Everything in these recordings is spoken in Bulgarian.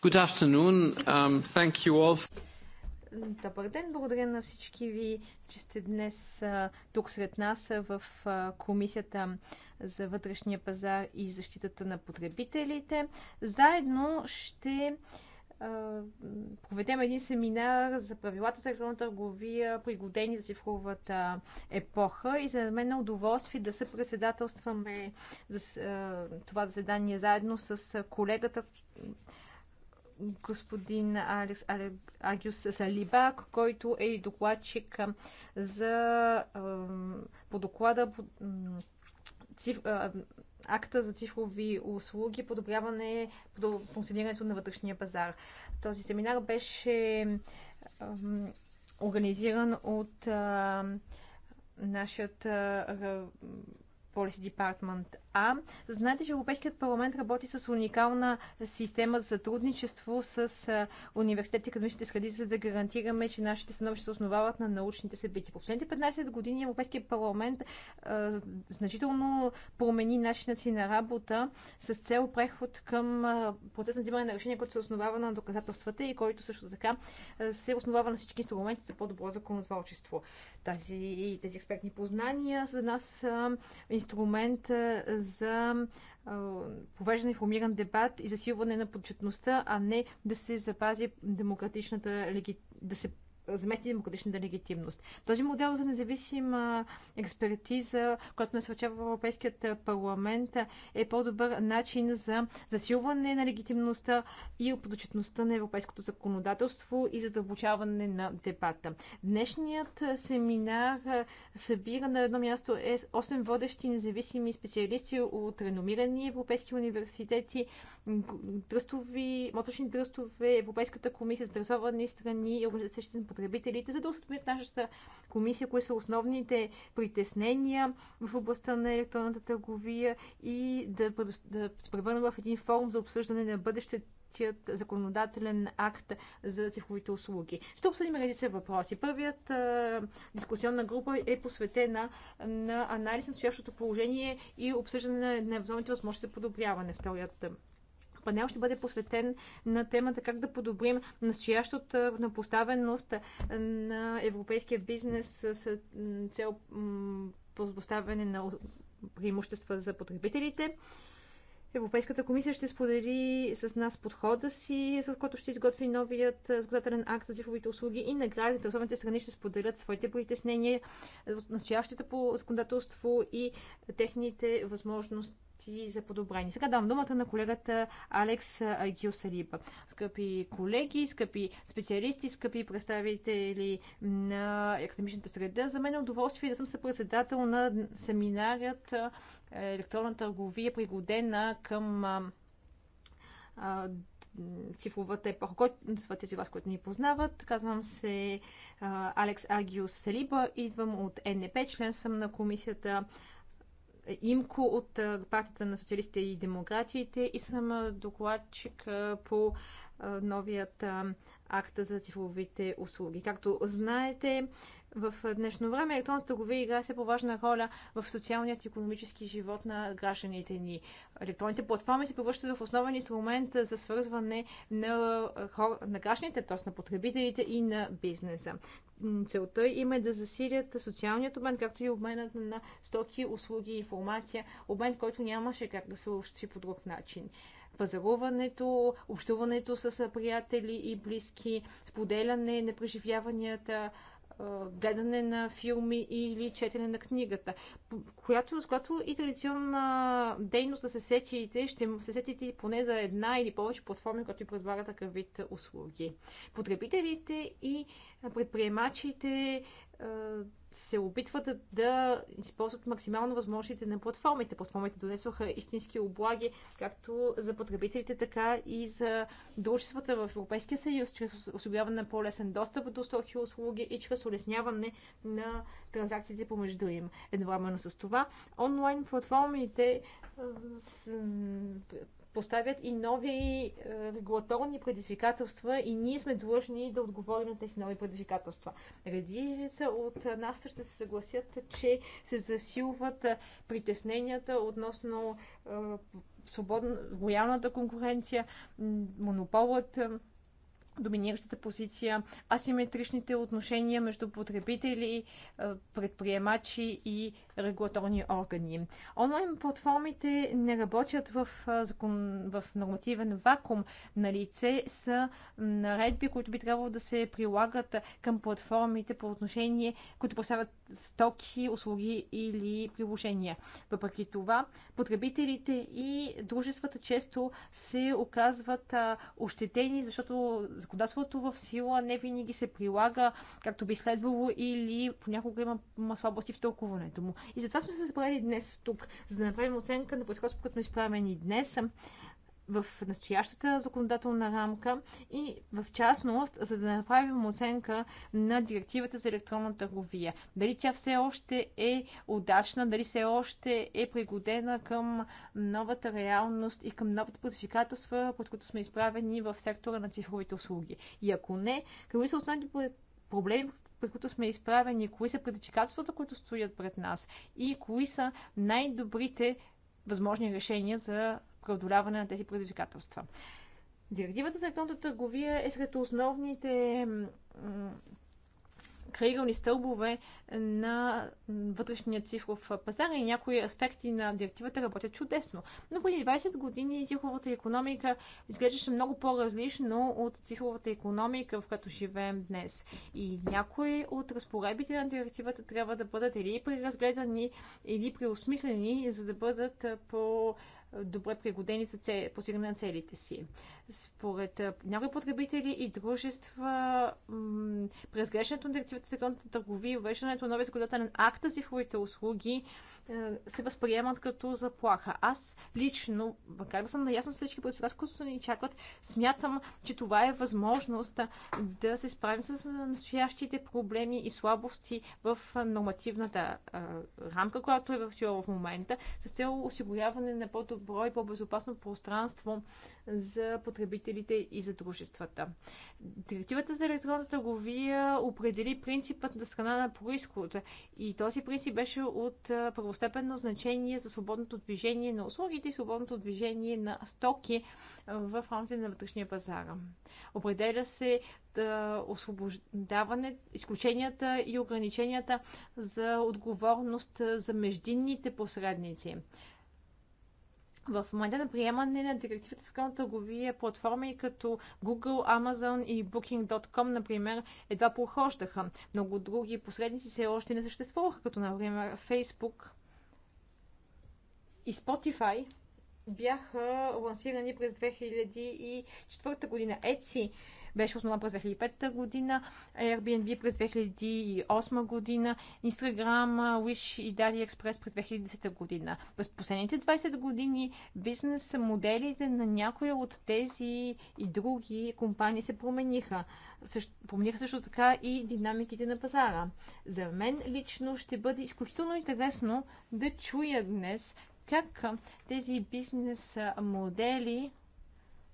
Good afternoon. Um, thank you all. Добър ден, благодаря на всички ви, че сте днес тук сред нас в Комисията за вътрешния пазар и защитата на потребителите. Заедно ще проведем един семинар за правилата за електронна търговия, пригодени за цифровата епоха. И за мен е удоволствие да се председателстваме за това заседание заедно с колегата господин Алекс Агюс Салибак, който е и докладчик за, по доклада акта за цифрови услуги, подобряване до функционирането на вътрешния пазар. Този семинар беше организиран от нашата Policy Department а, знаете, че Европейският парламент работи с уникална система за сътрудничество с университети и академичните среди, за да гарантираме, че нашите становища се основават на научните събития. По последните 15 години Европейският парламент а, значително промени начинът си на работа с цел преход към процес на взимане на решения, който се основава на доказателствата и който също така се основава на всички инструменти за по-добро законотворчество. Тази, тези експертни познания за нас а, инструмент за повеждане информиран дебат и засилване на почетността, а не да се запази демократичната легитимност да се замести демократичната легитимност. Този модел за независима експертиза, който насърчава Европейският парламент, е по-добър начин за засилване на легитимността и оподочетността на европейското законодателство и задълбочаване на дебата. Днешният семинар събира на едно място 8 е водещи независими специалисти от реномирани европейски университети, тръстови, моточни тръстове, Европейската комисия, здравословани страни и организациите на потребителите, за да установят нашата комисия, кои са основните притеснения в областта на електронната търговия и да, да се превърна в един форум за обсъждане на бъдещето законодателен акт за цифровите услуги. Ще обсъдим редица въпроси. Първият а, дискусионна група е посветена на анализ на стоящото положение и обсъждане на евентуалните възможности за подобряване. Вторият панел ще бъде посветен на темата как да подобрим настоящата поставеност на европейския бизнес с цел поставяне на преимущества за потребителите. Европейската комисия ще сподели с нас подхода си, с който ще изготви новият законодателен акт за цифровите услуги и наградите. Особените страни ще споделят своите притеснения от настоящите по законодателство и техните възможности ти за подобрение. Сега давам думата на колегата Алекс Гюсалиба. Скъпи колеги, скъпи специалисти, скъпи представители на академичната среда, за мен е удоволствие да съм съпредседател на семинарят е, електронна търговия, пригодена към цифровата епоха, който са тези вас, които ни познават. Казвам се Алекс Агиус Салиба, идвам от НП, член съм на комисията Имко от партията на социалистите и демократите и съм докладчик по новият акт за цифровите услуги. Както знаете, в днешно време електронната търговия играе все по-важна роля в социалният и економически живот на гражданите ни. Електронните платформи се превръщат в основен инструмент за свързване на, хор... на гражданите, т.е. на потребителите и на бизнеса. Целта им е да засилят социалният обмен, както и обменът на стоки, услуги и информация, обмен, който нямаше как да се осъществи по друг начин пазаруването, общуването с приятели и близки, споделяне на преживяванията, гледане на филми или четене на книгата, която, с която и традиционна дейност да се сетите, ще се сетите поне за една или повече платформи, които предлагат такъв вид услуги. Потребителите и предприемачите се опитват да използват максимално възможностите на платформите. Платформите донесоха истински облаги, както за потребителите, така и за дружествата в Европейския съюз, чрез осигуряване на по-лесен достъп до стоки и услуги и чрез улесняване на транзакциите помежду им. Едновременно с това, онлайн платформите поставят и нови е, регулаторни предизвикателства и ние сме длъжни да отговорим на тези нови предизвикателства. са от нас ще се съгласят, че се засилват притесненията относно е, свободна, лоялната конкуренция, монополът, е, доминиращата позиция, асиметричните отношения между потребители, е, предприемачи и регулаторни органи. Онлайн платформите не работят в, е, закон, в нормативен вакуум. На лице са наредби, които би трябвало да се прилагат към платформите по отношение, които поставят стоки, услуги или приложения. Въпреки това, потребителите и дружествата често се оказват е, ощетени, защото законодателството в сила не винаги се прилага както би следвало или понякога има, слабости в тълкуването му. И затова сме се събрали днес тук, за да направим оценка на происходството, което сме изправени днес в настоящата законодателна рамка и в частност, за да направим оценка на директивата за електронна търговия. Дали тя все още е удачна, дали все още е пригодена към новата реалност и към новите предизвикателства, под които сме изправени в сектора на цифровите услуги. И ако не, какви са основните проблеми, пред които сме изправени, кои са предизвикателствата, които стоят пред нас и кои са най-добрите възможни решения за преодоляване на тези предизвикателства. Директивата за електронната търговия е сред основните крайъгълни стълбове на вътрешния цифров пазар и някои аспекти на директивата работят чудесно. Но преди 20 години цифровата економика изглеждаше много по-различно от цифровата економика, в която живеем днес. И някои от разпоредбите на директивата трябва да бъдат или преразгледани, или преосмислени, за да бъдат по добре пригодени за постигане на целите си. Според някои потребители и дружества, през грешното на директивата за електронната търговия и увеждането на нови законодателен си за цифровите услуги е, се възприемат като заплаха. Аз лично, макар да съм наясно с всички предизвикателства, които ни чакват, смятам, че това е възможност да се справим с настоящите проблеми и слабости в нормативната рамка, която е в сила в момента, с цел осигуряване на по-добро и по-безопасно пространство за потребителите и за дружествата. Директивата за електронната търговия определи принципът на страна на происход и този принцип беше от първостепенно значение за свободното движение на услугите и свободното движение на стоки в рамките на вътрешния пазар. Определя се освобождаване, изключенията и ограниченията за отговорност за междинните посредници в момента на приемане на директивата с търговия платформи като Google, Amazon и Booking.com, например, едва прохождаха. Много други посредници все още не съществуваха, като например Facebook и Spotify бяха лансирани през 2004 година. Etsy беше основан през 2005 година, Airbnb през 2008 година, Instagram, Wish и Dali Express през 2010 година. През последните 20 години бизнес моделите на някои от тези и други компании се промениха. Също, промениха също така и динамиките на пазара. За мен лично ще бъде изключително интересно да чуя днес как тези бизнес модели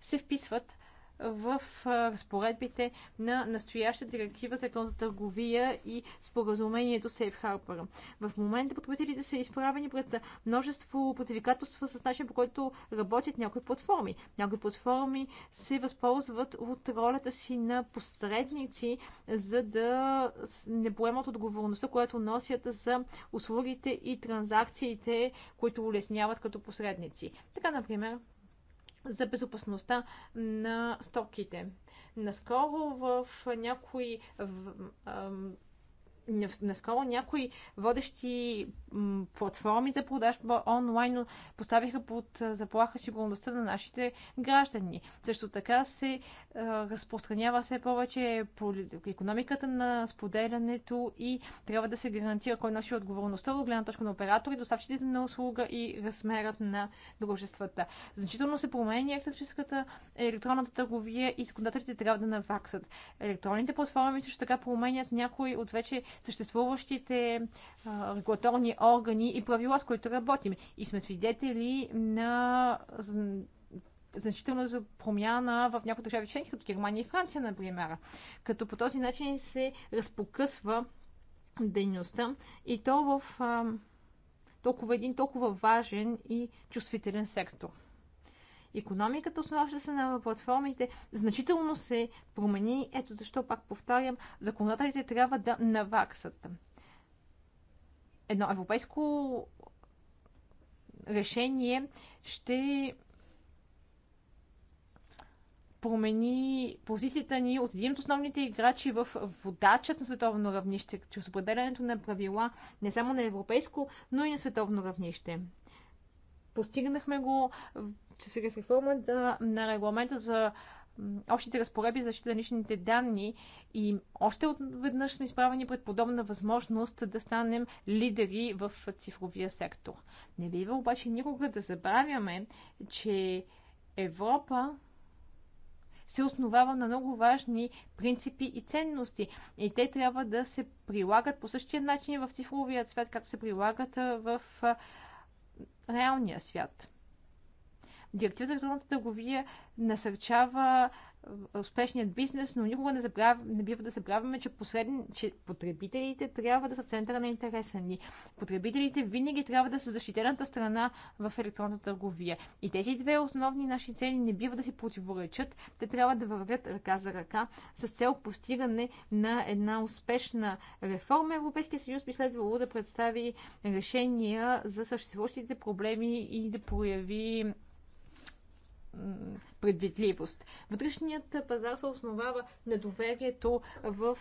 се вписват в разпоредбите на настояща директива за електронната търговия и споразумението Safe Harbor. В момента потребителите са изправени пред множество предизвикателства с начин по който работят някои платформи. Някои платформи се възползват от ролята си на посредници, за да не поемат отговорността, която носят за услугите и транзакциите, които улесняват като посредници. Така, например, за безопасността на стоките. Наскоро в някои наскоро някои водещи платформи за продажба онлайн поставиха под заплаха сигурността на нашите граждани. Също така се разпространява все повече по економиката на споделянето и трябва да се гарантира кой носи отговорността от гледна точка на оператори, доставчиците на услуга и размерът на дружествата. Значително се променя електрическата електронната търговия и законодателите трябва да наваксат. Електронните платформи също така променят някои от вече съществуващите регулаторни органи и правила, с които работим. И сме свидетели на значително за промяна в някои държави членки, като Германия и Франция, например. Като по този начин се разпокъсва дейността и то в толкова един толкова важен и чувствителен сектор економиката, основаваща се на платформите, значително се промени. Ето защо, пак повтарям, законодателите трябва да наваксат. Едно европейско решение ще промени позицията ни от един от основните играчи в водачът на световно равнище, чрез определянето на правила не само на европейско, но и на световно равнище. Постигнахме го чрез реформата на регламента за общите разпореби за защита на личните данни и още веднъж сме изправени пред подобна възможност да станем лидери в цифровия сектор. Не бива обаче никога да забравяме, че Европа се основава на много важни принципи и ценности. И те трябва да се прилагат по същия начин в цифровия свят, както се прилагат в реалния свят. Директива за електронната търговия насърчава е, успешният бизнес, но никога не, забрав, не бива да забравяме, че, посредн, че потребителите трябва да са в центъра на интереса ни. Потребителите винаги трябва да са защитената страна в електронната търговия. И тези две основни наши цели не бива да си противоречат. Те трябва да вървят ръка за ръка с цел постигане на една успешна реформа. Европейския съюз би следвало да представи решения за съществуващите проблеми и да прояви предвидливост. Вътрешният пазар се основава на доверието в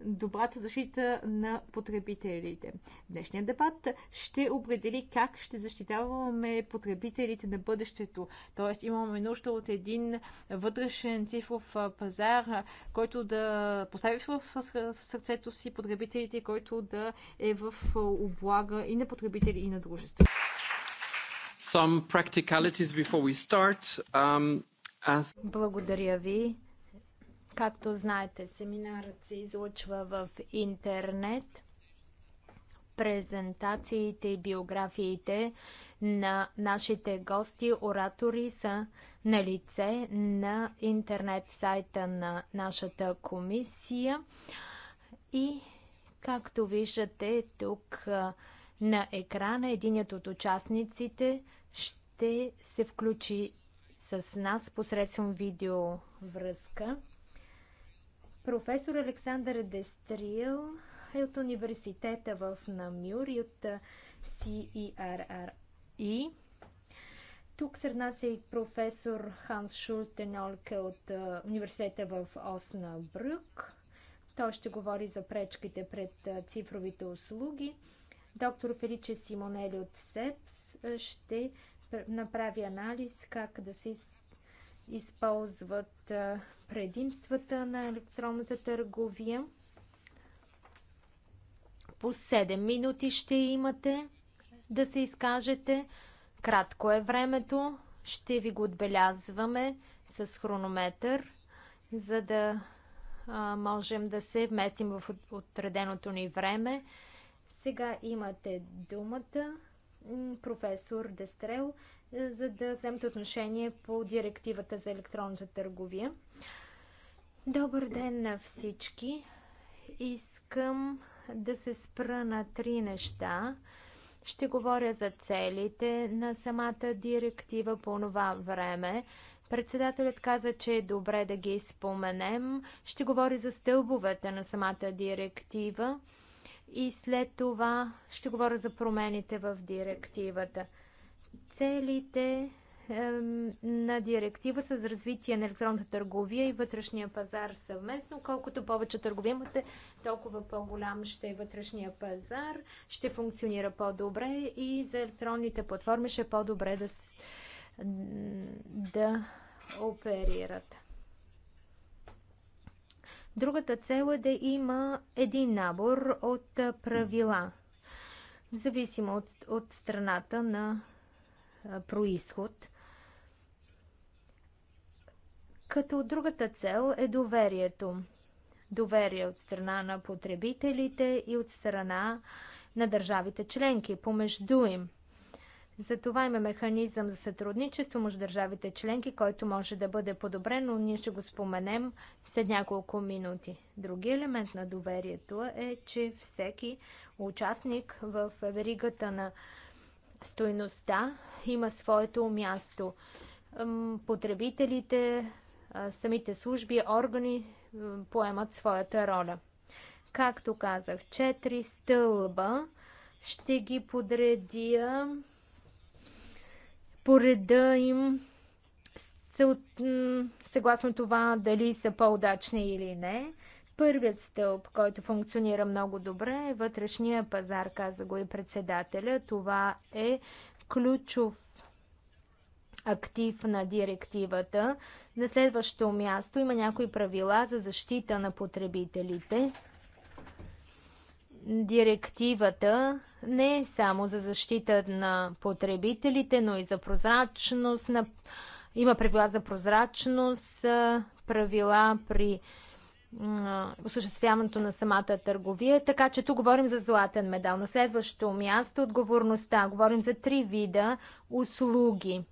добрата защита на потребителите. Днешният дебат ще определи как ще защитаваме потребителите на бъдещето. Тоест имаме нужда от един вътрешен цифров пазар, който да постави в сърцето си потребителите, който да е в облага и на потребители, и на дружество. Some practicalities before we start. Um, as... Благодаря ви. Както знаете, семинарът се излъчва в интернет. Презентациите и биографиите на нашите гости, оратори са на лице на интернет сайта на нашата комисия. И както виждате, тук на екрана. Единият от участниците ще се включи с нас посредством видеовръзка. Професор Александър Дестриел е от университета в Намюр и от CERRI. E. Тук сред нас е и професор Ханс Шултенолке от университета в Оснабрюк. Той ще говори за пречките пред цифровите услуги. Доктор Феличе Симонели от СЕПС ще направи анализ как да се използват предимствата на електронната търговия. По 7 минути ще имате да се изкажете. Кратко е времето. Ще ви го отбелязваме с хронометър, за да можем да се вместим в отреденото ни време. Сега имате думата, професор Дестрел, е, за да вземете отношение по директивата за електронната търговия. Добър ден на всички! Искам да се спра на три неща. Ще говоря за целите на самата директива по това време. Председателят каза, че е добре да ги споменем. Ще говори за стълбовете на самата директива и след това ще говоря за промените в директивата. Целите на директива с развитие на електронната търговия и вътрешния пазар съвместно. Колкото повече търговия имате, толкова по-голям ще е вътрешния пазар, ще функционира по-добре и за електронните платформи ще е по-добре да, да оперират. Другата цел е да има един набор от правила, зависимо от, от страната на происход. Като другата цел е доверието. Доверие от страна на потребителите и от страна на държавите членки, помежду им – затова има механизъм за сътрудничество между държавите членки, който може да бъде подобрен, но ние ще го споменем след няколко минути. Други елемент на доверието е, че всеки участник в веригата на стойността има своето място. Потребителите, самите служби, органи поемат своята роля. Както казах, четири стълба ще ги подредя по реда им съгласно това дали са по-удачни или не. Първият стълб, който функционира много добре е вътрешния пазар, каза го и председателя. Това е ключов актив на директивата. На следващо място има някои правила за защита на потребителите. Директивата не само за защита на потребителите, но и за прозрачност. На... Има правила за прозрачност, правила при осъществяването на самата търговия. Така че тук говорим за златен медал. На следващо място отговорността. Говорим за три вида услуги.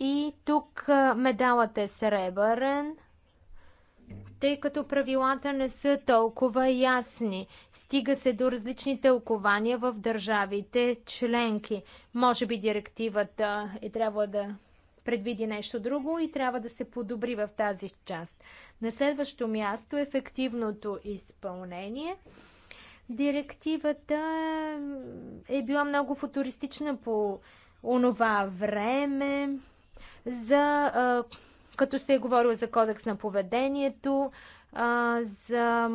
И тук медалът е сребърен – тъй като правилата не са толкова ясни. Стига се до различни тълкования в държавите членки. Може би директивата е трябва да предвиди нещо друго и трябва да се подобри в тази част. На следващо място е ефективното изпълнение. Директивата е била много футуристична по онова време за като се е говорило за кодекс на поведението, за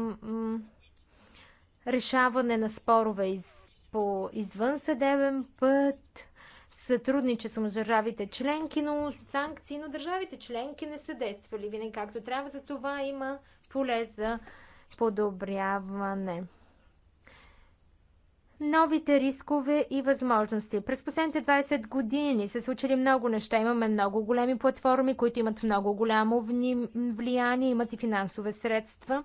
решаване на спорове из, по извънсъдебен път, сътрудничество с държавите членки, но санкции, но държавите членки не са действали винаги както трябва. За това има поле за подобряване новите рискове и възможности. През последните 20 години се случили много неща. Имаме много големи платформи, които имат много голямо влияние, имат и финансове средства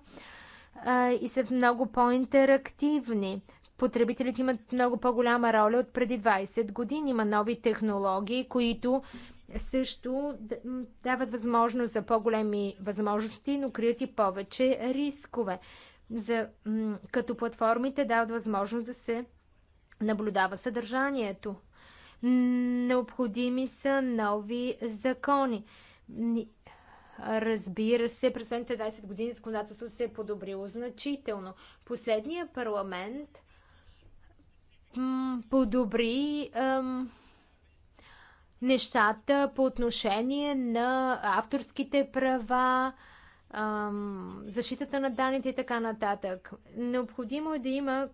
а, и са много по-интерактивни. Потребителите имат много по-голяма роля от преди 20 години. Има нови технологии, които също дават възможност за по-големи възможности, но крият и повече рискове за, като платформите дават възможност да се наблюдава съдържанието. Необходими са нови закони. Разбира се, през следните 20 години законодателството се е подобрило значително. Последния парламент подобри ем, нещата по отношение на авторските права, защитата на данните и така нататък. Необходимо е да има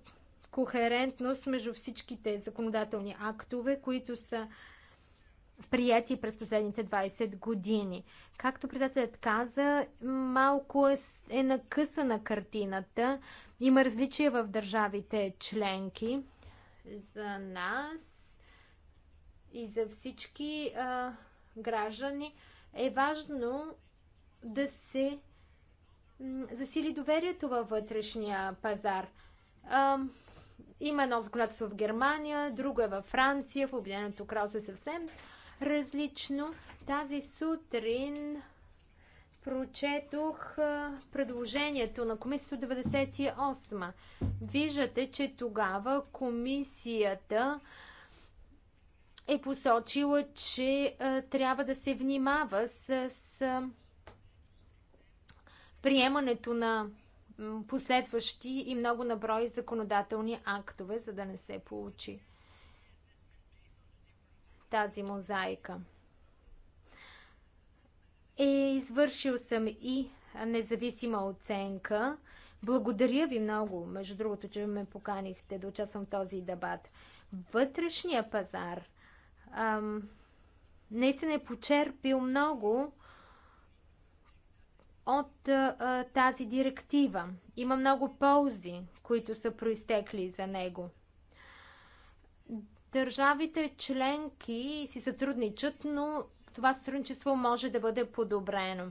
кохерентност между всичките законодателни актове, които са прияти през последните 20 години. Както председателят каза, малко е, е накъсана картината. Има различия в държавите членки. За нас и за всички а, граждани е важно да се засили доверието във вътрешния пазар. Има едно законодателство в Германия, друго е във Франция, в Обединеното кралство е съвсем различно. Тази сутрин прочетох предложението на комисията 98. Виждате, че тогава комисията е посочила, че трябва да се внимава с, с приемането на последващи и много наброи законодателни актове, за да не се получи тази мозайка. Е, извършил съм и независима оценка. Благодаря ви много, между другото, че ме поканихте да участвам в този дебат. Вътрешния пазар ам, наистина е почерпил много от а, тази директива. Има много ползи, които са проистекли за него. Държавите членки си сътрудничат, но това сътрудничество може да бъде подобрено.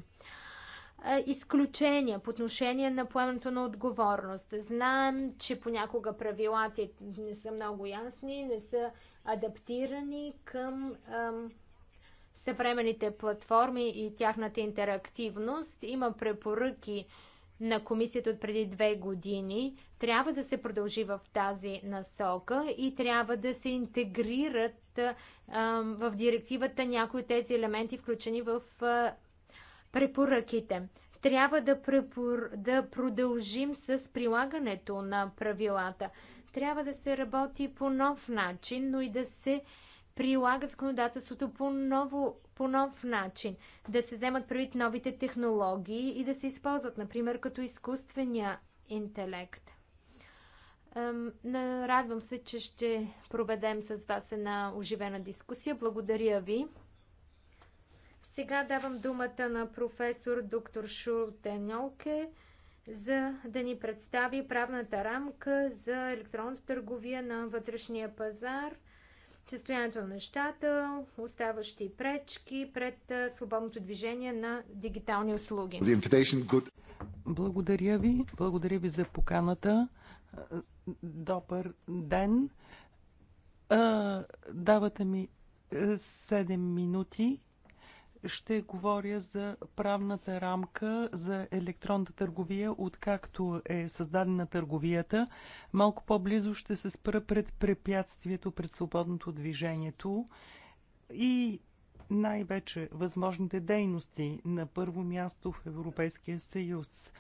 Изключения по отношение на поемането на отговорност. Знаем, че понякога правилата не са много ясни, не са адаптирани към ам, съвременните платформи и тяхната интерактивност. Има препоръки на комисията от преди две години. Трябва да се продължи в тази насока и трябва да се интегрират а, в директивата някои от тези елементи, включени в а, препоръките. Трябва да, препор... да продължим с прилагането на правилата. Трябва да се работи по нов начин, но и да се прилага законодателството по, ново, по нов начин, да се вземат правит новите технологии и да се използват, например, като изкуствения интелект. Радвам се, че ще проведем с вас една оживена дискусия. Благодаря ви. Сега давам думата на професор доктор Тенолке, за да ни представи правната рамка за електронната търговия на вътрешния пазар – състоянието на нещата, оставащи пречки пред свободното движение на дигитални услуги. Благодаря ви. Благодаря ви за поканата. Добър ден. Давате ми 7 минути ще говоря за правната рамка за електронната търговия, откакто е създадена търговията. Малко по-близо ще се спра пред препятствието пред свободното движението и най-вече възможните дейности на първо място в Европейския съюз.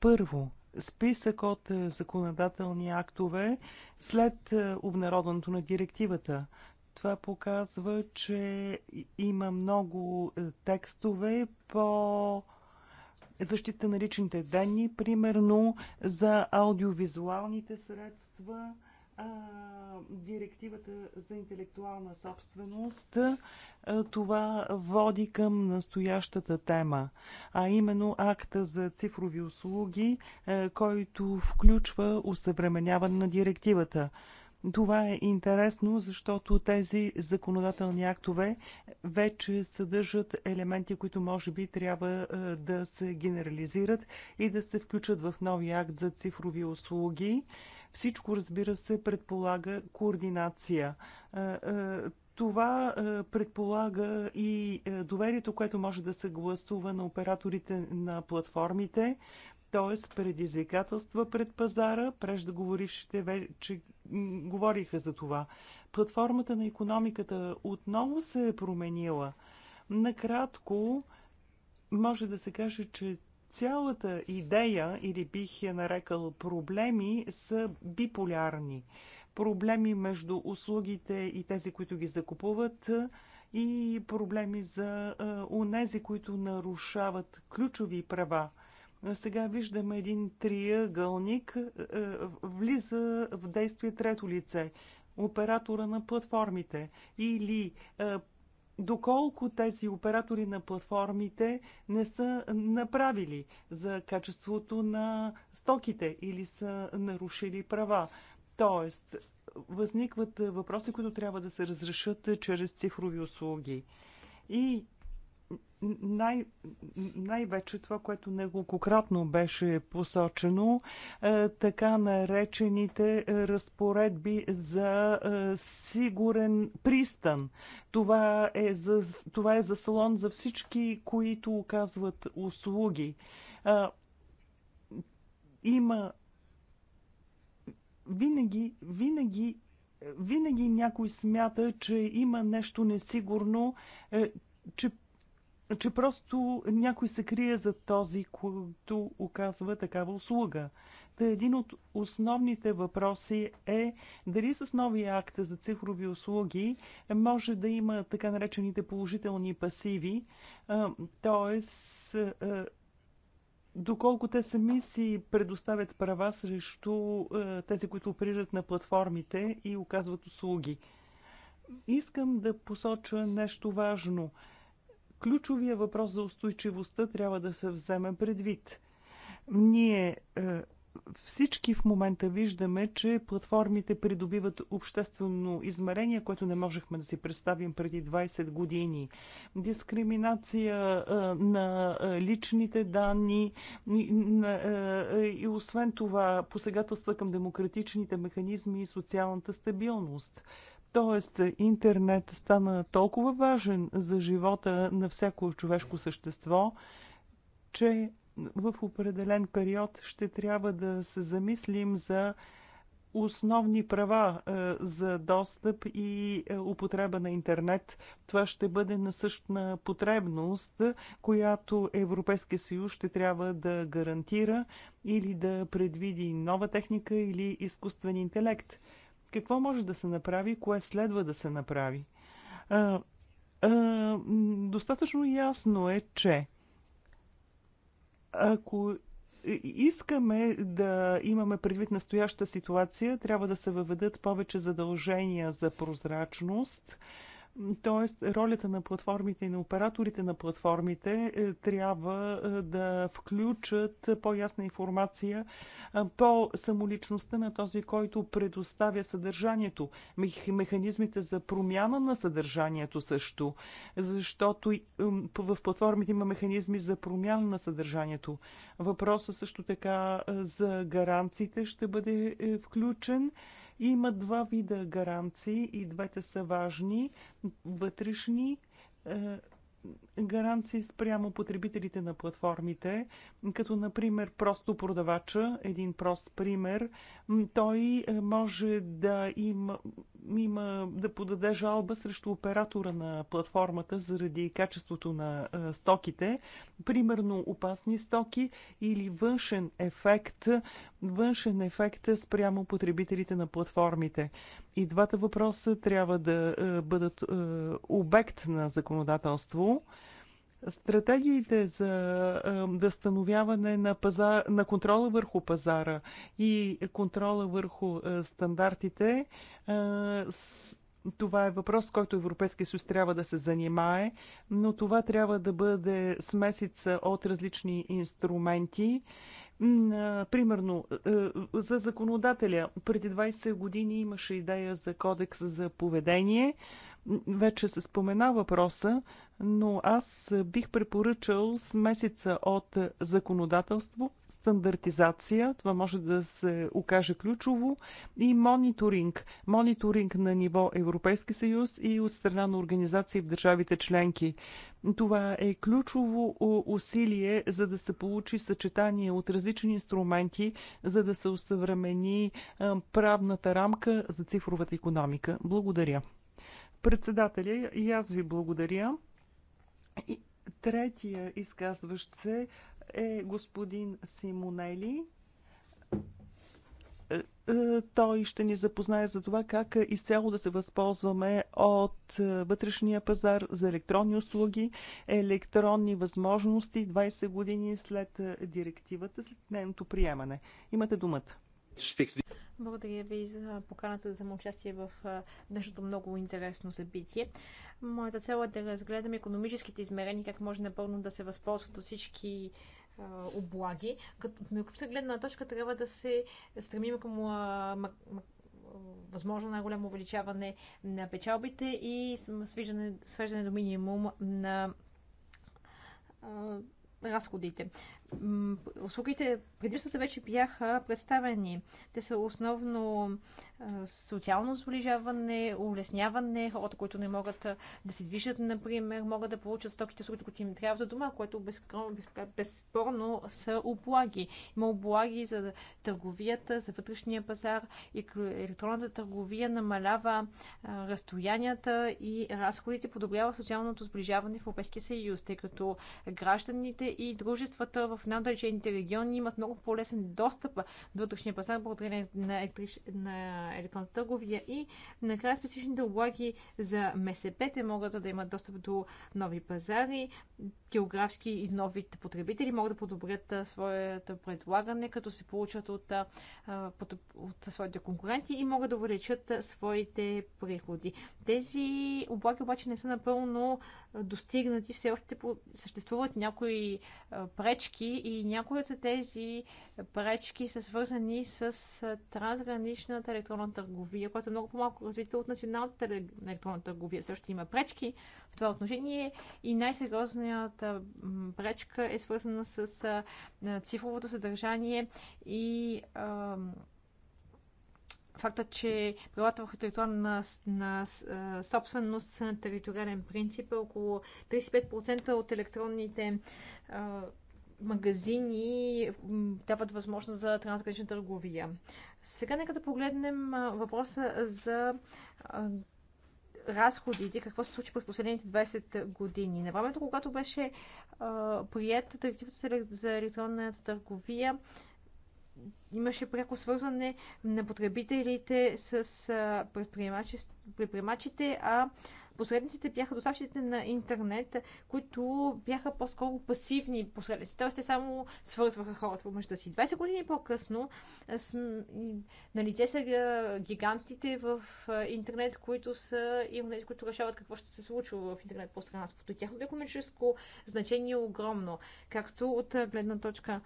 Първо, списък от е, законодателни актове след е, обнародването на директивата – това показва, че има много е, текстове по защита на личните данни, примерно за аудиовизуалните средства, директивата за интелектуална собственост, това води към настоящата тема, а именно акта за цифрови услуги, е, който включва усъвременяване на директивата. Това е интересно, защото тези законодателни актове вече съдържат елементи, които може би трябва е, да се генерализират и да се включат в нови акт за цифрови услуги. Всичко, разбира се, предполага координация. Е, е, това предполага и доверието, което може да се гласува на операторите на платформите т.е. предизвикателства пред пазара, преждеговорившите вече говориха за това. Платформата на економиката отново се е променила. Накратко, може да се каже, че цялата идея, или бих я нарекал проблеми, са биполярни. Проблеми между услугите и тези, които ги закупуват, и проблеми за онези, които нарушават ключови права. Сега виждаме един триъгълник. Е, влиза в действие трето лице оператора на платформите или е, доколко тези оператори на платформите не са направили за качеството на стоките или са нарушили права. Тоест, възникват въпроси, които трябва да се разрешат чрез цифрови услуги. И най- най-вече това, което неколкократно беше посочено, е, така наречените е, разпоредби за е, сигурен пристан. Това е, за, това е салон за всички, които оказват услуги. Има винаги, винаги винаги някой смята, че има нещо несигурно, че че просто някой се крие за този, който оказва такава услуга. Та един от основните въпроси е дали с новия акт за цифрови услуги може да има така наречените положителни пасиви, т.е. доколко те сами си предоставят права срещу тези, които оперират на платформите и оказват услуги. Искам да посоча нещо важно – ключовия въпрос за устойчивостта трябва да се вземе предвид. Ние е, всички в момента виждаме, че платформите придобиват обществено измерение, което не можехме да си представим преди 20 години. Дискриминация е, на е, личните данни и освен това посегателства към демократичните механизми и социалната стабилност. Тоест, интернет стана толкова важен за живота на всяко човешко същество, че в определен период ще трябва да се замислим за основни права е, за достъп и е, употреба на интернет. Това ще бъде насъщна потребност, която Европейския съюз ще трябва да гарантира или да предвиди нова техника или изкуствен интелект какво може да се направи, кое следва да се направи. А, а, достатъчно ясно е, че ако искаме да имаме предвид настояща ситуация, трябва да се въведат повече задължения за прозрачност, Тоест, ролята на платформите и на операторите на платформите е, трябва е, да включат по-ясна информация е, по самоличността на този, който предоставя съдържанието. Механизмите за промяна на съдържанието също, защото в платформите има механизми за промяна на съдържанието. Въпросът също така за гаранциите ще бъде включен. Има два вида гаранции и двете са важни. Вътрешни е, гаранции спрямо потребителите на платформите, като например просто продавача, един прост пример, той е, може да им, има, да подаде жалба срещу оператора на платформата заради качеството на е, стоките, примерно опасни стоки или външен ефект, външен ефект спрямо потребителите на платформите. И двата въпроса трябва да е, бъдат е, обект на законодателство. Стратегиите за е, възстановяване на, пазар, на контрола върху пазара и контрола върху стандартите това е въпрос, който Европейския съюз трябва да се занимае, но това трябва да бъде смесица от различни инструменти. Примерно, е, е, за законодателя преди 20 години имаше идея за кодекс за поведение – вече се спомена въпроса, но аз бих препоръчал смесица от законодателство, стандартизация, това може да се окаже ключово, и мониторинг. Мониторинг на ниво Европейски съюз и от страна на организации в държавите членки. Това е ключово усилие, за да се получи съчетание от различни инструменти, за да се усъвремени правната рамка за цифровата економика. Благодаря. Председателя, и аз ви благодаря. И третия изказващ се е господин Симонели. Е, е, той ще ни запознае за това как изцяло да се възползваме от е, вътрешния пазар за електронни услуги, електронни възможности 20 години след директивата, след нейното приемане. Имате думата. Благодаря ви за поканата за участие в днешното много интересно събитие. Моята цел е да разгледам економическите измерения, как може напълно да се възползват от всички облаги. Като от гледна точка трябва да се стремим към а, възможно най-голямо увеличаване на печалбите и свеждане, свеждане до минимум на а, разходите услугите, предимствата вече бяха представени. Те са основно социално сближаване, улесняване, хората, които не могат да се движат, например, могат да получат стоките, с които им трябва за дома, което безспорно са облаги. Има облаги за търговията, за вътрешния пазар и електронната търговия намалява разстоянията и разходите, подобрява социалното сближаване в Европейския съюз, тъй като гражданите и дружествата в най-далечените региони имат много по-лесен достъп до вътрешния пазар благодарение на, електрич... на електронната търговия и накрая специфичните облаги за МСП. Те могат да имат достъп до нови пазари, географски и новите потребители могат да подобрят своето предлагане, като се получат от, от, от своите конкуренти и могат да увеличат своите приходи. Тези облаги обаче не са напълно достигнати, все още съществуват някои пречки и някои от тези пречки са свързани с трансграничната електронна електронна търговия, която е много по-малко развита от националната електронна търговия. Също има пречки в това отношение и най-сериозната пречка е свързана с цифровото съдържание и факта, че правата върху територия на, на собственост са на териториален принцип. Около 35% от електронните а, магазини дават възможност за трансгранична търговия. Сега нека да погледнем въпроса за разходите, какво се случи през последните 20 години. На времето, когато беше прията директивата за електронната търговия, имаше пряко свързване на потребителите с предприемачите, а посредниците бяха доставчиците на интернет, които бяха по-скоро пасивни посредници. Тоест те само свързваха хората помежду си. 20 години по-късно на лице са гигантите в интернет, които са и тези, които решават какво ще се случва в интернет пространството. Тяхното економическо значение е огромно, както от гледна точка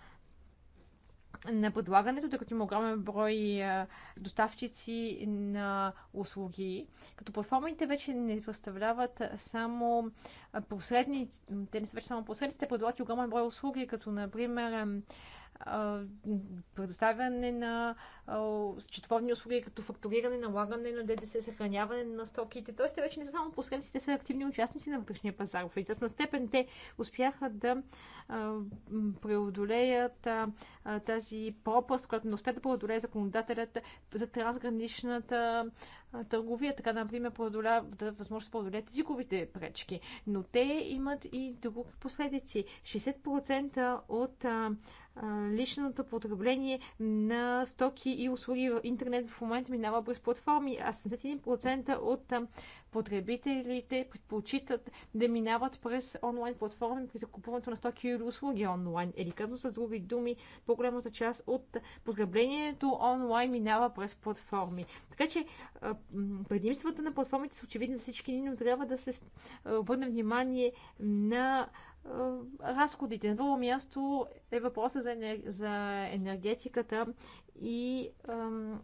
на предлагането, тъй като има огромен брой доставчици на услуги, като платформите вече не представляват само посредници, те не са вече само посредници, те предлагат огромен брой услуги, като например предоставяне на счетоводни услуги, като фактуриране, налагане на ДДС, съхраняване на стоките. Тоест, те вече не са само посредници, те са активни участници на вътрешния пазар. В известна степен те успяха да преодолеят тази пропаст, която не успя да преодолее законодателят за трансграничната търговия, така, например, да, възможност да преодолеят езиковите пречки. Но те имат и други последици. 60% от а, личното потребление на стоки и услуги в интернет в момента минава през платформи, а 71% от потребителите предпочитат да минават през онлайн платформи при закупуването на стоки или услуги онлайн. Или казано с други думи, по-голямата част от потреблението онлайн минава през платформи. Така че предимствата на платформите са очевидни за всички ни, но трябва да се обърне внимание на е, разходите. На друго място е въпроса за, енер... за енергетиката и ам...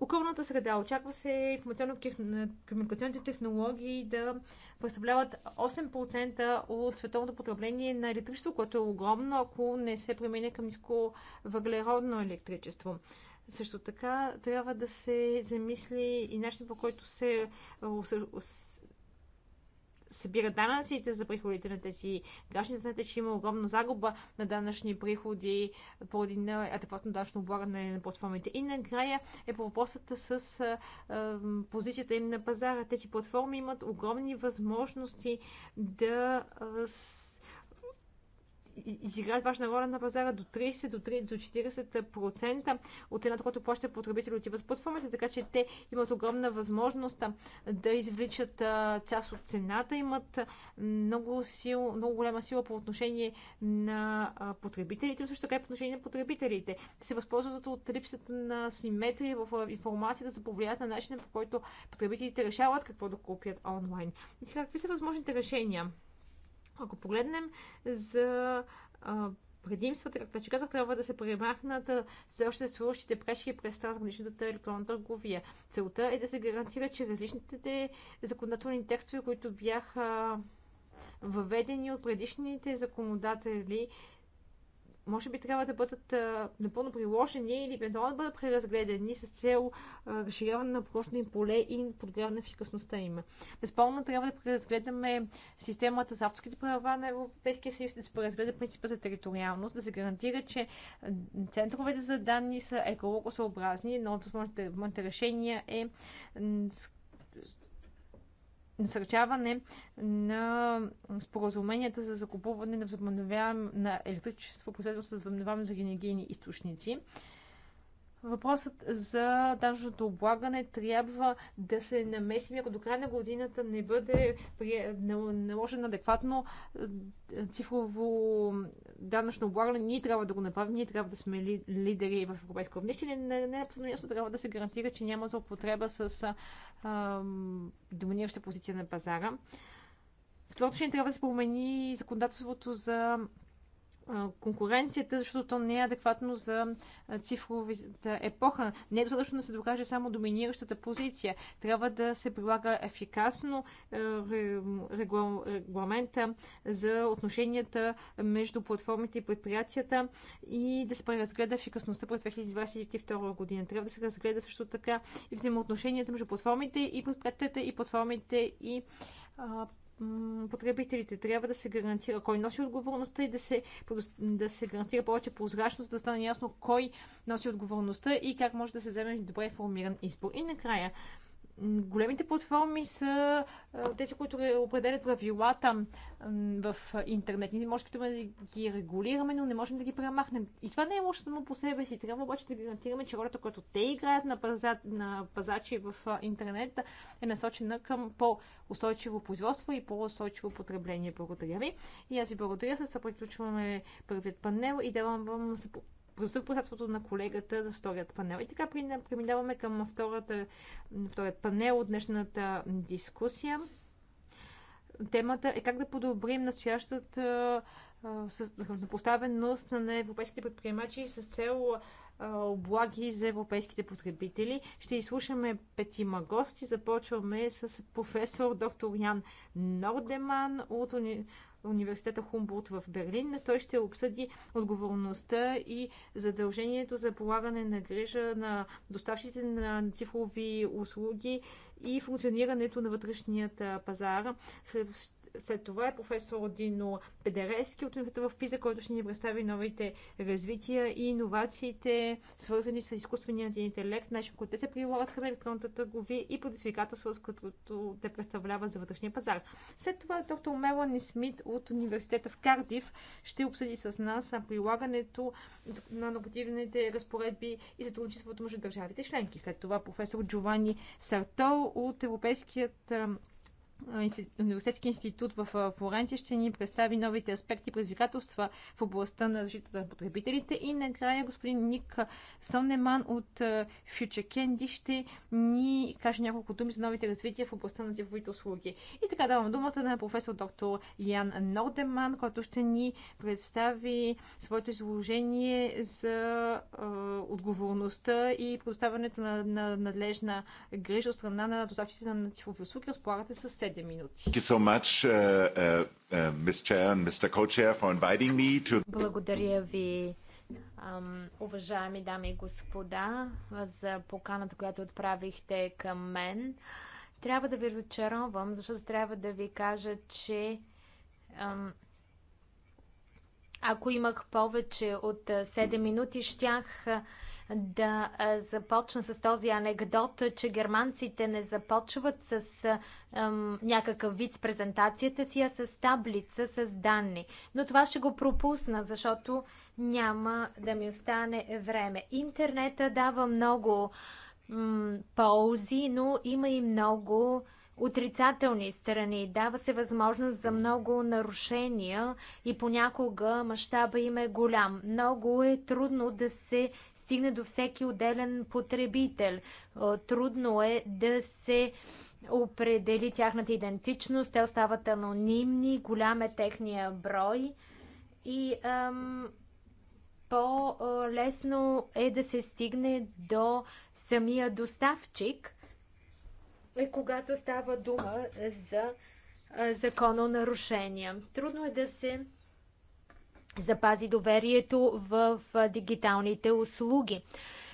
околната среда. Очаква се информационно-комуникационните технологии да представляват 8% от световното потребление на електричество, което е огромно, ако не се премине към ниско въглеродно електричество. Също така трябва да се замисли и начинът по който се събира данъците за приходите на тези граждани. Знаете, че има огромна загуба на данъчни приходи поради адекватно данъчно облагане на платформите. И накрая е по въпросата с а, а, позицията им на пазара. Тези платформи имат огромни възможности да а, изиграят важна роля на пазара до 30 до, до 40% от цената, която плаща потребители отива с така че те имат огромна възможност да извличат част от цената, имат много, сил, много голяма сила по отношение на потребителите, също така и по отношение на потребителите. Те се възползват от липсата на симетрия в информацията за повлият на начина по който потребителите решават какво да купят онлайн. И така, какви са възможните решения? Ако погледнем за предимствата, както вече казах, трябва да се премахнат все още съществуващите прешки през трансграничната електронна търговия. Целта е да се гарантира, че различните законодателни текстове, които бяха въведени от предишните законодатели, може би трябва да бъдат а, напълно приложени или едно да бъдат преразгледани с цел разширяване на прочно им поле и подобряване на ефикасността им. Безпълно трябва да преразгледаме системата за авторските права на Европейския съюз, да се преразгледа принципа за териториалност, да се гарантира, че центровете за данни са екологосъобразни. Едно от възможните решения е насърчаване на споразуменията за закупуване на, на електричество, посредство с възобновяване за енергийни източници. Въпросът за данъчното облагане трябва да се намесим, ако до края на годината не бъде наложено адекватно цифрово данъчно облагане, ние трябва да го направим, ние трябва да сме ли, лидери в европейско равнище. Не, не, не е абсолютно ясно трябва да се гарантира, че няма злоупотреба с а, доминираща позиция на пазара. В това отношение трябва да се промени законодателството за конкуренцията, защото то не е адекватно за цифровата епоха. Не е достатъчно да се докаже само доминиращата позиция. Трябва да се прилага ефикасно регламента за отношенията между платформите и предприятията и да се преразгледа ефикасността през 2022 година. Трябва да се разгледа също така и взаимоотношенията между платформите и предприятията и платформите и потребителите. Трябва да се гарантира кой носи отговорността и да се, да се гарантира повече прозрачност, да стане ясно кой носи отговорността и как може да се вземе добре формиран избор. И накрая, големите платформи са тези, които определят правилата в интернет. Ние може да ги регулираме, но не можем да ги премахнем. И това не е лошо само по себе си. Трябва обаче да гарантираме, че ролята, която те играят на, паза, на пазачи в интернет, е насочена към по-устойчиво производство и по-устойчиво потребление. Благодаря ви. И аз ви благодаря. С това приключваме първият панел и давам вам председателството на колегата за вторият панел. И така преминаваме към втората, вторият панел от днешната дискусия. Темата е как да подобрим настоящата равнопоставеност на европейските предприемачи с цел облаги за европейските потребители. Ще изслушаме петима гости. Започваме с професор доктор Ян Нордеман от университета Хумбулт в Берлин. Той ще обсъди отговорността и задължението за полагане на грижа на доставчиците на цифрови услуги и функционирането на вътрешният пазар. След това е професор Дино Педерески от университета в Пиза, който ще ни представи новите развития и иновациите, свързани с изкуственият интелект, начин, който те прилагат към електронната търговия и предизвикателства, с които те представляват за вътрешния пазар. След това доктор Мелани Смит от университета в Кардив ще обсъди с нас прилагането на нормативните разпоредби и сътрудничеството между държавите членки. След това професор Джовани Сартол от Европейският университетски институт в Флоренция ще ни представи новите аспекти и предизвикателства в областта на защитата на потребителите. И накрая господин Ник Сонеман от Future Candy ще ни каже няколко думи за новите развития в областта на цифровите услуги. И така давам думата на професор доктор Ян Нордеман, който ще ни представи своето изложение за е, отговорността и предоставянето на, на надлежна грижа от страна на доставчиците на цифрови услуги. Разполагате с 7 7 минути. Благодаря ви, уважаеми дами и господа, за поканата, която отправихте към мен. Трябва да ви разочаровам, защото трябва да ви кажа, че ако имах повече от 7 минути, щях да започна с този анекдот, че германците не започват с ем, някакъв вид с презентацията си, а с таблица, с данни. Но това ще го пропусна, защото няма да ми остане време. Интернета дава много ползи, но има и много отрицателни страни. Дава се възможност за много нарушения и понякога мащаба им е голям. Много е трудно да се стигне до всеки отделен потребител. Е, трудно е да се определи тяхната идентичност, те остават анонимни, голям е техния брой и ам, по-лесно е да се стигне до самия доставчик, е, когато става дума за е, закононарушения. Трудно е да се запази доверието в дигиталните услуги.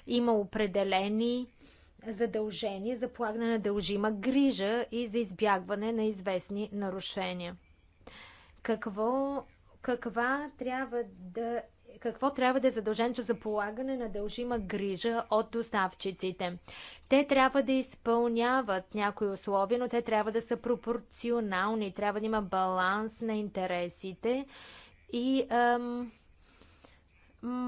Има определени задължения, за полагане на дължима грижа и за избягване на известни нарушения. Какво, каква трябва да, какво трябва да е задължението за полагане на дължима грижа от доставчиците? Те трябва да изпълняват някои условия, но те трябва да са пропорционални, трябва да има баланс на интересите и ам,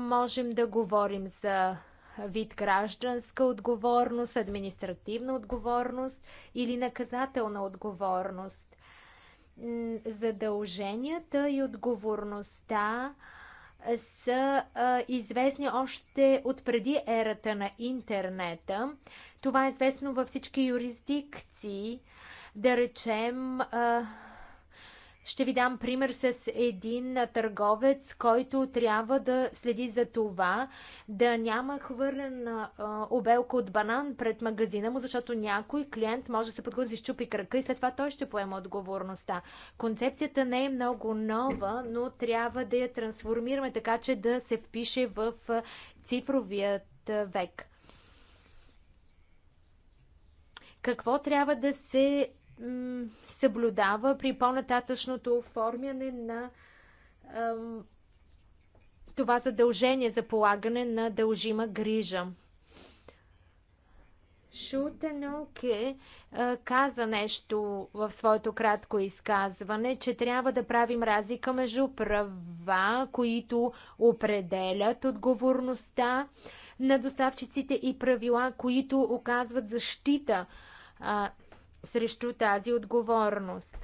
можем да говорим за вид гражданска отговорност, административна отговорност или наказателна отговорност. Задълженията и отговорността са а, известни още от преди ерата на интернета. Това е известно във всички юрисдикции. Да речем, а, ще ви дам пример с един търговец, който трябва да следи за това да няма хвърлен а, обелка от банан пред магазина му, защото някой клиент може да се подгрузи да щупи крака и след това той ще поема отговорността. Концепцията не е много нова, но трябва да я трансформираме така, че да се впише в цифровият век. Какво трябва да се съблюдава при по-нататъчното оформяне на това задължение за полагане на дължима грижа. Шутенок е, каза нещо в своето кратко изказване, че трябва да правим разлика между права, които определят отговорността на доставчиците и правила, които оказват защита а, срещу тази отговорност.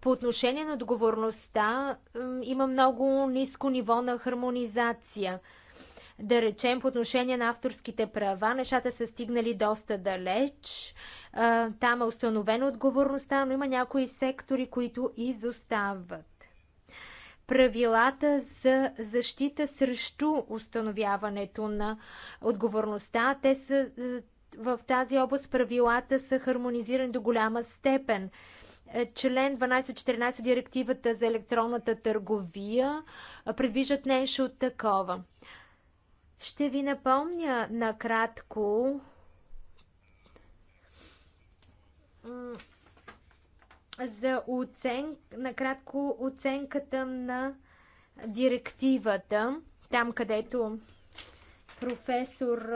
По отношение на отговорността има много ниско ниво на хармонизация. Да речем, по отношение на авторските права, нещата са стигнали доста далеч. Там е установена отговорността, но има някои сектори, които изостават. Правилата за защита срещу установяването на отговорността, те са в тази област правилата са хармонизирани до голяма степен. Е, член 12-14 директивата за електронната търговия е, предвиждат нещо такова. Ще ви напомня накратко за оцен... накратко оценката на директивата, там където професор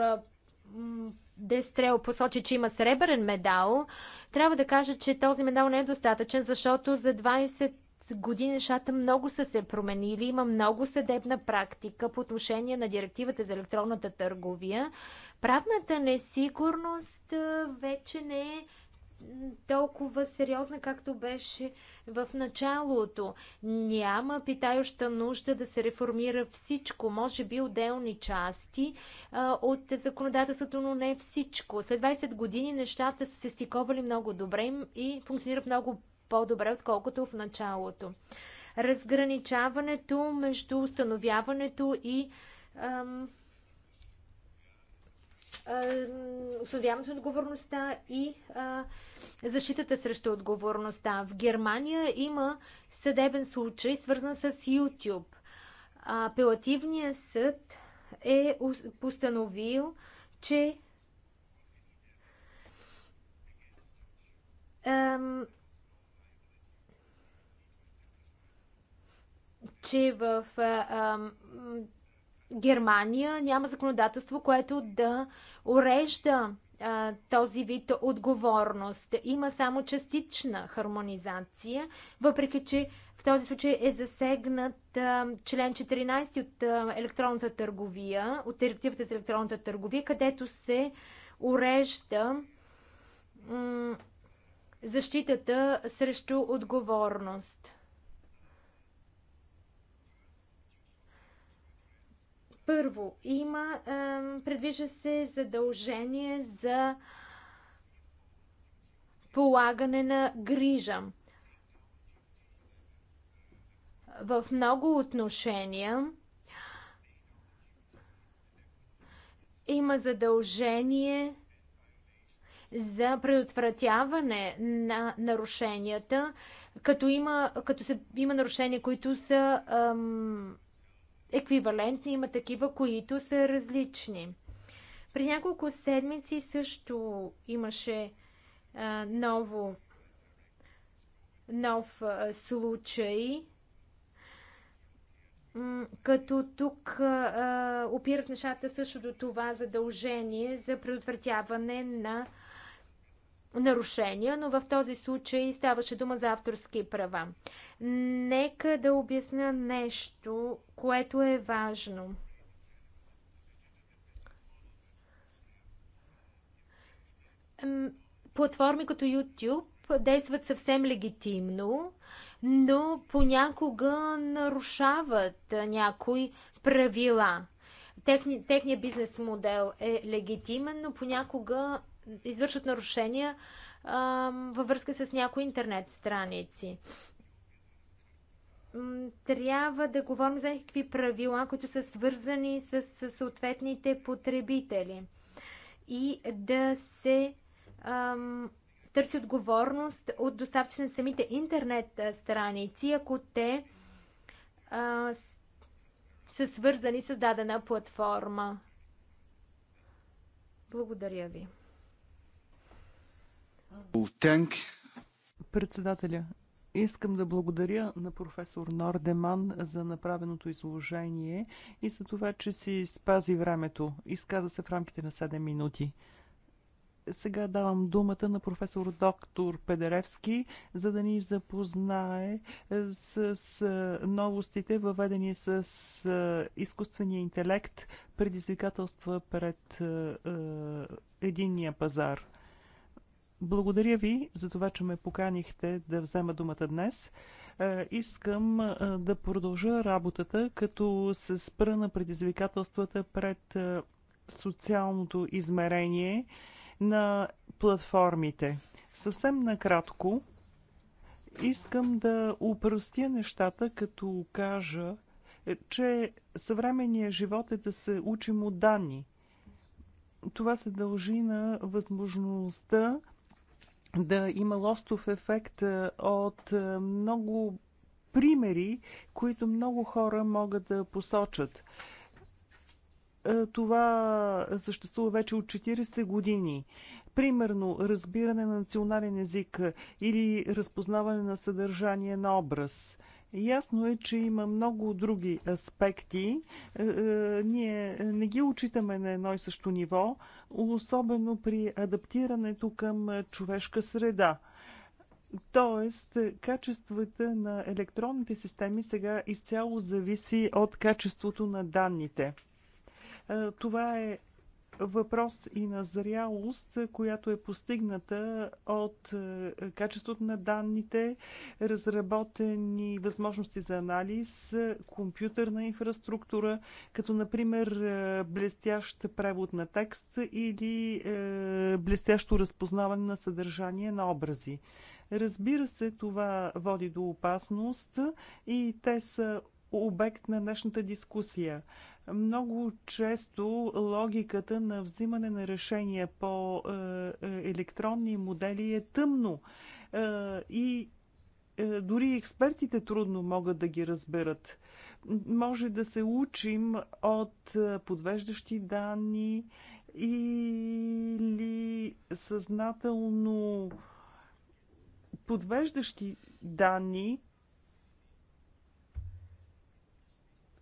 Дестрел посочи, че има сребърен медал, трябва да кажа, че този медал не е достатъчен, защото за 20 години нещата много са се променили. Има много съдебна практика по отношение на директивата за електронната търговия. Правната несигурност вече не е толкова сериозна, както беше в началото. Няма питающа нужда да се реформира всичко, може би отделни части а, от законодателството, но не всичко. След 20 години нещата са се стиковали много добре и функционират много по-добре, отколкото в началото. Разграничаването между установяването и ам, осъдяването на отговорността и а, защитата срещу отговорността. В Германия има съдебен случай, свързан с YouTube. Апелативният съд е постановил, че ам, че в а, а, Германия няма законодателство, което да урежда а, този вид отговорност. Има само частична хармонизация, въпреки че в този случай е засегнат а, член 14 от а, електронната търговия, от директивата за електронната търговия, където се урежда защитата срещу отговорност. Първо, има, предвижда се задължение за полагане на грижа. В много отношения има задължение за предотвратяване на нарушенията, като има, като се, има нарушения, които са ам, еквивалентни, има такива, които са различни. При няколко седмици също имаше а, ново, нов а, случай, като тук а, опират нещата също до това задължение за предотвратяване на нарушения, но в този случай ставаше дума за авторски права. Нека да обясня нещо, което е важно. Платформи като YouTube действат съвсем легитимно, но понякога нарушават някои правила. Техни, техният бизнес модел е легитимен, но понякога Извършват нарушения във връзка с някои интернет страници. Трябва да говорим за някакви правила, които са свързани с, съответните потребители и да се ам, търси отговорност от доставчи на самите интернет страници, ако те а, са свързани с дадена платформа. Благодаря ви. Председателя, искам да благодаря на професор Нордеман за направеното изложение и за това, че си спази времето. Изказа се в рамките на 7 минути. Сега давам думата на професор доктор Педеревски, за да ни запознае с, с новостите, въведени с, с изкуствения интелект, предизвикателства пред е, е, единния пазар. Благодаря ви за това, че ме поканихте да взема думата днес. Е, искам е, да продължа работата, като се спра на предизвикателствата пред е, социалното измерение на платформите. Съвсем накратко, искам да упростя нещата, като кажа, че съвременния живот е да се учим от данни. Това се дължи на възможността да има лостов ефект е, от е, много примери, които много хора могат да посочат. Е, това съществува вече от 40 години. Примерно, разбиране на национален език или разпознаване на съдържание на образ – Ясно е, че има много други аспекти. Е, е, ние не ги очитаме на едно и също ниво, особено при адаптирането към човешка среда. Тоест, качествата на електронните системи сега изцяло зависи от качеството на данните. Е, това е въпрос и на зрялост, която е постигната от е, качеството на данните, разработени възможности за анализ, компютърна инфраструктура, като например е, блестящ превод на текст или е, блестящо разпознаване на съдържание на образи. Разбира се, това води до опасност и те са обект на днешната дискусия. Много често логиката на взимане на решения по е, е, електронни модели е тъмно е, и дори експертите трудно могат да ги разберат. Може да се учим от подвеждащи данни или съзнателно подвеждащи данни,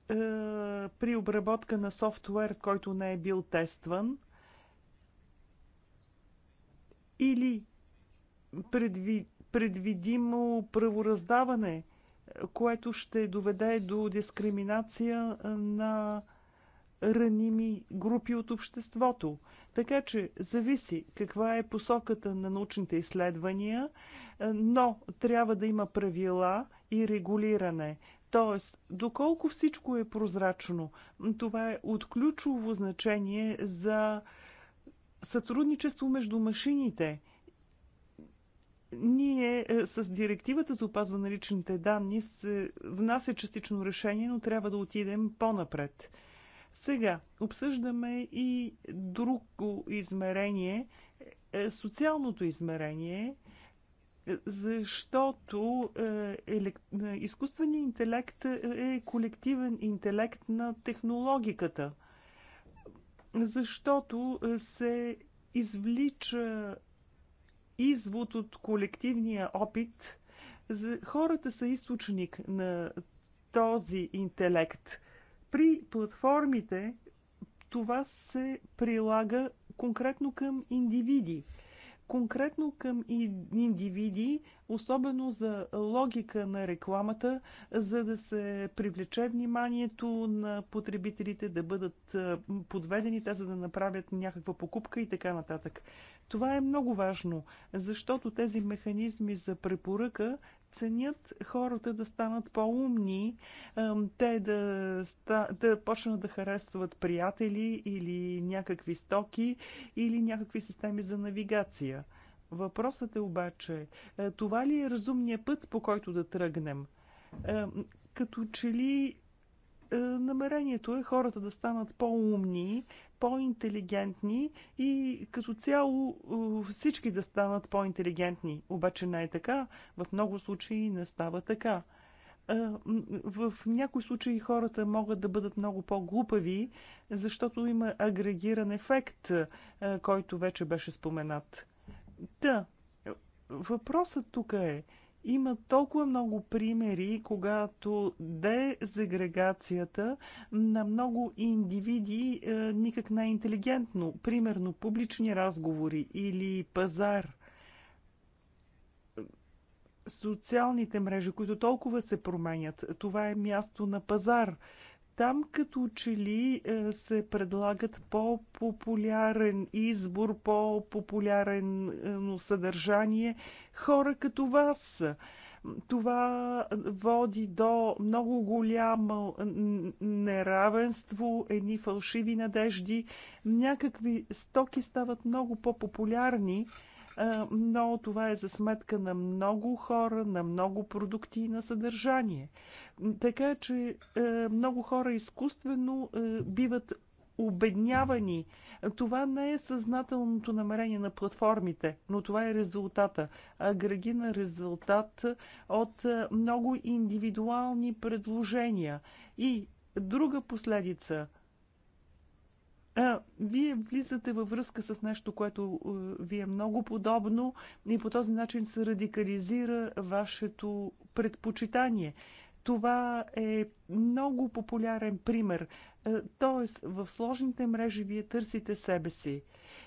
Е, при обработка на софтуер, който не е бил тестван, или предви, предвидимо правораздаване, което ще доведе до дискриминация на раними групи от обществото. Така че зависи каква е посоката на научните изследвания, но трябва да има правила и регулиране. Тоест, доколко всичко е прозрачно, това е от ключово значение за сътрудничество между машините. Ние е, с директивата за опазване на личните данни се внася частично решение, но трябва да отидем по-напред. Сега обсъждаме и друго измерение, е, социалното измерение – защото е, е, изкуственият интелект е колективен интелект на технологиката, защото е, се извлича извод от колективния опит. Хората са източник на този интелект. При платформите това се прилага конкретно към индивиди конкретно към индивиди, особено за логика на рекламата, за да се привлече вниманието на потребителите, да бъдат подведени те, за да направят някаква покупка и така нататък. Това е много важно, защото тези механизми за препоръка ценят хората да станат по-умни, те да, да почнат да харесват приятели или някакви стоки или някакви системи за навигация. Въпросът е обаче, е, това ли е разумният път, по който да тръгнем? Като че ли е, намерението е хората да станат по-умни, по-интелигентни и като цяло е, всички да станат по-интелигентни. Обаче не е така. В много случаи не става така. Е, в някои случаи хората могат да бъдат много по-глупави, защото има агрегиран ефект, който вече беше споменат. Да, въпросът тук е, има толкова много примери, когато дезагрегацията на много индивиди е, никак не е интелигентно. Примерно публични разговори или пазар. Социалните мрежи, които толкова се променят, това е място на пазар. Там като че ли е, се предлагат по-популярен избор, по популярен съдържание хора като вас. Това води до много голямо неравенство, едни фалшиви надежди. Някакви стоки стават много по-популярни, но това е за сметка на много хора, на много продукти и на съдържание. Така че много хора изкуствено биват обеднявани. Това не е съзнателното намерение на платформите, но това е резултата. Агрегина резултат от много индивидуални предложения. И друга последица – а, вие влизате във връзка с нещо, което е, ви е много подобно и по този начин се радикализира вашето предпочитание. Това е много популярен пример. Е, тоест, в сложните мрежи вие търсите себе си,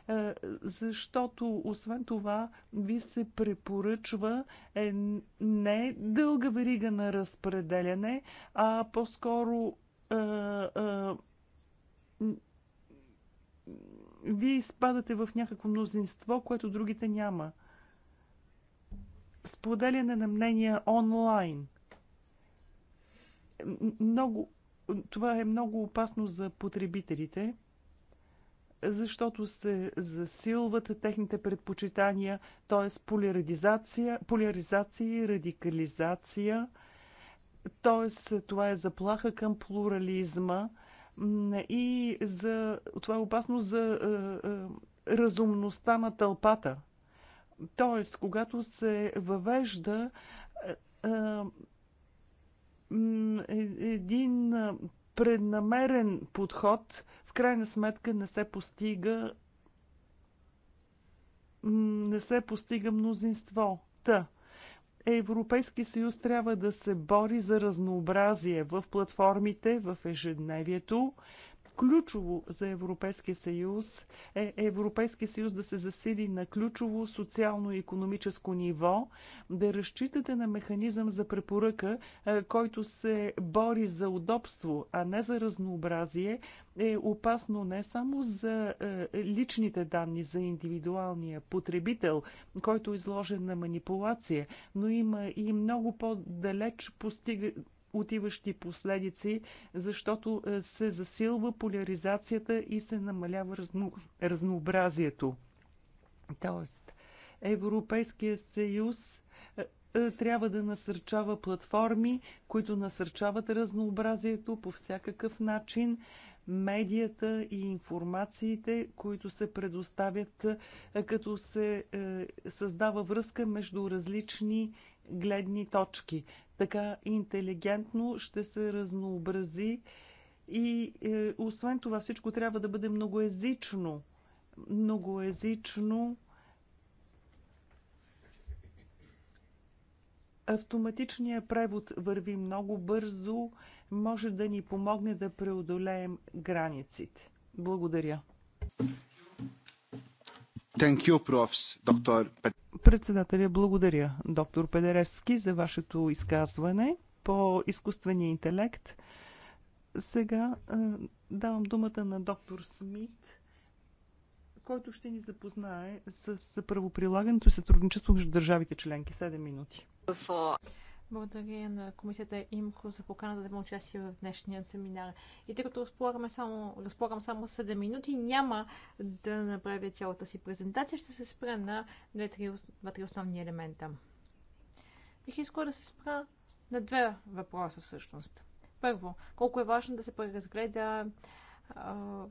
е, защото освен това ви се препоръчва не дълга верига на разпределяне, а по-скоро вие изпадате в някакво мнозинство, което другите няма. Споделяне на мнения онлайн. Много, това е много опасно за потребителите, защото се засилват техните предпочитания, т.е. поляризация, поляризация и радикализация. Т.е. това е заплаха към плурализма – и за това е опасно за е, е, разумността на тълпата. Тоест, когато се въвежда е, един преднамерен подход, в крайна сметка не се постига не се постига мнозинство. Та, Европейски съюз трябва да се бори за разнообразие в платформите, в ежедневието, Ключово за Европейския съюз е Европейския съюз да се засили на ключово социално-економическо ниво, да разчитате на механизъм за препоръка, е, който се бори за удобство, а не за разнообразие, е опасно не само за е, личните данни, за индивидуалния потребител, който е изложен на манипулация, но има и много по-далеч постига отиващи последици, защото е, се засилва поляризацията и се намалява разно, разнообразието. Тоест, Европейския съюз е, е, трябва да насърчава платформи, които насърчават разнообразието по всякакъв начин, медията и информациите, които се предоставят, като се създава връзка между различни гледни точки. Така интелигентно ще се разнообрази и е, освен това всичко трябва да бъде многоезично. Многоезично. Автоматичният превод върви много бързо, може да ни помогне да преодолеем границите. Благодаря. Thank you, profs. Доктор Председателя, благодаря, доктор Педеревски, за вашето изказване по изкуствения интелект. Сега е, давам думата на доктор Смит, който ще ни запознае с правоприлагането и сътрудничество между държавите членки. 7 минути. Благодаря на комисията ИМКО за поканата да има участие в днешния семинар. И тъй като само, разполагам само 7 минути, няма да направя цялата си презентация. Ще се спра на 2-3 основни елемента. Бих искала да се спра на две въпроса всъщност. Първо, колко е важно да се преразгледа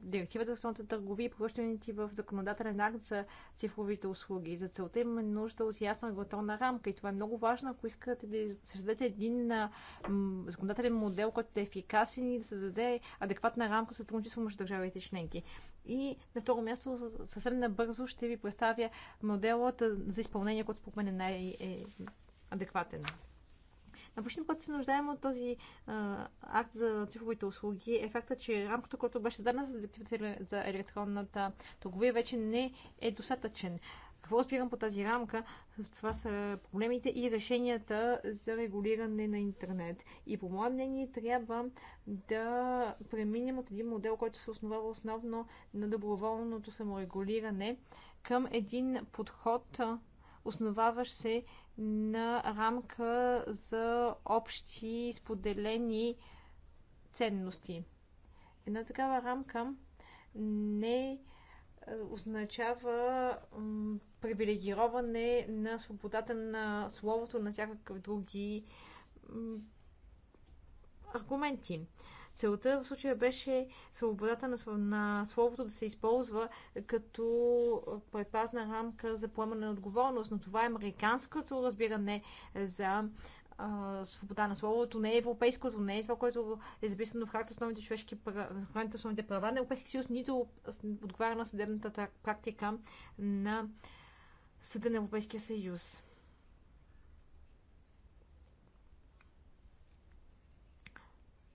директивата за основната търговия и превръщането в законодателен акт за цифровите услуги. За целта имаме нужда от ясна регулаторна рамка и това е много важно, ако искате да създадете един законодателен модел, който е ефикасен и да създаде адекватна рамка за сътрудничество между държавите членки. И на второ място, съвсем набързо ще ви представя моделът за изпълнение, който според мен е най-адекватен. Е, е, Напочно, което се нуждаем от този а, акт за цифровите услуги е факта, че рамката, която беше зададена за за електронната търговия, вече не е достатъчен. Какво разбирам по тази рамка? Това са проблемите и решенията за регулиране на интернет. И по мое мнение трябва да преминем от един модел, който се основава основно на доброволното саморегулиране, към един подход, основаващ се на рамка за общи споделени ценности. Една такава рамка не е, означава привилегироване на свободата на словото на всякакъв други аргументи. Целта в случая беше свободата на, на словото да се използва като предпазна рамка за поемане на отговорност, но това е американското разбиране за свобода на словото, не е европейското, не е това, което е записано в харта основните човешки права, основните права на е Европейския съюз, нито отговаря на съдебната практика на Съда на Европейския съюз.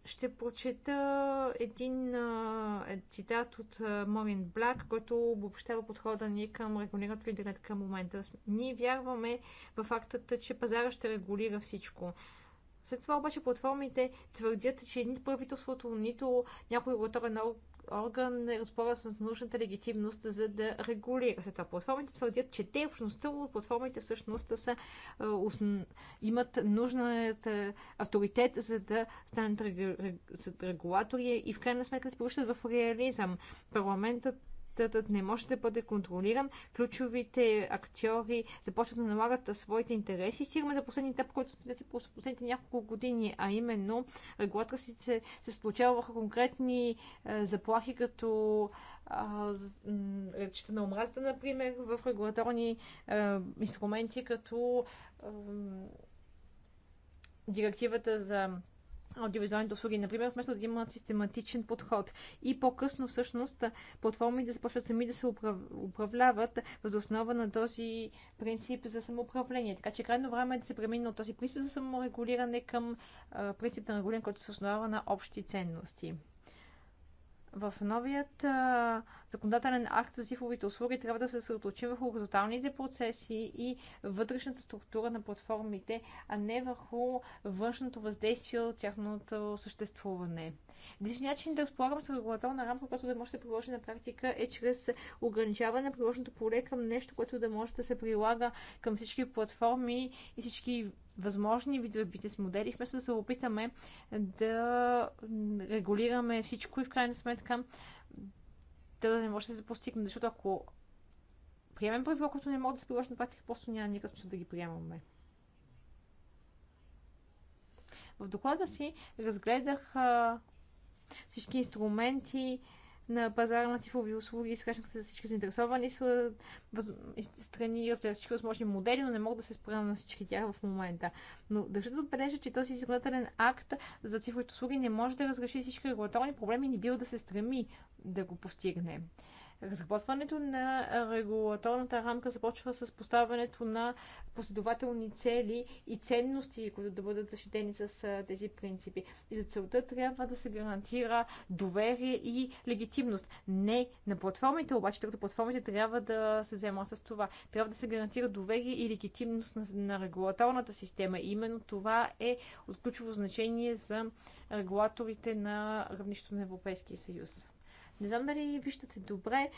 ще прочета един а, цитат от а, Морин Блак, който обобщава подхода ни към регулирането интернет към момента. Ние вярваме в факта, че пазара ще регулира всичко. След това обаче платформите твърдят, че нито правителството, нито някой регулаторен орган не разполага с нужната легитимност за да регулира. След това платформите твърдят, че те, общността от платформите всъщност са, имат нужната авторитет за да станат регулатори и в крайна сметка се превръщат в реализъм. Парламентът Търтът не може да бъде контролиран. Ключовите актьори започват да налагат своите интереси. Стигаме до последния етап, който сме по последните няколко години, а именно регулатора си се, се случава върху конкретни е, заплахи, като речета на омразата, например, в регулаторни е, инструменти, като е, директивата за аудиовизуалните услуги, например, вместо да имат систематичен подход. И по-късно, всъщност, платформите започват сами да се управляват въз основа на този принцип за самоуправление. Така че крайно време е да се премине от този принцип за саморегулиране към принцип на регулиране, който се основава на общи ценности в новият а, законодателен акт за цифровите услуги трябва да се съсредоточим върху хоризонталните процеси и вътрешната структура на платформите, а не върху външното въздействие от тяхното съществуване. Единственият начин да разполагам с регулаторна рамка, която да може да се приложи на практика, е чрез ограничаване на приложеното поле към нещо, което да може да се прилага към всички платформи и всички възможни видове бизнес модели, вместо да се опитаме да регулираме всичко и в крайна сметка да не може да се постигне. Защото ако приемем правила, които не могат да се приложат на практика, просто няма никакъв смисъл да ги приемаме. В доклада си разгледах а, всички инструменти, на пазара на цифрови услуги срещнах се с всички заинтересовани с въз... страни и разгледах всички възможни модели, но не мога да се спра на всички тях в момента. Но държа да отбележа, че този законодателен акт за цифровите услуги не може да разреши всички регулаторни проблеми и не бива да се стреми да го постигне. Разработването на регулаторната рамка започва с поставянето на последователни цели и ценности, които да бъдат защитени с тези принципи. И за целта трябва да се гарантира доверие и легитимност. Не на платформите, обаче, тъй като платформите трябва да се вземат с това. Трябва да се гарантира доверие и легитимност на, на регулаторната система. И именно това е от ключово значение за регулаторите на равнището на Европейския съюз. Не знам дали виждате добре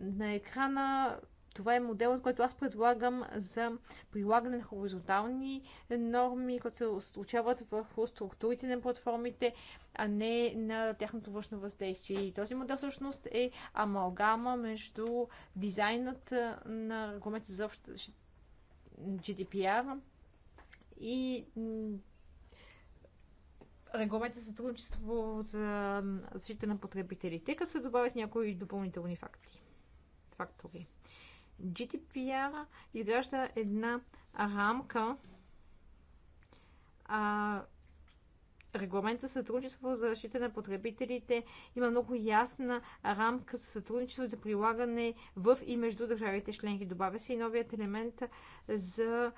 на екрана. Това е моделът, който аз предлагам за прилагане на хоризонтални норми, които се случават върху структурите на платформите, а не на тяхното външно въздействие. И този модел всъщност е амалгама между дизайнът на регламента за общ GDPR и регламента за сътрудничество за защита на потребителите, като се добавят някои допълнителни факти. Фактори. GDPR изгражда една рамка, а регламент за сътрудничество за защита на потребителите има много ясна рамка за сътрудничество за прилагане в и между държавите членки. Добавя се и новият елемент за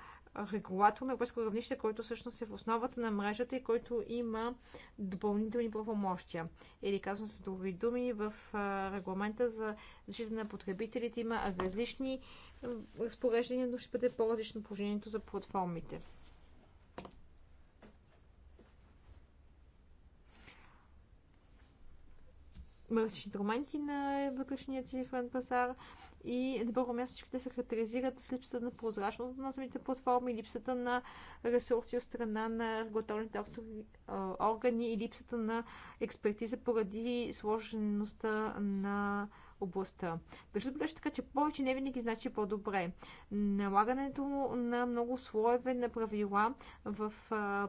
регулатор на европейско равнище, който всъщност е в основата на мрежата и който има допълнителни правомощия. Или казвам с други думи, в регламента за защита на потребителите има различни разпореждания, но ще бъде по-различно положението за платформите. различни инструменти на вътрешния цифрен пазар, и на първо място всички те се характеризират с липсата на прозрачност на самите платформи, липсата на ресурси от страна на регулаторните органи и липсата на експертиза поради сложеността на областта. Държа да така, че повече не винаги значи по-добре. Налагането на много слоеве на правила в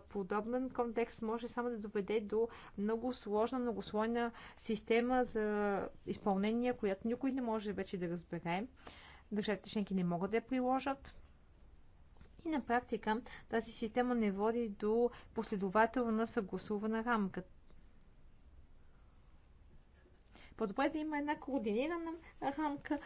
подобен контекст може само да доведе до много сложна, многослойна система за изпълнение, която никой не може вече да разбере. Държавите членки не могат да я приложат. И на практика тази система не води до последователна съгласувана рамка. По-добре да има една координирана рамка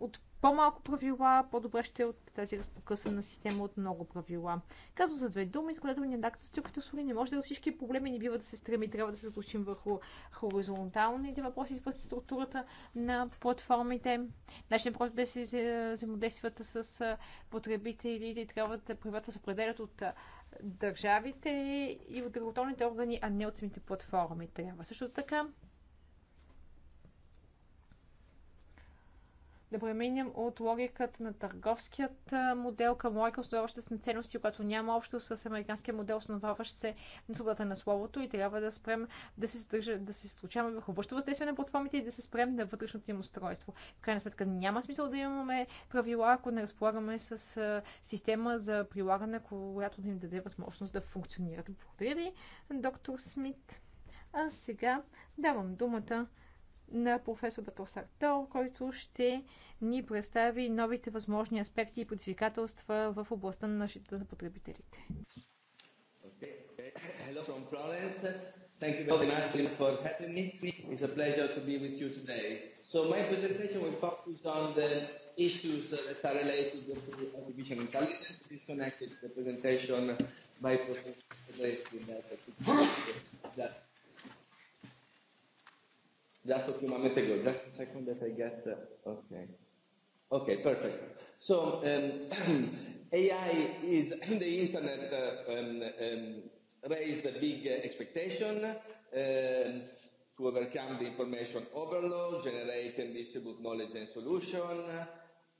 от по-малко правила, по-добре ще е от тази разпокъсана система от много правила. Казвам за две думи, законодателният е акт за структурите услуги не може да всички проблеми, не бива да се стреми, трябва да се случим върху хоризонталните въпроси, свързани структурата на платформите, Значи не просто да се взаимодействат с потребители, или трябва да правилата се определят от държавите и от регулаторните органи, а не от самите платформи. Трябва също така да преминем от логиката на търговският модел към логика, основаваща се на ценности, която няма общо с американския модел, основаващ се на свободата на словото и трябва да спрем да се, задържа, да се случаваме върху външното въздействие на платформите и да се спрем на вътрешното им устройство. В крайна сметка няма смисъл да имаме правила, ако не разполагаме с система за прилагане, която да им даде възможност да функционират. Благодаря ви, доктор Смит. А сега давам думата на професор Батурсак Тол, който ще ни представи новите възможни аспекти и предизвикателства в областта на защита на потребителите. Thank you very much for having me. It's a pleasure to be with you today. So my presentation will focus on the issues that are related to artificial intelligence. This connected to the presentation by Professor that just a few moments ago. Just a second that I get, uh, okay. Okay, perfect. So, um, AI is, in the internet uh, um, um, raised a big expectation uh to overcome the information overload, generate and distribute knowledge and solution,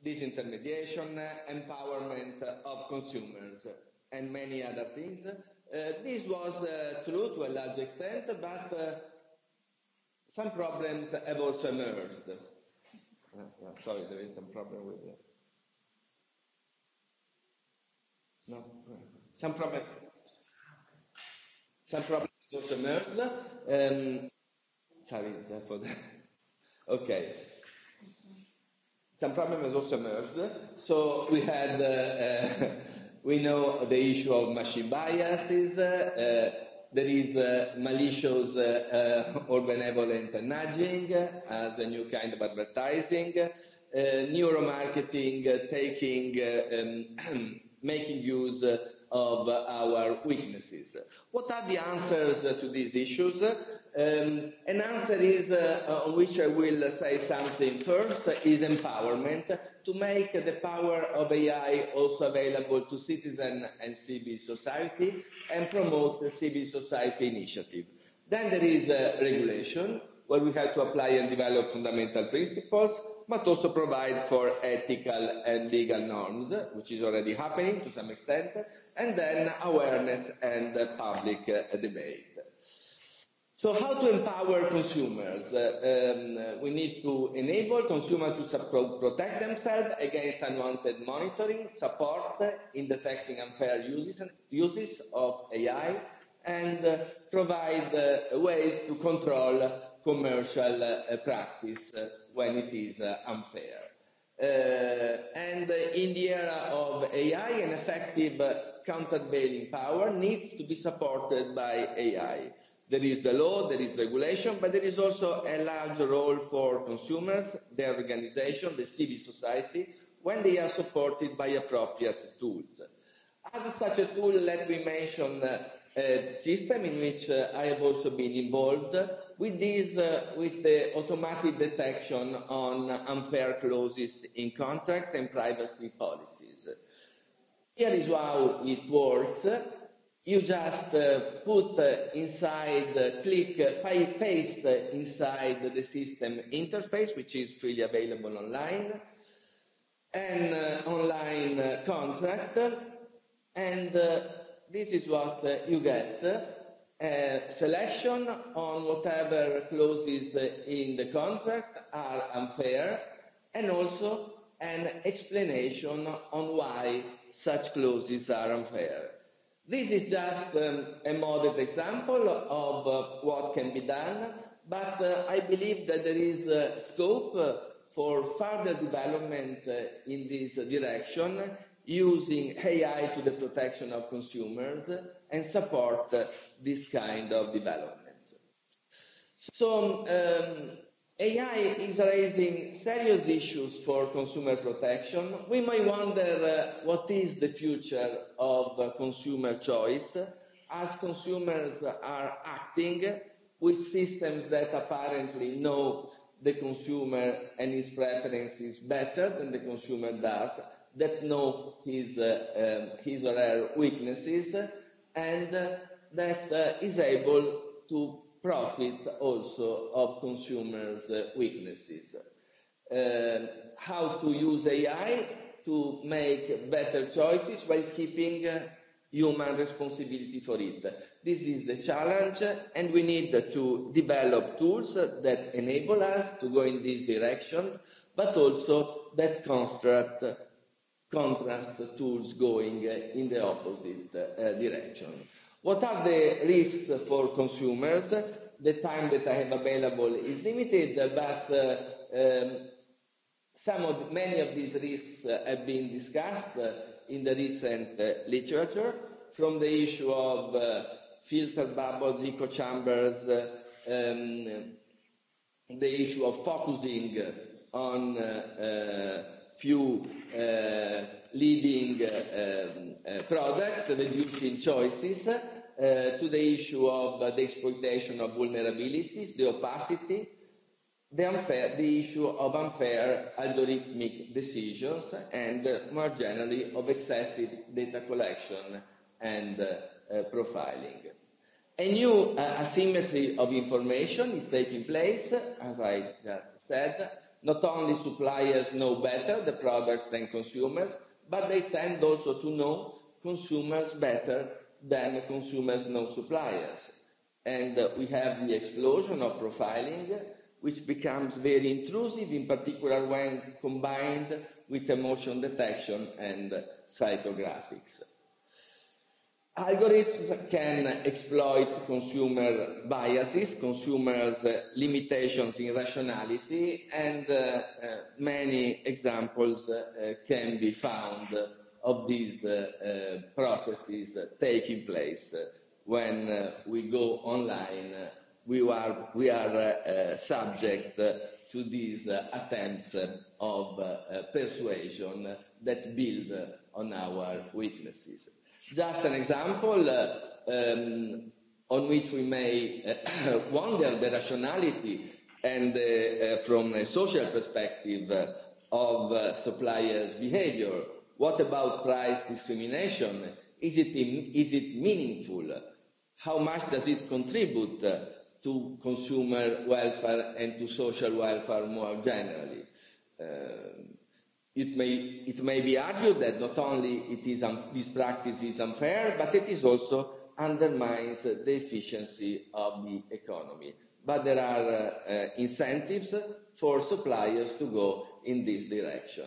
disintermediation, empowerment of consumers, and many other things. Uh, this was uh, true to a large extent, but uh, some problems have also emerged. Uh, uh, sorry, there is some problem with that. No, some problem. Some problems also emerged. Um, sorry for that. Okay. Some problem has also emerged. So we had, uh, uh, we know the issue of machine biases. Uh, uh, There is uh, malicious uh, uh, or benevolent nudging as a new kind of advertising. Uh, neuromarketing uh, taking, uh, um, making use uh, of our weaknesses. What are the answers to these issues? Um, an answer is, uh, on which I will say something first, is empowerment to make the power of AI also available to citizens and civil society and promote the civil society initiative. Then there is uh, regulation, where we have to apply and develop fundamental principles, but also provide for ethical and legal norms, which is already happening to some extent, and then awareness and uh, public uh, debate. So how to empower consumers? Uh, um, we need to enable consumers to pro- protect themselves against unwanted monitoring, support in detecting unfair uses, and uses of AI, and uh, provide uh, ways to control commercial uh, practice uh, when it is uh, unfair. Uh, and uh, in the era of AI, an effective uh, countervailing power needs to be supported by AI There is the law, there is regulation, but there is also a large role for consumers, their organization, the civil society, when they are supported by appropriate tools. As such a tool, let me mention a system in which I have also been involved with this, with the automatic detection on unfair clauses in contracts and privacy policies. Here is how it works you just uh, put uh, inside, uh, click, uh, paste inside the system interface, which is freely available online, an uh, online uh, contract, and uh, this is what uh, you get. a selection on whatever clauses in the contract are unfair, and also an explanation on why such clauses are unfair This is just um, a modest example of uh, what can be done, but uh, I believe that there is uh, scope uh, for further development uh, in this direction using AI to the protection of consumers and support uh, this kind of developments. So um, AI is raising serious issues for consumer protection. We may wonder uh, what is the future of uh, consumer choice as consumers are acting with systems that apparently know the consumer and his preferences better than the consumer does, that know his, uh, um, his or her weaknesses, and uh, that uh, is able to profit also of consumers' weaknesses. Uh, how to use AI to make better choices while keeping uh, human responsibility for it. This is the challenge, and we need to develop tools that enable us to go in this direction, but also that construct contrast tools going in the opposite uh, direction. What are the risks for consumers? The time that I have available is limited, but uh, um, some of many of these risks uh, have been discussed uh, in the recent uh, literature, from the issue of uh, filter bubbles, echo chambers, uh, um, the issue of focusing on uh, uh, few uh, leading uh, uh, products, reducing choices, uh, to the issue of uh, the exploitation of vulnerabilities, the opacity, the, unfair, the issue of unfair algorithmic decisions, and uh, more generally of excessive data collection and uh, uh, profiling. A new uh, asymmetry of information is taking place, as I just said. Not only suppliers know better the products than consumers, but they tend also to know consumers better than consumers, no suppliers. And uh, we have the explosion of profiling, which becomes very intrusive, in particular when combined with emotion detection and psychographics. Algorithms can exploit consumer biases, consumers' uh, limitations in rationality, and uh, uh, many examples uh, can be found of these uh, uh, processes uh, taking place uh, when uh, we go online. Uh, we are, we are uh, uh, subject uh, to these uh, attempts uh, of uh, uh, persuasion that build uh, on our weaknesses. Just an example uh, um, on which we may uh, wonder the rationality and uh, uh, from a social perspective uh, of uh, suppliers' behavior What about price discrimination? Is it, is it meaningful? How much does it contribute to consumer welfare and to social welfare more generally? Uh, it, may, it may be argued that not only it is un, this practice is unfair, but it is also undermines the efficiency of the economy. But there are uh, uh, incentives for suppliers to go in this direction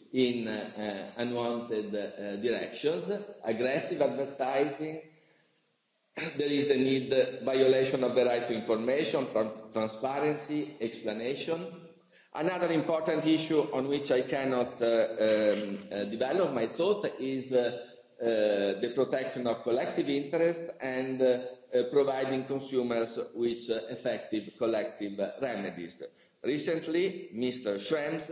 in uh, unwanted uh, directions, aggressive advertising. there is the need, uh, violation of the right to information, tra- transparency, explanation. Another important issue on which I cannot uh, um, uh, develop my thought is uh, uh, the protection of collective interest and uh, uh, providing consumers with uh, effective collective remedies. Recently, Mr. Schrems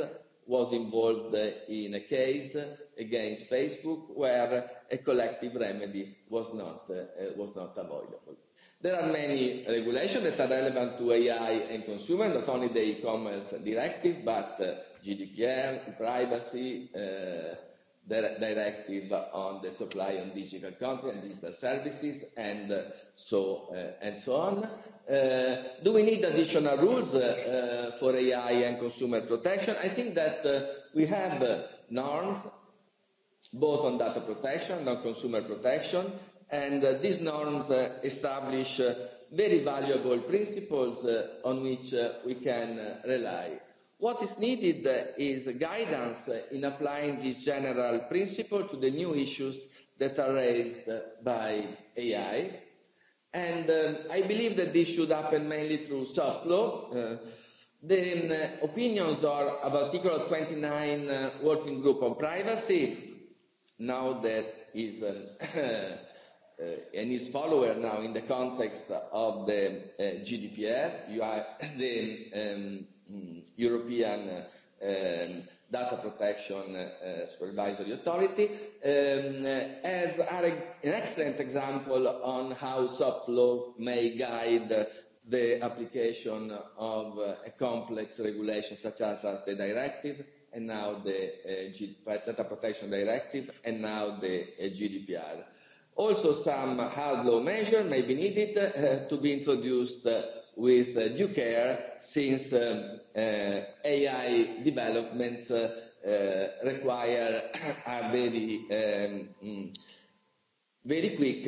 was involved in a case against Facebook where a collective remedy was not, uh, was not avoidable. There are many regulations that are relevant to AI and consumer, not only the e-commerce directive, but uh, GDPR, privacy, uh, directive on the supply on digital content and digital services and so uh, and so on. Uh, do we need additional rules uh, uh, for AI and consumer protection? I think that uh, we have uh, norms both on data protection and on consumer protection, and uh, these norms uh, establish uh, very valuable principles uh, on which uh, we can uh, rely What is needed is guidance in applying this general principle to the new issues that are raised by AI. And um, I believe that this should happen mainly through soft law. Uh, the uh, opinions are of Article 29 uh, Working Group on Privacy, now that is an, uh, and his follower now in the context of the uh, GDPR, you are the um, European um, Data Protection uh, Supervisory Authority, um, as are an excellent example on how soft law may guide the application of a complex regulation such as, as the directive and now the uh, Data Protection Directive and now the uh, GDPR. Also, some hard law measure may be needed uh, to be introduced uh, with uh, due care since um, uh, AI developments uh, uh, require are very um, very quick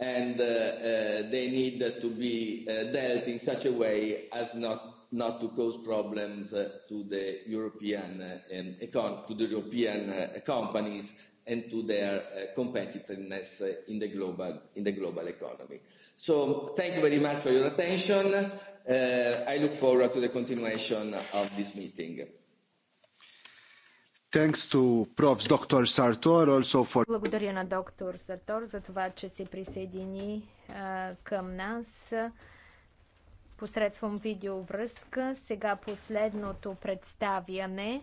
and uh, uh, they need to be uh, dealt in such a way as not not to cause problems uh, to the European uh, econ- to the European uh, companies and to their uh, competitiveness uh, in the global in the global economy. Uh, So thank you very much for your attention. Uh, I look forward to the continuation of this meeting. Thanks to Prof. Dr. Sartor also for... Благодаря на доктор Сартор за това, че се присъедини а, към нас посредством видеовръзка. Сега последното представяне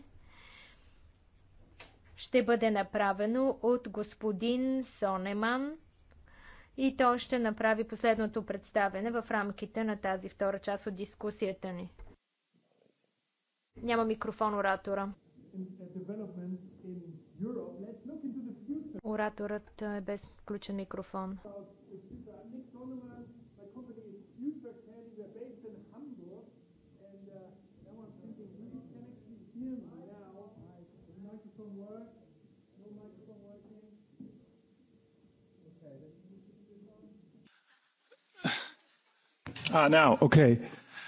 ще бъде направено от господин Сонеман и той ще направи последното представене в рамките на тази втора част от дискусията ни. Няма микрофон оратора. Ораторът е без включен микрофон. Ah, now, okay.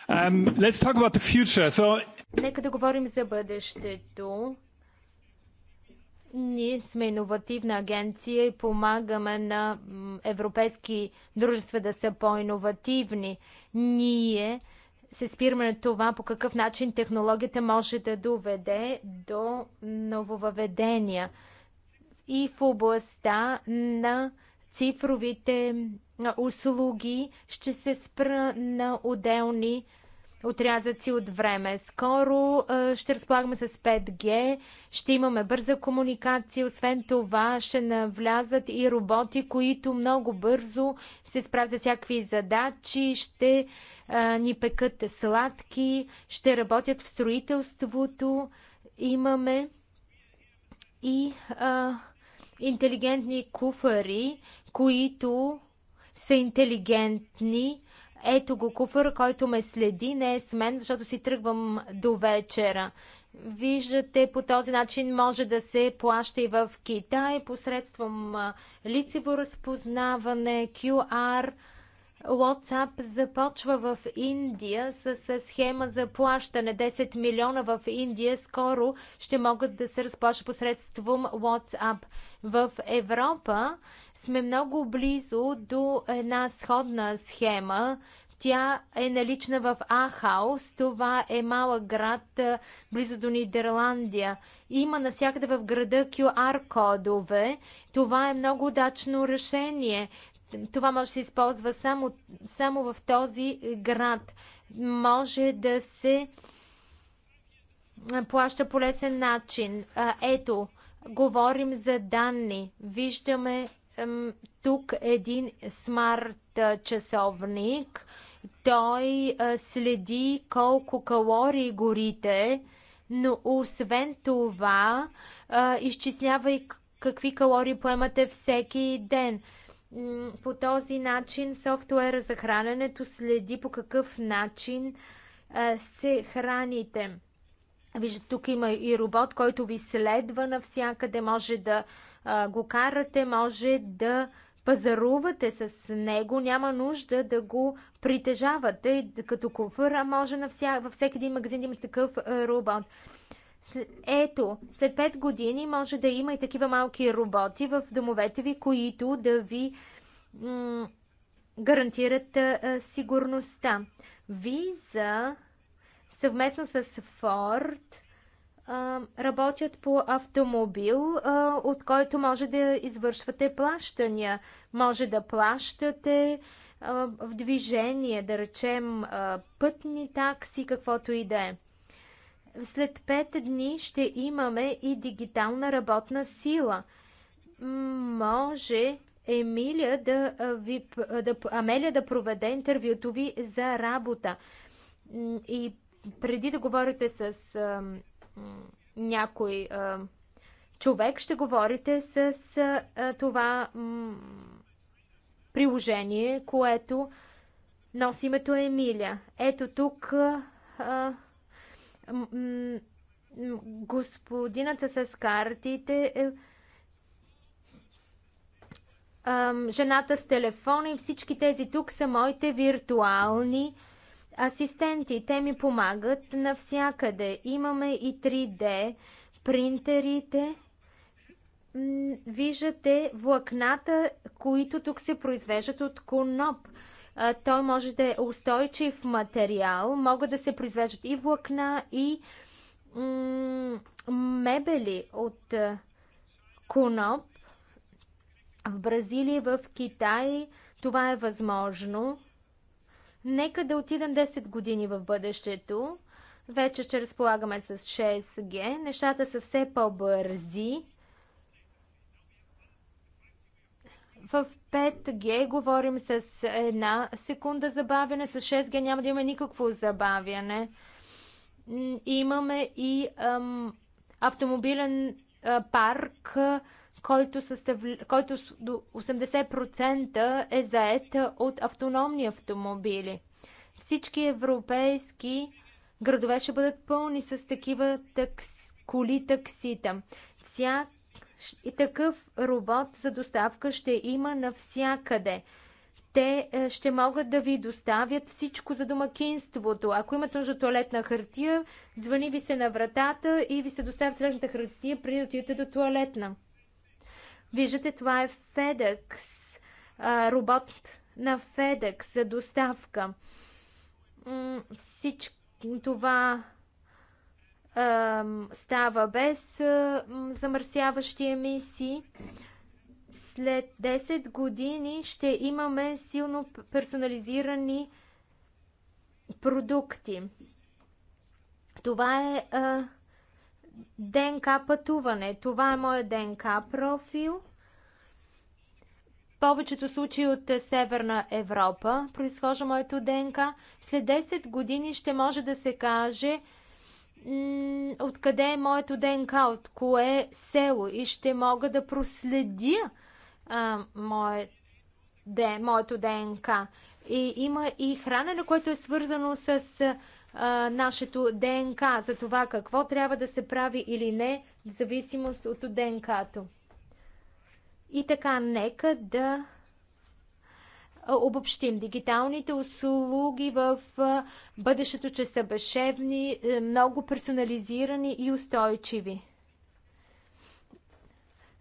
Um, let's talk about the future. So... Нека да говорим за бъдещето. Ние сме иновативна агенция и помагаме на европейски дружества да са по-иновативни. Ние се спираме на това по какъв начин технологията може да доведе до нововъведения и в областта на цифровите услуги. Ще се спра на отделни отрязъци от време. Скоро ще разполагаме с 5G, ще имаме бърза комуникация, освен това ще навлязат и роботи, които много бързо се справят за всякакви задачи, ще а, ни пекат сладки, ще работят в строителството. Имаме и а, интелигентни куфари, които са интелигентни. Ето го куфър, който ме следи, не е с мен, защото си тръгвам до вечера. Виждате, по този начин може да се плаща и в Китай посредством лицево разпознаване, QR, WhatsApp започва в Индия с, с схема за плащане. 10 милиона в Индия скоро ще могат да се разплащат посредством WhatsApp. В Европа сме много близо до една сходна схема. Тя е налична в Ахаус. Това е малък град близо до Нидерландия. Има навсякъде в града QR кодове. Това е много удачно решение това може да се използва само, само в този град. Може да се плаща по лесен начин. Ето, говорим за данни. Виждаме тук един смарт часовник. Той следи колко калории горите, но освен това изчислява и какви калории поемате всеки ден. По този начин софтуера за храненето следи по какъв начин се храните. Виждате, тук има и робот, който ви следва навсякъде. Може да го карате, може да пазарувате с него, няма нужда да го притежавате като куфър, а може във всеки един магазин да има такъв робот. Ето, след 5 години може да има и такива малки роботи в домовете ви, които да ви гарантират а, сигурността. Виза съвместно с Форд работят по автомобил, а, от който може да извършвате плащания. Може да плащате в движение, да речем пътни такси, каквото и да е. След 5 дни ще имаме и дигитална работна сила. Може Емилия да, ви, да, Амелия да проведе интервюто ви за работа. И преди да говорите с а, някой а, човек, ще говорите с а, това приложение, което носи името Емилия. Ето тук а, господината с картите, е, жената с телефона и всички тези тук са моите виртуални асистенти. Те ми помагат навсякъде. Имаме и 3D принтерите. Виждате влакната, които тук се произвеждат от коноп. Той може да е устойчив материал. Могат да се произвеждат и влакна, и мебели от коноп. В Бразилия, в Китай това е възможно. Нека да отидем 10 години в бъдещето. Вече ще разполагаме с 6G. Нещата са все по-бързи. В 5G говорим с една секунда забавяне, с 6G няма да има никакво забавяне. Имаме и ам, автомобилен а, парк, който, състав... който до 80% е заед от автономни автомобили. Всички европейски градове ще бъдат пълни с такива такс... коли таксита. Всяк и такъв робот за доставка ще има навсякъде. Те е, ще могат да ви доставят всичко за домакинството. Ако имате нужда туалетна хартия, звъни ви се на вратата и ви се доставя туалетната хартия преди да отидете до туалетна. Виждате, това е FedEx, робот на FedEx за доставка. Всичко това става без замърсяващи емисии. След 10 години ще имаме силно персонализирани продукти. Това е ДНК пътуване. Това е моят ДНК профил. Повечето случаи от Северна Европа произхожда моето ДНК. След 10 години ще може да се каже – откъде е моето ДНК, от кое е село и ще мога да проследя а, мое, де, моето ДНК. И има и хранене, което е свързано с а, нашето ДНК, за това какво трябва да се прави или не, в зависимост от ДНК-то. И така, нека да обобщим. Дигиталните услуги в бъдещето, че са бешевни, е, много персонализирани и устойчиви.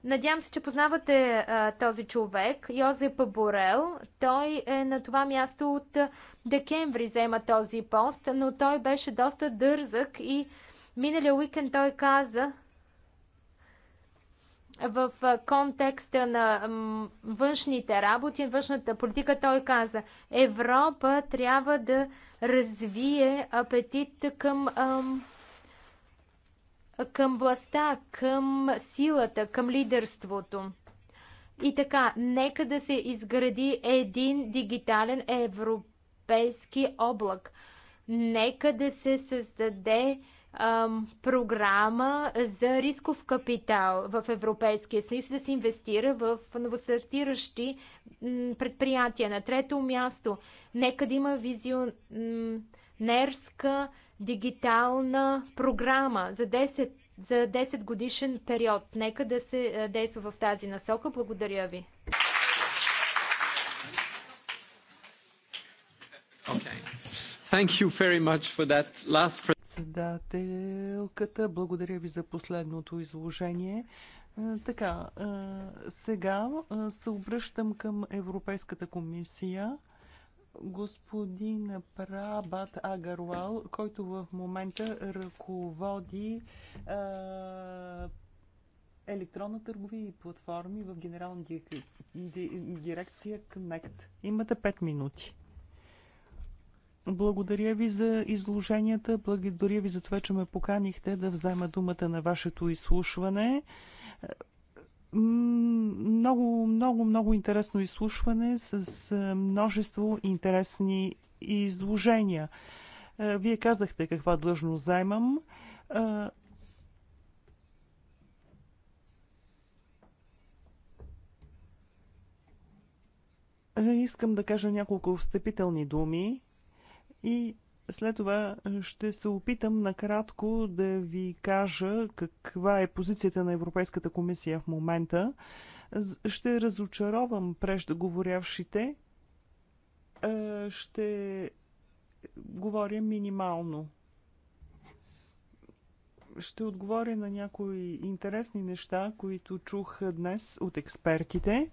Надявам се, че познавате а, този човек, Йозеп Борел. Той е на това място от декември, взема този пост, но той беше доста дързък и миналия уикенд той каза, в контекста на външните работи, външната политика, той каза, Европа трябва да развие апетит към, към властта, към силата, към лидерството. И така, нека да се изгради един дигитален европейски облак. Нека да се създаде програма за рисков капитал в Европейския съюз да се инвестира в новостартиращи предприятия. На трето място, нека да има визионерска дигитална програма за 10 за 10 годишен период. Нека да се е, действа в тази насока. Благодаря ви. Okay. Thank you very much for that last председателката. Благодаря ви за последното изложение. Е, така, е, сега е, се обръщам към Европейската комисия. Господин Прабат Агарвал, който в момента ръководи електронна търговия и платформи в Генерална дирекция КНЕКТ. Имате 5 минути. Благодаря ви за изложенията, благодаря ви за това, че ме поканихте да взема думата на вашето изслушване. Много, много, много интересно изслушване с множество интересни изложения. Вие казахте каква длъжност займам. Искам да кажа няколко встъпителни думи. И след това ще се опитам накратко да ви кажа каква е позицията на Европейската комисия в момента. Ще разочаровам преждеговорявшите. Е, ще говоря минимално. Ще отговоря на някои интересни неща, които чух днес от експертите,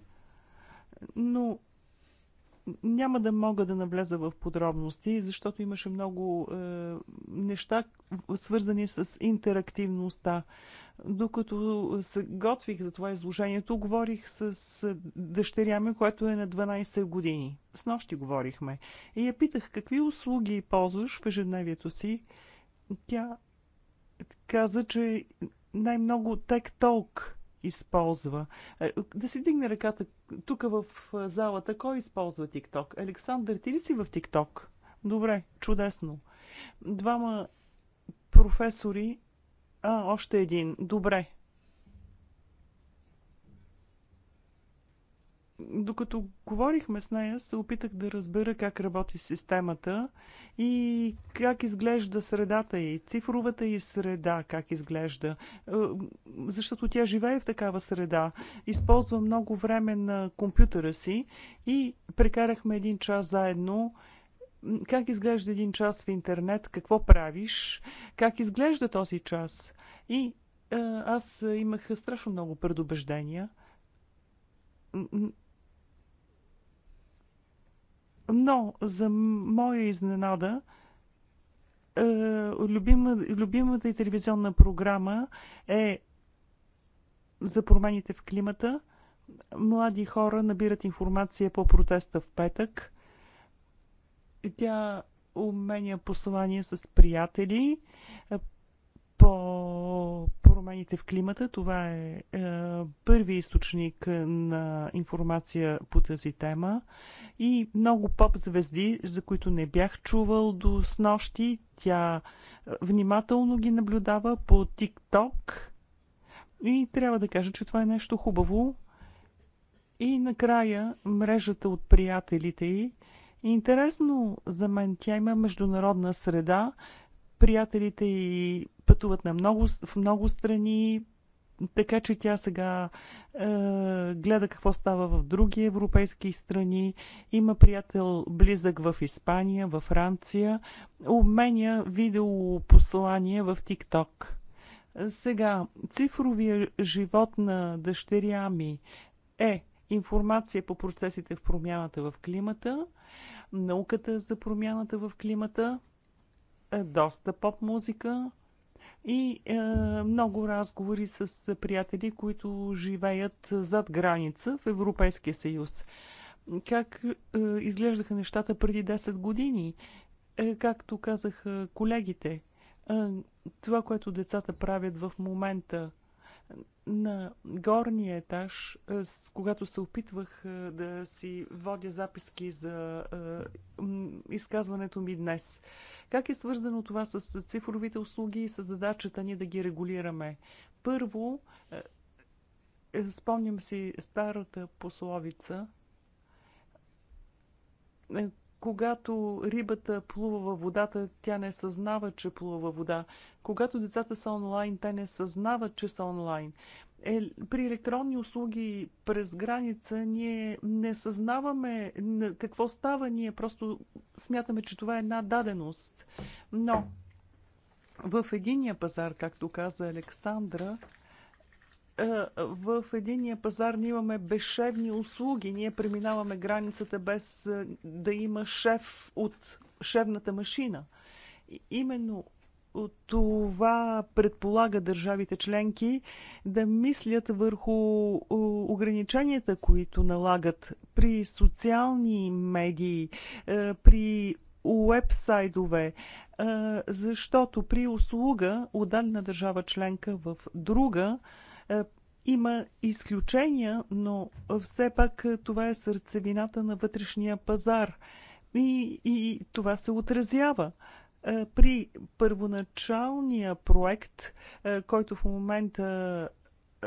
но няма да мога да навляза в подробности, защото имаше много е, неща, свързани с интерактивността. Докато се готвих за това изложението, говорих с дъщеря ми, която е на 12 години. С нощи говорихме. И я питах какви услуги ползваш в ежедневието си. Тя каза, че най-много тек-толк използва. Е, да си дигне ръката тук в е, залата. Кой използва ТикТок? Александър, ти ли си в ТикТок? Добре, чудесно. Двама професори. А, още един. Добре. Докато говорихме с нея, се опитах да разбера как работи системата и как изглежда средата и цифровата и среда, как изглежда. Е, защото тя живее в такава среда, използва много време на компютъра си и прекарахме един час заедно как изглежда един час в интернет, какво правиш, как изглежда този час. И е, аз имах страшно много предубеждения. Но, за моя изненада, е, любима, любимата и телевизионна програма е за промените в климата. Млади хора набират информация по протеста в петък. Тя уменя послания с приятели промените в климата. Това е, е първи източник на информация по тази тема и много поп-звезди, за които не бях чувал до снощи. Тя е, внимателно ги наблюдава по ТикТок и трябва да кажа, че това е нещо хубаво. И накрая мрежата от приятелите й. Интересно за мен, тя има международна среда, Приятелите и пътуват на много, в много страни, така че тя сега е, гледа какво става в други европейски страни. Има приятел близък в Испания, във Франция. Обменя видеопослания в ТикТок. Сега, цифровия живот на дъщеря ми е информация по процесите в промяната в климата, науката за промяната в климата – е, доста поп-музика и е, много разговори с приятели, които живеят зад граница в Европейския съюз. Как е, изглеждаха нещата преди 10 години? Е, както казаха колегите, е, това, което децата правят в момента – на горния етаж, когато се опитвах да си водя записки за изказването ми днес. Как е свързано това с цифровите услуги и с задачата ни да ги регулираме? Първо, е, спомням си старата пословица, е, когато рибата плува във водата, тя не съзнава, че плува във вода. Когато децата са онлайн, те не съзнават, че са онлайн. Е, при електронни услуги през граница ние не съзнаваме какво става, ние просто смятаме, че това е една даденост. Но в единия пазар, както каза Александра, е, в единия пазар ние имаме безшевни услуги. Ние преминаваме границата без е, да има шеф от шевната машина. Именно това предполага държавите членки да мислят върху е, ограниченията, които налагат при социални медии, при уебсайдове, защото при услуга от дадена държава членка в друга, е, има изключения, но все пак е, това е сърцевината на вътрешния пазар. И, и това се отразява. Е, при първоначалния проект, който в момента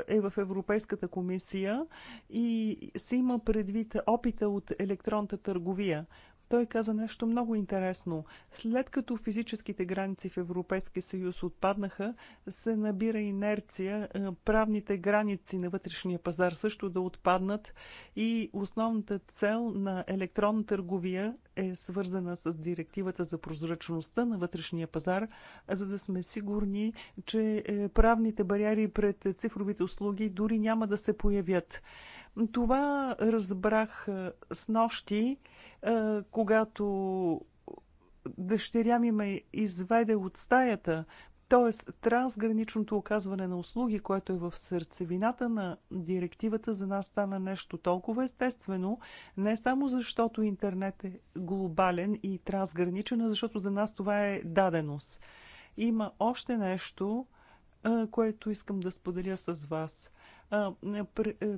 е в Европейската комисия и се има предвид опита от електронната търговия. Той каза нещо много интересно. След като физическите граници в Европейския съюз отпаднаха, се набира инерция е, правните граници на вътрешния пазар също да отпаднат и основната цел на електронна търговия е свързана с директивата за прозрачността на вътрешния пазар, за да сме сигурни, че е, правните бариери пред цифровите услуги дори няма да се появят. Това разбрах е, с нощи, е, когато дъщеря ми ме изведе от стаята, т.е. трансграничното оказване на услуги, което е в сърцевината на директивата, за нас стана нещо толкова естествено, не само защото интернет е глобален и трансграничен, а защото за нас това е даденост. Има още нещо, е, което искам да споделя с вас – е,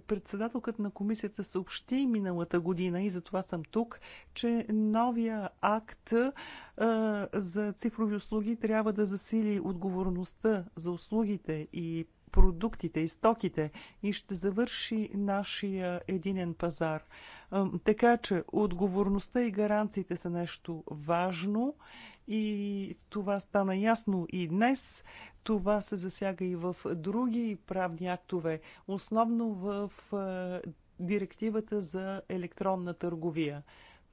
председателката на комисията съобщи миналата година и затова съм тук, че новия акт за цифрови услуги трябва да засили отговорността за услугите и продуктите и стоките и ще завърши нашия единен пазар. Така че отговорността и гаранциите са нещо важно и това стана ясно и днес. Това се засяга и в други правни актове, основно в директивата за електронна търговия.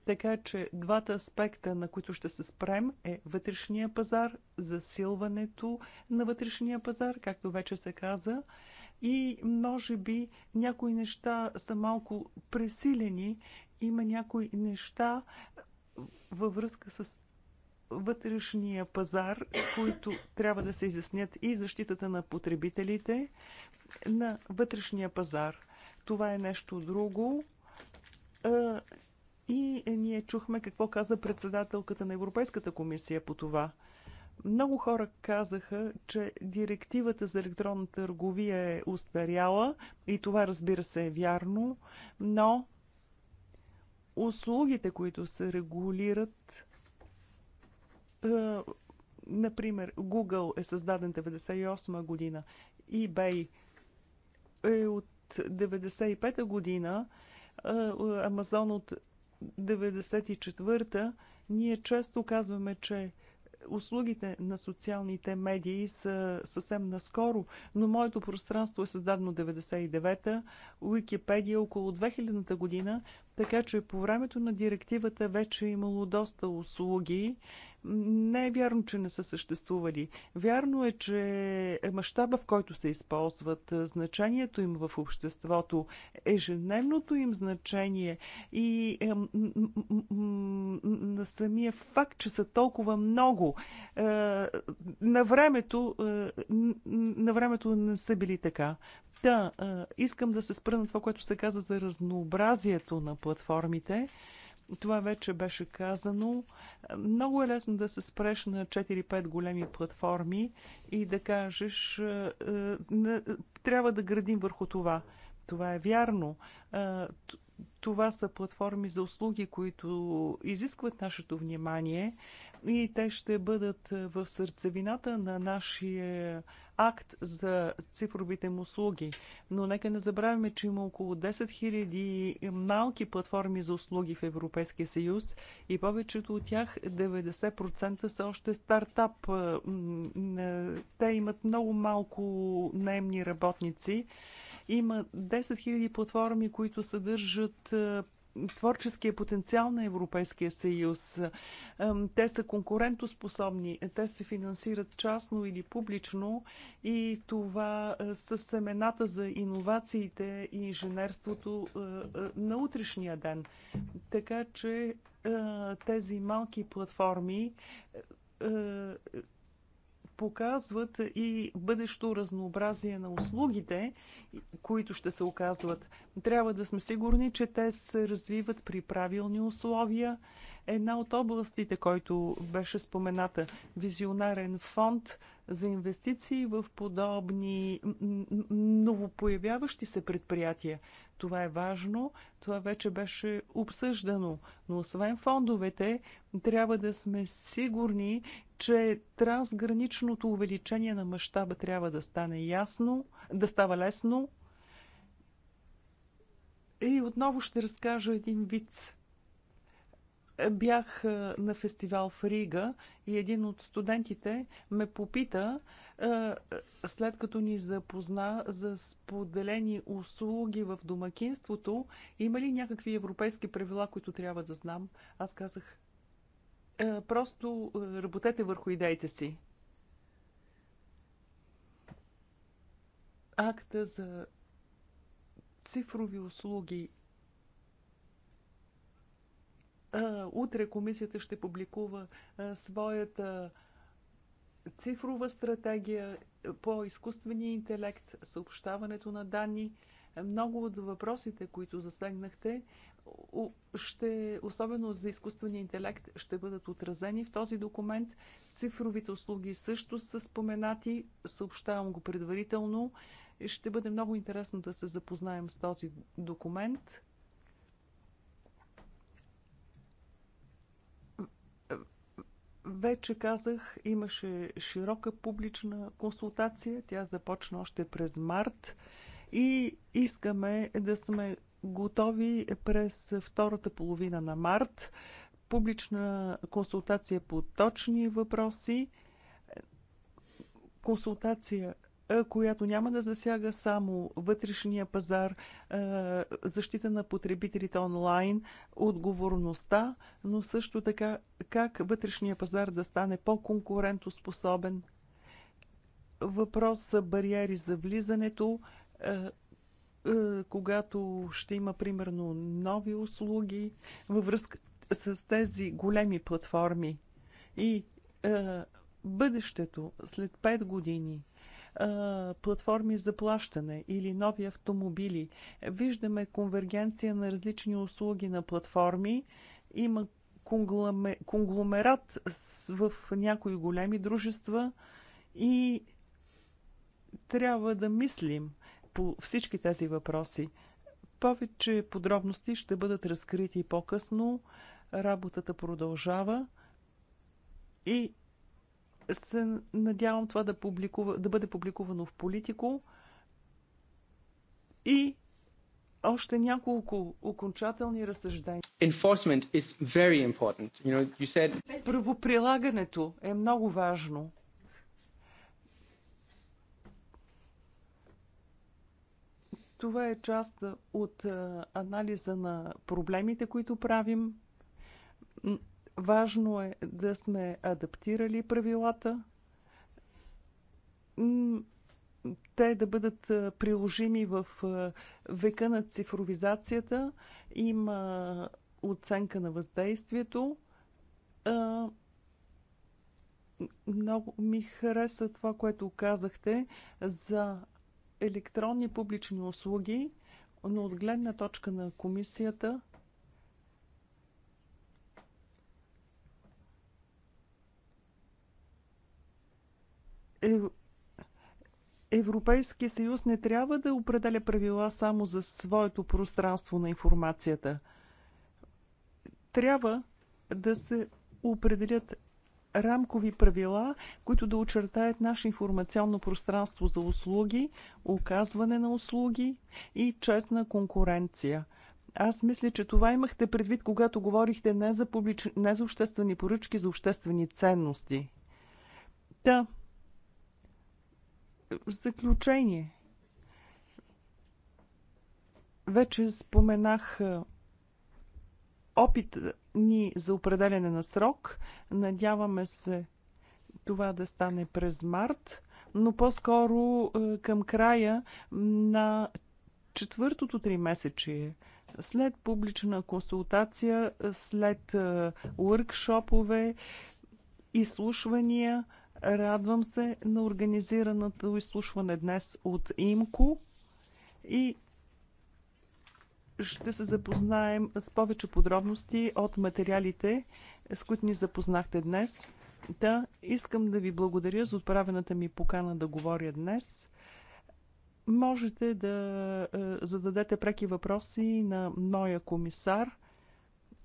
Така че двата аспекта, на които ще се спрем, е вътрешния пазар, засилването на вътрешния пазар, както вече се каза, и може би някои неща са малко пресилени, има някои неща във връзка с вътрешния пазар, които трябва да се изяснят и защитата на потребителите на вътрешния пазар. Това е нещо друго. И ние чухме какво каза председателката на Европейската комисия по това. Много хора казаха, че директивата за електронна търговия е устаряла и това разбира се е вярно, но услугите, които се регулират, е, например, Google е създаден 98 година, eBay е от 95 година, е, Амазон от 94-та. Ние често казваме, че услугите на социалните медии са съвсем наскоро, но моето пространство е създадено 99-та, Уикипедия е около 2000-та година, така че по времето на директивата вече е имало доста услуги. Не е вярно, че не са съществували. Вярно е, че мащаба, в който се използват, значението им в обществото, ежедневното им значение и на самия факт, че са толкова много, на, времето, на времето не са били така. Да, искам да се спра на това, което се каза за разнообразието на платформите. Това вече беше казано. Много е лесно да се спреш на 4-5 големи платформи и да кажеш, е, е, трябва да градим върху това. Това е вярно. Е, това са платформи за услуги, които изискват нашето внимание и те ще бъдат е, в сърцевината на нашия акт за цифровите му услуги. Но нека не забравяме, че има около 10 000 малки платформи за услуги в Европейския съюз и повечето от тях, 90% са още стартап. Е, е, те имат много малко наемни работници. Има 10 000 платформи, които съдържат творческия потенциал на Европейския съюз. Те са конкурентоспособни, те се финансират частно или публично и това е, са семената за иновациите и инженерството е, е, на утрешния ден. Така че тези малки платформи показват и бъдещо разнообразие на услугите, които ще се оказват. Трябва да сме сигурни, че те се развиват при правилни условия, Една от областите, който беше спомената, визионарен фонд за инвестиции в подобни новопоявяващи се предприятия. Това е важно, това вече беше обсъждано, но освен фондовете, трябва да сме сигурни, че трансграничното увеличение на мащаба трябва да стане ясно, да става лесно. И отново ще разкажа един вид. Бях е, на фестивал в Рига и един от студентите ме попита, е, след като ни запозна за споделени услуги в домакинството, има ли някакви европейски правила, които трябва да знам? Аз казах, е, просто работете върху идеите си. Акта за цифрови услуги Утре комисията ще публикува своята цифрова стратегия по изкуствения интелект, съобщаването на данни. Много от въпросите, които засегнахте, ще, особено за изкуствения интелект, ще бъдат отразени в този документ. Цифровите услуги също са споменати, съобщавам го предварително. Ще бъде много интересно да се запознаем с този документ. Вече казах, имаше широка публична консултация. Тя започна още през март и искаме да сме готови през втората половина на март. Публична консултация по точни въпроси, консултация която няма да засяга само вътрешния пазар, защита на потребителите онлайн, отговорността, но също така как вътрешния пазар да стане по-конкурентоспособен. Въпрос са бариери за влизането, когато ще има примерно нови услуги във връзка с тези големи платформи и бъдещето след 5 години – платформи за плащане или нови автомобили. Виждаме конвергенция на различни услуги на платформи. Има конгломерат в някои големи дружества и трябва да мислим по всички тези въпроси. Повече подробности ще бъдат разкрити по-късно. Работата продължава и се надявам това да, публикува, да бъде публикувано в Политико. И още няколко окончателни разсъждения. Enforcement is very important. You know, you said... Правоприлагането е много важно. Това е част от анализа на проблемите, които правим. Важно е да сме адаптирали правилата, те да бъдат приложими в века на цифровизацията. Има оценка на въздействието. Много ми хареса това, което казахте за електронни публични услуги, но от гледна точка на комисията – Европейски съюз не трябва да определя правила само за своето пространство на информацията. Трябва да се определят рамкови правила, които да очертаят наше информационно пространство за услуги, оказване на услуги и честна конкуренция. Аз мисля, че това имахте предвид, когато говорихте не за, публич... не за обществени поръчки, за обществени ценности. Да, в заключение, вече споменах опит ни за определене на срок. Надяваме се това да стане през март, но по-скоро към края на четвъртото три месече. След публична консултация, след уркшопове, изслушвания, Радвам се на организираното изслушване днес от ИМКО и ще се запознаем с повече подробности от материалите, с които ни запознахте днес. Да, искам да ви благодаря за отправената ми покана да говоря днес. Можете да е, зададете преки въпроси на моя комисар.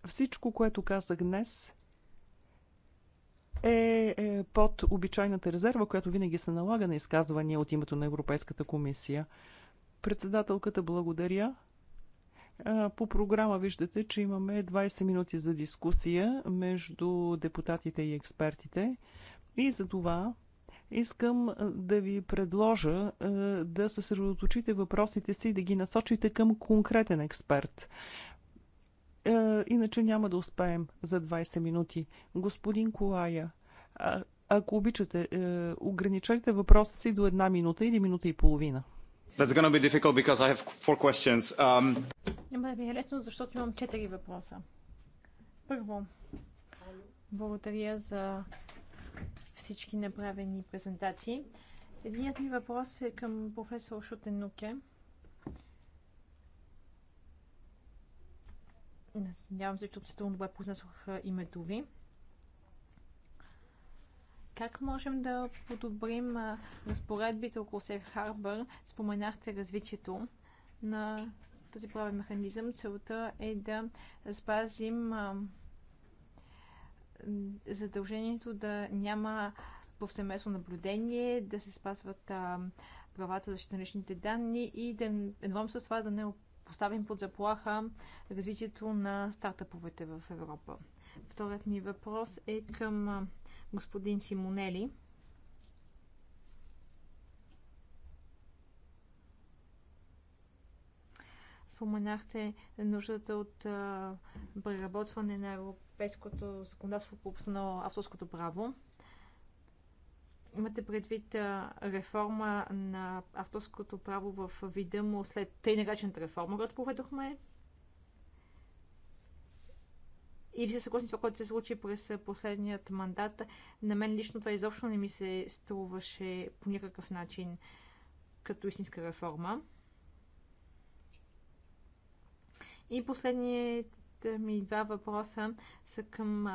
Всичко, което казах днес, е, е под обичайната резерва, която винаги се налага на изказвания от името на Европейската комисия. Председателката благодаря. По програма виждате, че имаме 20 минути за дискусия между депутатите и експертите. И за това искам да ви предложа да съсредоточите въпросите си и да ги насочите към конкретен експерт. Е, иначе няма да успеем за 20 минути. Господин Колая, а, ако обичате, е, ограничайте въпроса си до една минута или минута и половина. That's gonna be difficult because I have four questions. Um... Няма да ви е лесно, защото имам четири въпроса. Първо, благодаря за всички направени презентации. Единият ми въпрос е към професор Шутенуке. Нуке Надявам се, че относително добре произнесох името ви. Как можем да подобрим разпоредбите около Safe Harbor? Споменахте развитието на този правен механизъм. Целта е да спазим задължението да няма повсеместно наблюдение, да се спазват правата за личните данни и да едвам с това да не поставим под заплаха развитието на стартъповете в Европа. Вторият ми въпрос е към господин Симонели. споменахте нуждата от преработване на европейското законодателство по на авторското право. Имате предвид реформа на авторското право в вида му след тъй наречената реформа, която проведохме? И ви се съгласни това, което се случи през последният мандат. На мен лично това изобщо не ми се струваше по никакъв начин като истинска реформа. И последният ми два въпроса са към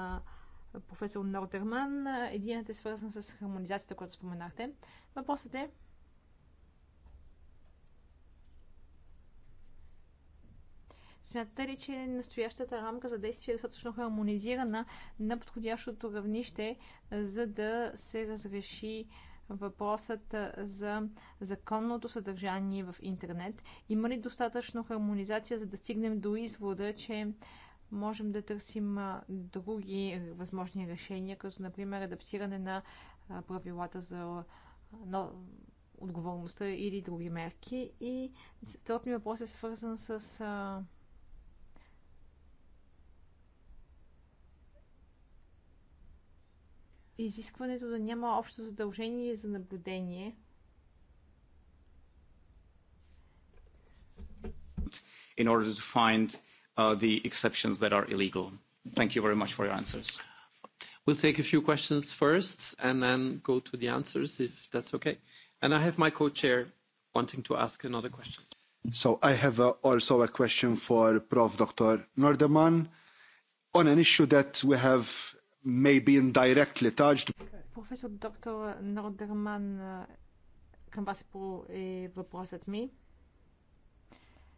професор Нордерман. Единият е свързан с хармонизацията, която споменахте. Въпросът е, Смятате ли, че настоящата рамка за действие е достатъчно хармонизирана на подходящото равнище, за да се разреши въпросът за законното съдържание в интернет? Има ли достатъчно хармонизация, за да стигнем до извода, че можем да търсим други е, възможни решения, като например адаптиране на правилата за отговорността или други мерки. И вторият ми въпрос е свързан с а, изискването да няма общо задължение за наблюдение. In order to find the exceptions that are illegal. Thank you very much for your answers. We'll take a few questions first and then go to the answers, if that's okay. And I have my co-chair wanting to ask another question. So I have uh, also a question for Prof. Dr. Nordeman on an issue that we have maybe indirectly touched. Dr. доктор can към вас е въпросът ми.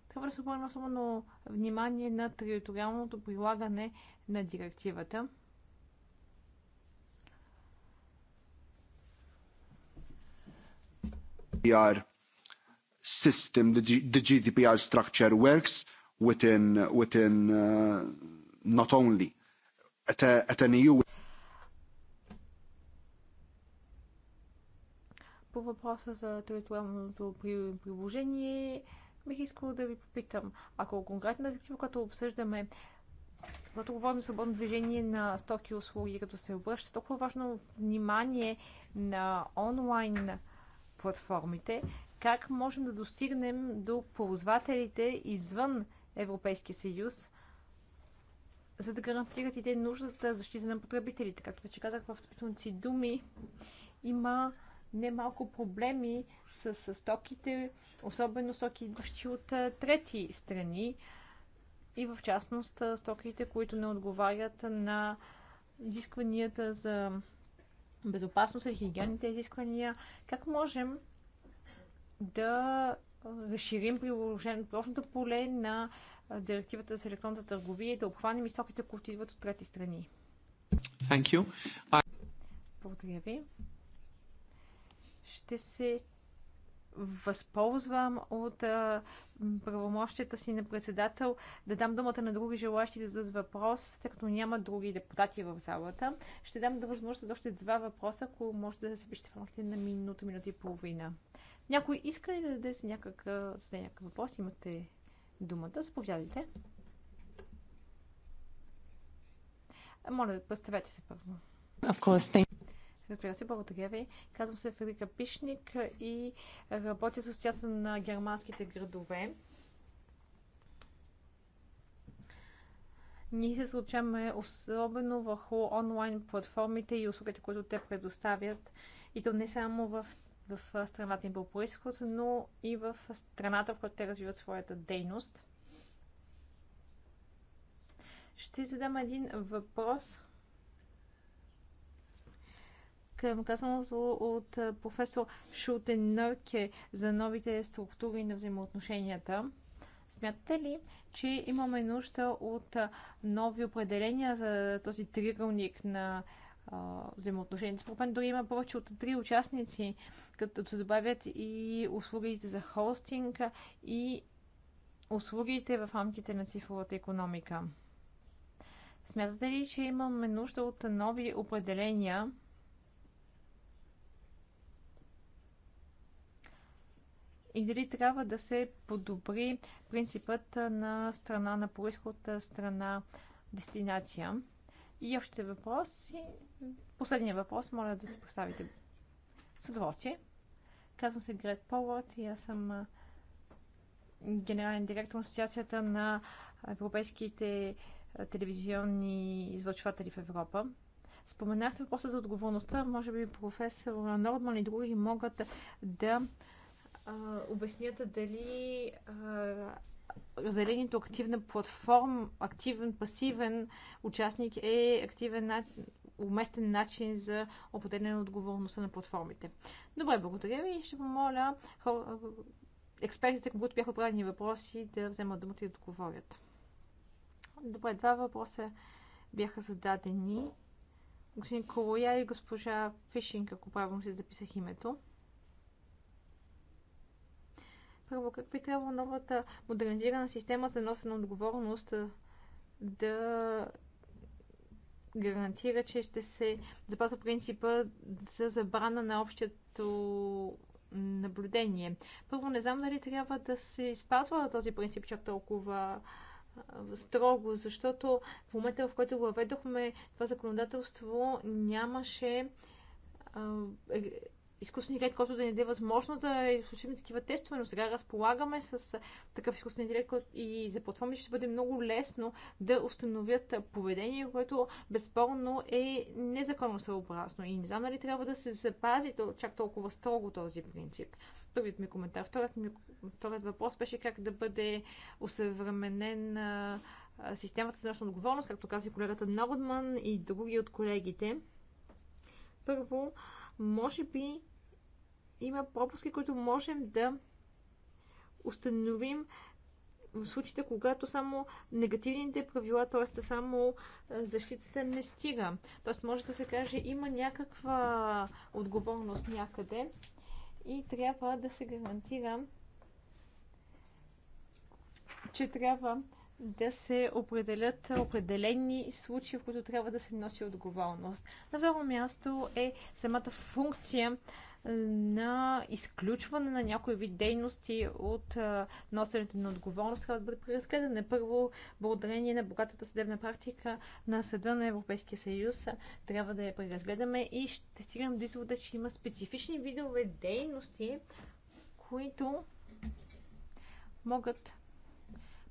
Трябва да се обърне особено внимание на териториалното прилагане на директивата. System, the, G- the GDPR structure works within, within uh, not only at, a, at an EU. по въпроса за териториалното приложение бих искала да ви попитам, ако на такива, като обсъждаме, когато говорим за свободно движение на стоки и услуги, като се обръща толкова важно внимание на онлайн платформите, как можем да достигнем до ползвателите извън Европейския съюз, за да гарантират и те нуждата защита на потребителите. Както вече казах в спитълници думи, има немалко проблеми с, с стоките, особено стоки, идващи от трети страни и в частност стоките, които не отговарят на изискванията за безопасност и хигиенните изисквания. Как можем да разширим приложеното поле на директивата за електронната търговия и да обхванем и стоките, които идват от трети страни? Thank you. I... Благодаря ви ще се възползвам от а, правомощията си на председател да дам думата на други желащи да зададат въпрос, тъй като няма други депутати в залата. Ще дам да възможност за още два въпроса, ако може да се пишете в рамките на минута, минута и половина. Някой иска ли да даде си някакъв, някакъв въпрос? Имате думата. Заповядайте. Моля, представете се първо. Of course, thank Разбира се, благодаря ви. Казвам се Федерика Пишник и работя с Асоциацията на германските градове. Ние се случваме особено върху онлайн платформите и услугите, които те предоставят. И то не само в, в страната им по происход, но и в страната, в която те развиват своята дейност. Ще задам един въпрос към казаното от професор Шутенърке за новите структури на взаимоотношенията. Смятате ли, че имаме нужда от нови определения за този триъгълник на взаимоотношенията? Според мен дори има повече от три участници, като се добавят и услугите за хостинг и услугите в рамките на цифровата економика. Смятате ли, че имаме нужда от нови определения и дали трябва да се подобри принципът на страна на происход, страна дестинация. И още въпрос. И последния въпрос, моля да се представите с удоволствие. Казвам се Грет Полът и аз съм генерален директор на Асоциацията на европейските телевизионни излъчватели в Европа. Споменахте въпроса за отговорността. Може би професор Нордман и други могат да обяснят дали разделението активна платформ, активен, пасивен участник е активен, уместен начин за определяне на отговорността на платформите. Добре, благодаря ви и ще помоля хора, експертите, които бяха отправени въпроси, да вземат думата и да отговорят. Добре, два въпроса бяха зададени. Господин Колоя и госпожа Фишинг, ако правилно си записах името. Първо, как би трябвало новата модернизирана система за носена отговорност да гарантира, че ще се запазва принципа за забрана на общото наблюдение. Първо, не знам дали трябва да се изпазва този принцип чак толкова строго, защото в момента, в който го въведохме това законодателство, нямаше изкуствен интелект, който да ни даде възможност да изключим такива тестове, но сега разполагаме с такъв изкуствен интелект и за платформи ще бъде много лесно да установят поведение, което безспорно е незаконно съобразно. И не знам дали трябва да се запази чак толкова строго този принцип. Първият ми коментар. Вторият, ми, вторият въпрос беше как да бъде усъвременен системата за нашата отговорност, както каза и колегата Нордман и други от колегите. Първо, може би има пропуски, които можем да установим в случаите, когато само негативните правила, т.е. само защитата не стига. Т.е. може да се каже, има някаква отговорност някъде и трябва да се гарантира, че трябва да се определят определени случаи, в които трябва да се носи отговорност. На второ място е самата функция на изключване на някои вид дейности от носенето на отговорност трябва да бъде преразгледане. Първо, благодарение на богатата съдебна практика на Съда на Европейския съюз, трябва да я преразгледаме и ще стигнем до извода, че има специфични видове дейности, които могат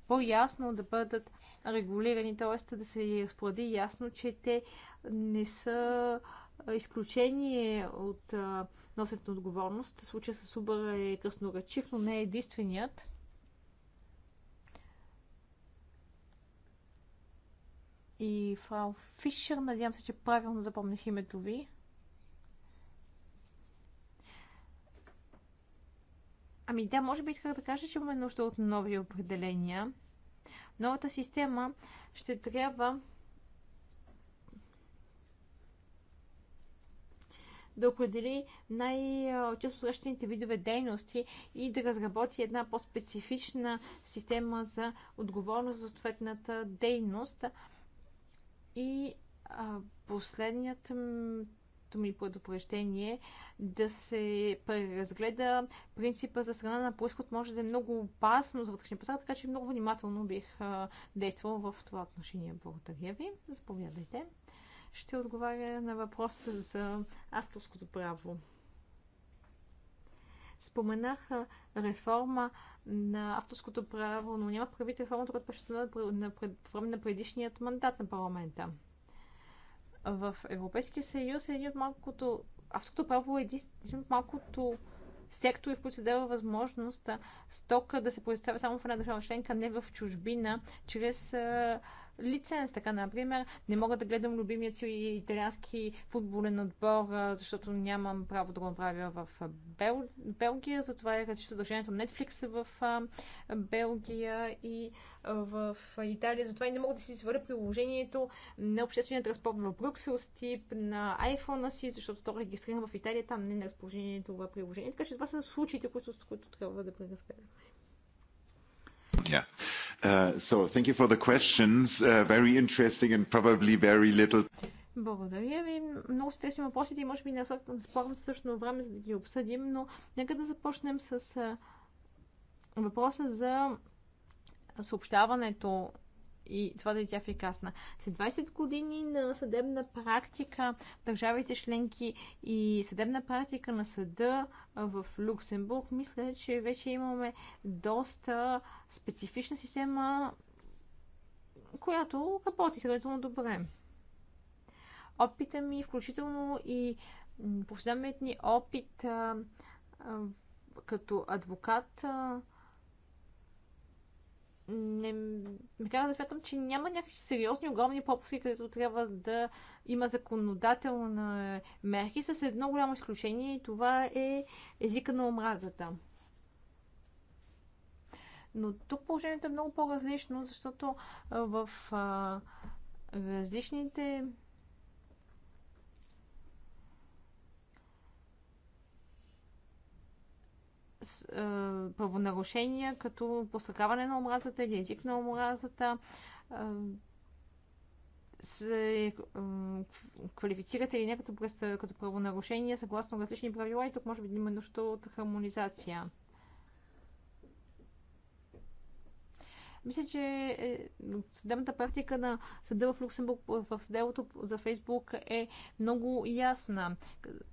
по-ясно да бъдат регулирани, т.е. да се разплади ясно, че те не са изключение от а, носят отговорност. Случая с Uber е речив, но не е единственият. И фрау Фишер, надявам се, че правилно запомних името ви. Ами да, може би исках да кажа, че имаме нужда от нови определения. Новата система ще трябва да определи най-често срещаните видове дейности и да разработи една по-специфична система за отговорност за съответната дейност. И а, последният ми предупреждение е да се преразгледа принципа за страна на происход може да е много опасно за вътрешния пазар, така че много внимателно бих действал в това отношение. Благодаря ви. Заповядайте ще отговаря на въпроса за авторското право. Споменах реформа на авторското право, но няма прави е реформата, която ще на, на, на предишният мандат на парламента. В Европейския съюз е един от малкото. Авторското право е един, един от малкото сектори, в които се дава възможност стока да се представя само в една държава членка, не в чужбина, чрез лиценз. Така, например, не мога да гледам любимият си италиански футболен отбор, защото нямам право да го направя в Бел... Белгия. Затова е различно съдържанието на Netflix е в Белгия и в Италия. Затова и не мога да си сваля приложението на обществения транспорт в Брюксел с тип на iPhone а си, защото то регистрирам в Италия, там не е на разположението в приложение. Така че това са случаите, които, които трябва да преразгледаме. Yeah. Uh, thank you for the questions. Uh, very interesting and probably very little. Благодаря ви. Много сте интересни въпросите и може би не е спорим същото време, за да ги обсъдим, но нека да започнем с въпроса за съобщаването и това да е тя ефикасна. След 20 години на съдебна практика, държавите членки и съдебна практика на съда в Люксембург, мисля, че вече имаме доста специфична система, която работи сравнително добре. Опита ми, включително и професионалният опит като адвокат, а, не, ме кара да смятам, че няма някакви сериозни, огромни пропуски, където трябва да има законодателна мерки, с едно голямо изключение и това е езика на омразата. Но тук положението е много по-различно, защото в а, различните с, е, правонарушения, като посъкаване на омразата или език на омразата, е, се е, квалифицират или не като, като правонарушения съгласно различни правила и тук може би има нужда от хармонизация. Мисля, че е, съдебната практика на съда в Люксембург в съделото за Фейсбук е много ясна.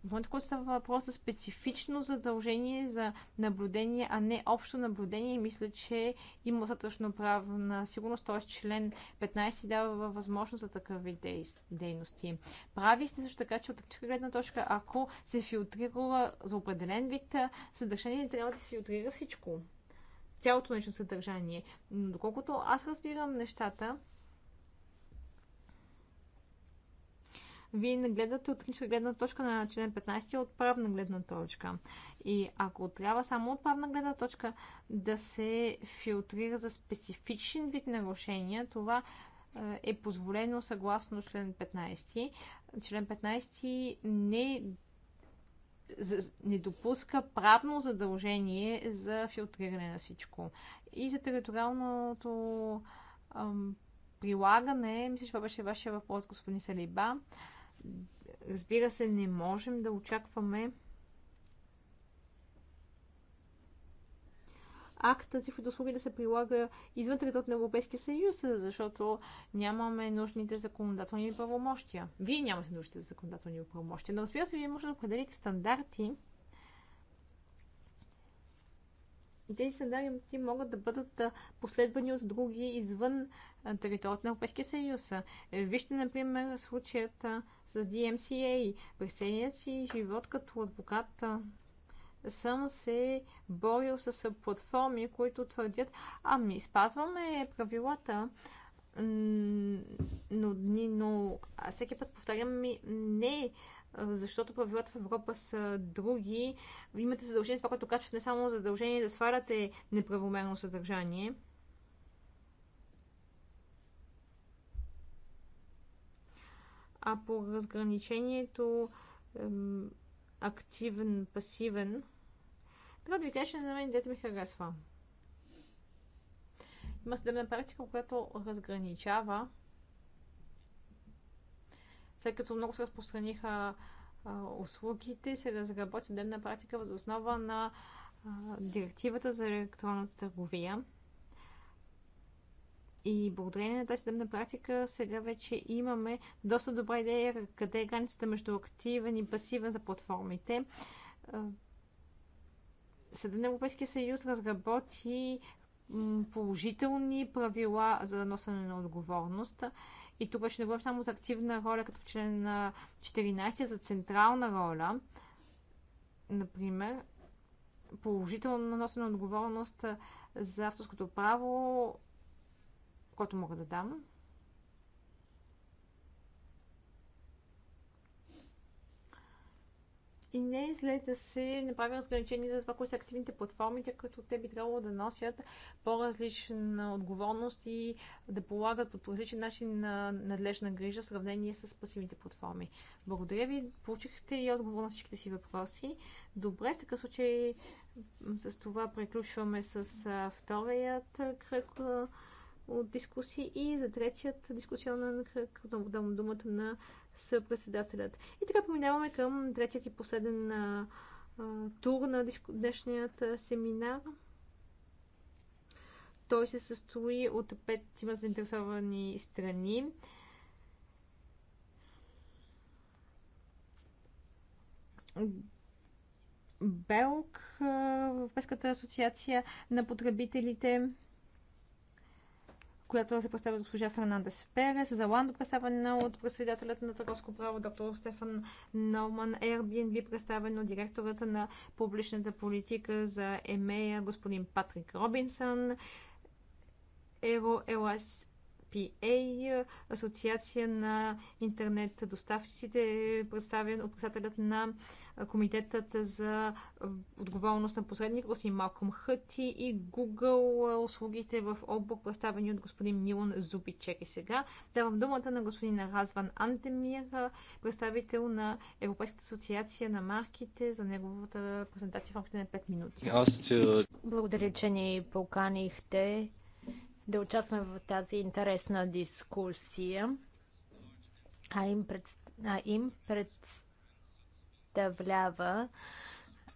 В момента, който става въпрос за специфично задължение за наблюдение, а не общо наблюдение, мисля, че има достатъчно правна сигурност, т.е. член 15 дава възможност за такъви дейности. Прави сте също така, че от тъпчика гледна точка, ако се филтрира за определен вид съдържание, трябва да се филтрира всичко цялото нещо съдържание. Но доколкото аз разбирам нещата, вие не гледате от техническа гледна точка на член 15 от правна гледна точка. И ако трябва само от правна гледна точка да се филтрира за специфичен вид нарушения, това е позволено съгласно член 15. Член 15 не не допуска правно задължение за филтриране на всичко. И за териториалното ам, прилагане, мисля, че това беше вашия въпрос, господин Салиба. Разбира се, не можем да очакваме акта цифрови услуги да се прилага извън територията на Европейския съюз, защото нямаме нужните законодателни правомощия. Вие нямате нужните законодателни правомощия. Но разбира се, вие може да определите стандарти, и тези стандарти могат да бъдат последвани от други извън територията на Европейския съюз. Вижте, например, случаят с DMCA. През целият си живот като адвокат съм се борил с платформи, които твърдят, ами спазваме правилата, но, но всеки път повтарям ми, не, защото правилата в Европа са други. Имате задължение, това, което качвате, не само задължение да сваляте неправомерно съдържание. А по разграничението активен-пасивен, трябва да ви кажа, че на мен идеята ми харесва. Има съдебна практика, която разграничава след като много се разпространиха а, услугите, се разработи съдебна практика въз основа на а, директивата за електронната търговия. И благодарение на тази съдебна практика сега вече имаме доста добра идея къде е границата между активен и пасивен за платформите. Съда на Европейския съюз разработи положителни правила за носене на отговорност. И тук ще не говорим само за активна роля като в член на 14, за централна роля. Например, положително на отговорност за авторското право, което мога да дам. И не е зле да се направи разграничение за това, кои са активните платформи, тъй като те би трябвало да носят по-различна отговорност и да полагат по различен начин на надлежна грижа в сравнение с пасивните платформи. Благодаря ви. Получихте и отговор на всичките си въпроси. Добре, в такъв случай с това приключваме с вторият кръг от дискусии и за третият дискусионен кръг дам думата на съпредседателят. И така поминаваме към третият и последен а, тур на днешният семинар. Той се състои от пет има заинтересовани страни. Белк, Европейската асоциация на потребителите, която се представя госпожа Фернандес Перес, за Ландо представена от председателят на търговско право доктор Стефан Науман, Airbnb представено от директората на публичната политика за ЕМЕЯ господин Патрик Робинсън, Еро Елас IPA, Асоциация на интернет доставчиците, представен от председателят на Комитетът за отговорност на посредник господин Малком Хъти и Google услугите в облак, представени от господин Милан Зубичек. И сега давам думата на господин Разван Антемир, представител на Европейската асоциация на марките за неговата презентация в рамките на 5 минути. Е, Благодаря, че ни поканихте да участваме в тази интересна дискусия, а им, пред, а им представлява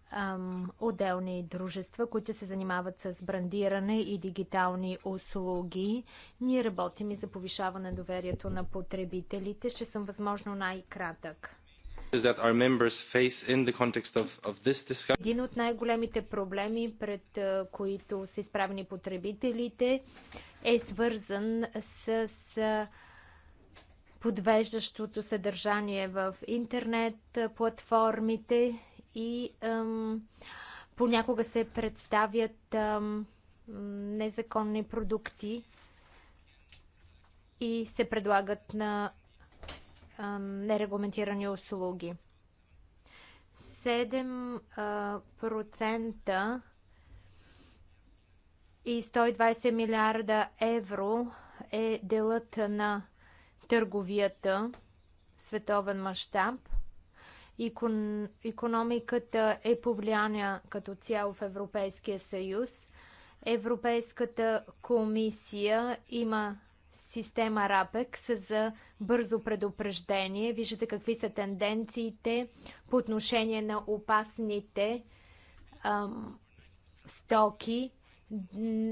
ам, отделни дружества, които се занимават с брандиране и дигитални услуги. Ние работим и за повишаване на доверието на потребителите. Ще съм възможно най-кратък. Един от най-големите проблеми, пред които са изправени потребителите, е свързан с подвеждащото съдържание в интернет платформите и понякога се представят незаконни продукти и се предлагат на нерегламентирани услуги. 7% и 120 милиарда евро е делът на търговията световен мащаб. Икон... Економиката е повлияна като цяло в Европейския съюз. Европейската комисия има система RAPEX за бързо предупреждение. Виждате какви са тенденциите по отношение на опасните ам, стоки.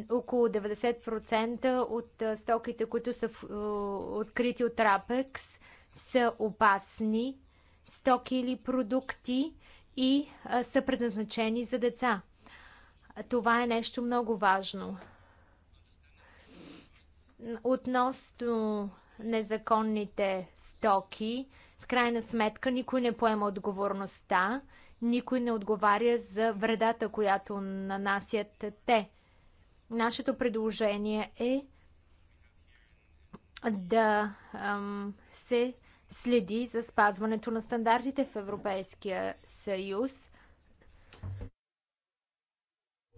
Около 90% от стоките, които са в, открити от Рапекс, са опасни стоки или продукти и а, са предназначени за деца. Това е нещо много важно. Относно незаконните стоки. В крайна сметка никой не поема отговорността, никой не отговаря за вредата, която нанасят те. Нашето предложение е да ам, се следи за спазването на стандартите в Европейския съюз.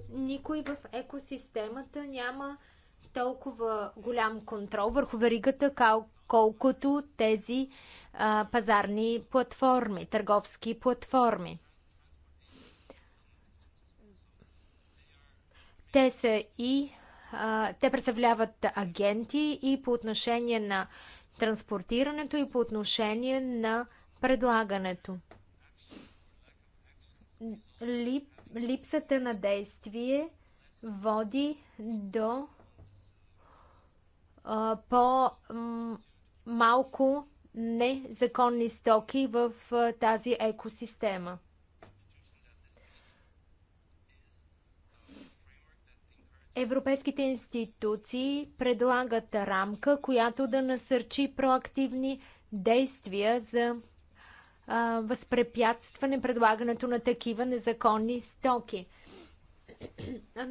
Никой в екосистемата няма толкова голям контрол върху веригата, колкото тези а, пазарни платформи, търговски платформи. Те са и а, те представляват агенти и по отношение на транспортирането и по отношение на предлагането. Лип, липсата на действие води до по-малко незаконни стоки в тази екосистема. Европейските институции предлагат рамка, която да насърчи проактивни действия за възпрепятстване предлагането на такива незаконни стоки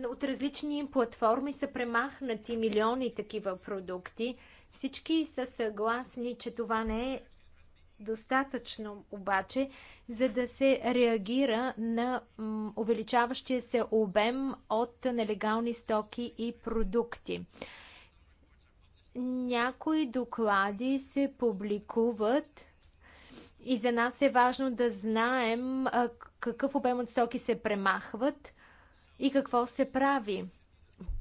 от различни платформи са премахнати милиони такива продукти. Всички са съгласни, че това не е достатъчно обаче, за да се реагира на увеличаващия се обем от нелегални стоки и продукти. Някои доклади се публикуват и за нас е важно да знаем какъв обем от стоки се премахват и какво се прави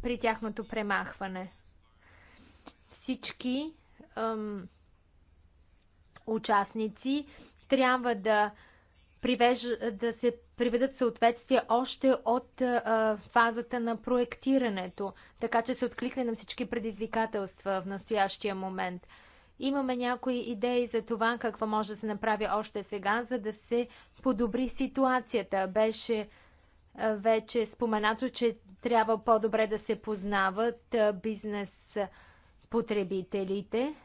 при тяхното премахване. Всички ем, участници трябва да, привеж, да се приведат съответствие още от а, фазата на проектирането, така че се откликне на всички предизвикателства в настоящия момент. Имаме някои идеи за това какво може да се направи още сега, за да се подобри ситуацията. Беше вече е споменато, че трябва по-добре да се познават бизнес потребителите.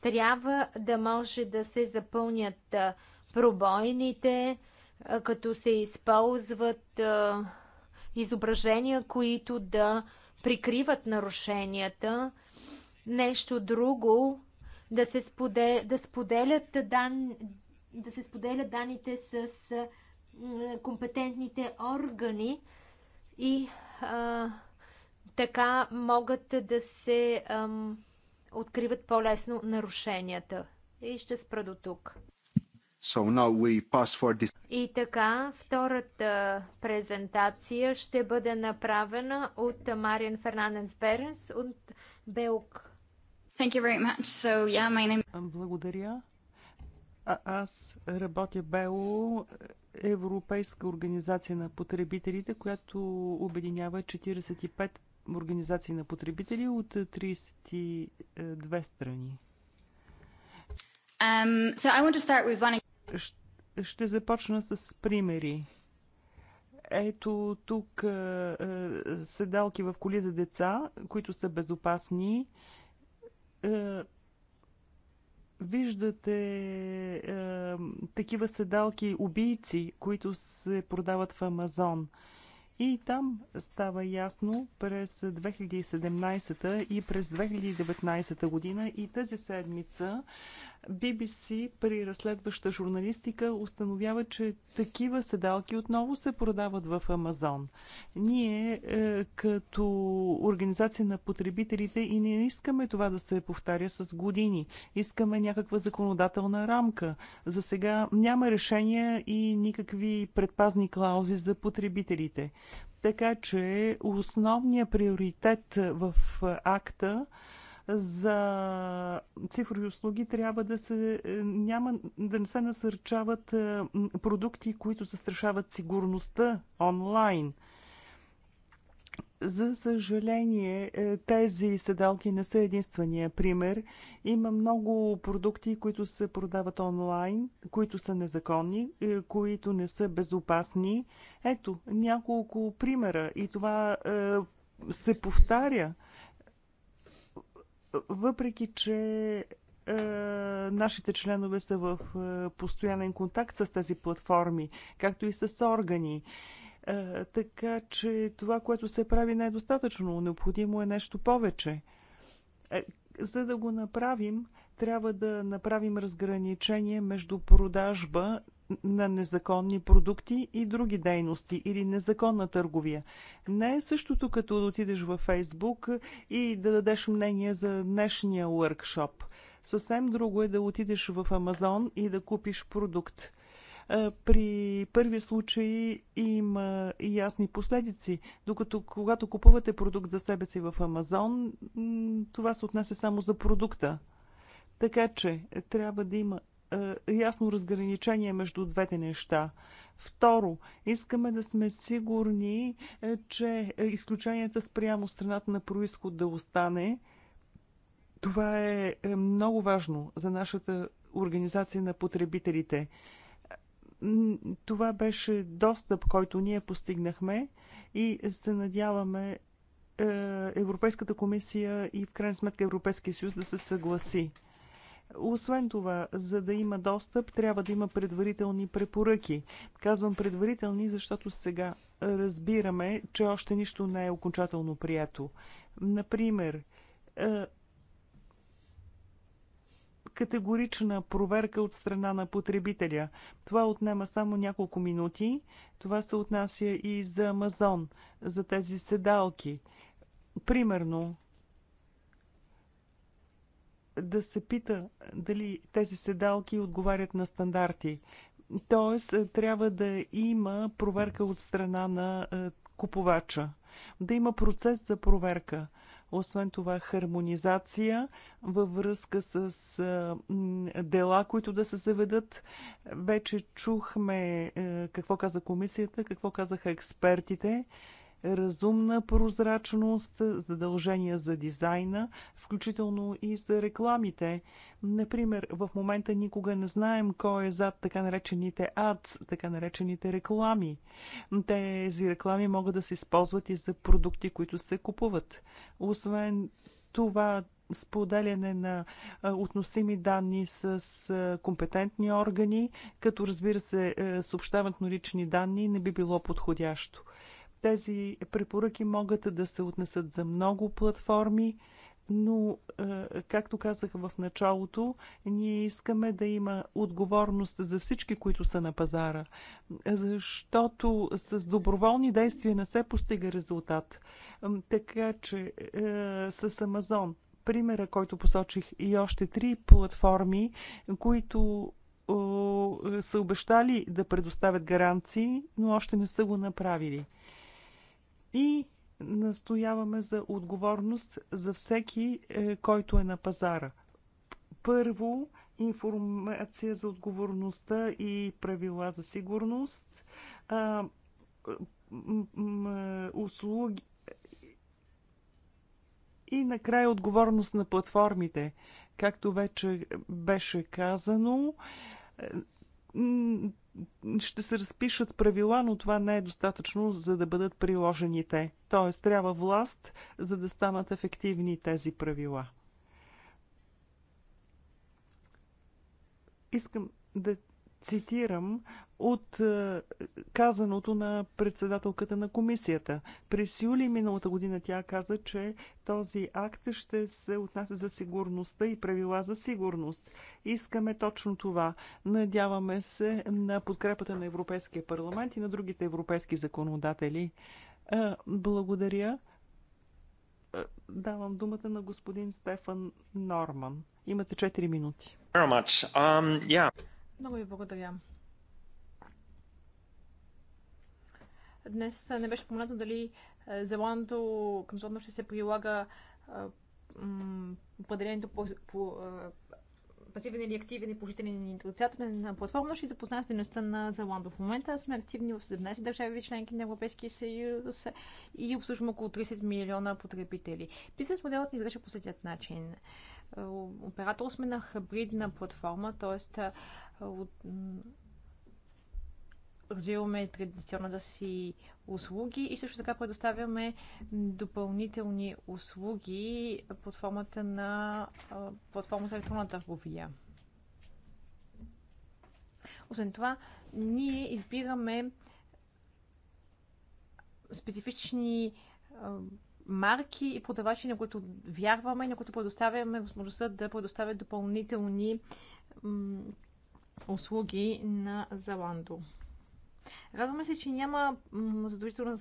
Трябва да може да се запълнят пробойните, като се използват изображения, които да прикриват нарушенията. Нещо друго да се, споделят, да споделят дан, да се споделят данните с компетентните органи и а, така могат да се ам, откриват по-лесно нарушенията. И ще спра до тук. So now we pass for this. И така, втората презентация ще бъде направена от Мариан Фернандес Беренс от Белк. Thank you very much. So, yeah, my name... Благодаря. А, аз работя Бело Европейска организация на потребителите, която обединява 45 организации на потребители от 32 страни. Um, so I want to start with one... Ще, започна с примери. Ето тук е, е, седалки в коли за деца, които са безопасни. Е, Виждате е, такива седалки убийци, които се продават в Амазон. И там става ясно през 2017 и през 2019 година и тази седмица BBC при разследваща журналистика установява, че такива седалки отново се продават в Амазон. Ние е, като организация на потребителите и не искаме това да се повтаря с години. Искаме някаква законодателна рамка. За сега няма решения и никакви предпазни клаузи за потребителите. Така че основният приоритет в акта за цифрови услуги трябва да се е, няма да не се насърчават е, продукти, които застрашават сигурността онлайн. За съжаление, е, тези седалки не са единствения пример. Има много продукти, които се продават онлайн, които са незаконни, които не са безопасни. Ето няколко примера и това се повтаря въпреки че е, нашите членове са в е, постоянен контакт с тези платформи, както и с органи. Е, така че това, което се прави, не е достатъчно. Необходимо е нещо повече. За да го направим, трябва да направим разграничение между продажба на незаконни продукти и други дейности или незаконна търговия. Не е същото като да отидеш във Фейсбук и да дадеш мнение за днешния уркшоп. Съвсем друго е да отидеш в Амазон и да купиш продукт. При първи случай има и ясни последици, докато когато купувате продукт за себе си в Амазон, това се отнася само за продукта. Така че е, трябва да има е, ясно разграничение между двете неща. Второ, искаме да сме сигурни, е, че е, изключенията спрямо страната на происход да остане. Това е много важно за нашата организация на потребителите. Това беше достъп, който ние постигнахме и се надяваме Европейската комисия и в крайна сметка Европейския съюз да се съгласи. Освен това, за да има достъп, трябва да има предварителни препоръки. Казвам предварителни, защото сега разбираме, че още нищо не е окончателно прието. Например, е, категорична проверка от страна на потребителя. Това отнема само няколко минути. Това се отнася и за Амазон, за тези седалки. Примерно, да се пита дали тези седалки отговарят на стандарти. Тоест, е, трябва да има проверка от страна на е, купувача, да има процес за проверка. Освен това, хармонизация във връзка с е, дела, които да се заведат. Вече чухме какво каза комисията, какво казаха експертите разумна прозрачност, задължения за дизайна, включително и за рекламите. Например, в момента никога не знаем кой е зад така наречените адс, така наречените реклами. Тези реклами могат да се използват и за продукти, които се купуват. Освен това, споделяне на относими данни с компетентни органи, като разбира се съобщават на лични данни не би било подходящо. Тези препоръки могат да се отнесат за много платформи, но, е, както казах в началото, ние искаме да има отговорност за всички, които са на пазара, защото с доброволни действия не се постига резултат. Така че е, с Амазон, примера, който посочих, и още три платформи, които е, са обещали да предоставят гаранции, но още не са го направили и настояваме за отговорност за всеки, е, който е на пазара. Първо, информация за отговорността и правила за сигурност, услуги и накрая отговорност на платформите. Както вече беше казано, е, ще се разпишат правила, но това не е достатъчно, за да бъдат приложени те. Тоест, трябва власт, за да станат ефективни тези правила. Искам да цитирам от е, казаното на председателката на комисията. През юли миналата година тя каза, че този акт ще се отнася за сигурността и правила за сигурност. Искаме точно това. Надяваме се на подкрепата на Европейския парламент и на другите европейски законодатели. Е, благодаря. Е, давам думата на господин Стефан Норман. Имате 4 минути. Very much. Um, yeah. Много ви благодаря. Днес не беше споменато дали Зеландо към Зеландо ще се прилага определението по, по пасивен или активен и положителен и отрицателен на платформа, ще запозная с дейността на Зеландо. В момента сме активни в 17 държави, членки на Европейския съюз и обслужваме около 30 милиона потребители. Бизнес моделът ни изглежда по следният начин. Оператор сме на хабридна платформа, т.е развиваме традиционната си услуги и също така предоставяме допълнителни услуги под формата на платформа за електронна търговия. Освен това, ние избираме специфични марки и продавачи, на които вярваме и на които предоставяме възможността да предоставят допълнителни услуги на Заландо. Радваме се, че няма задължително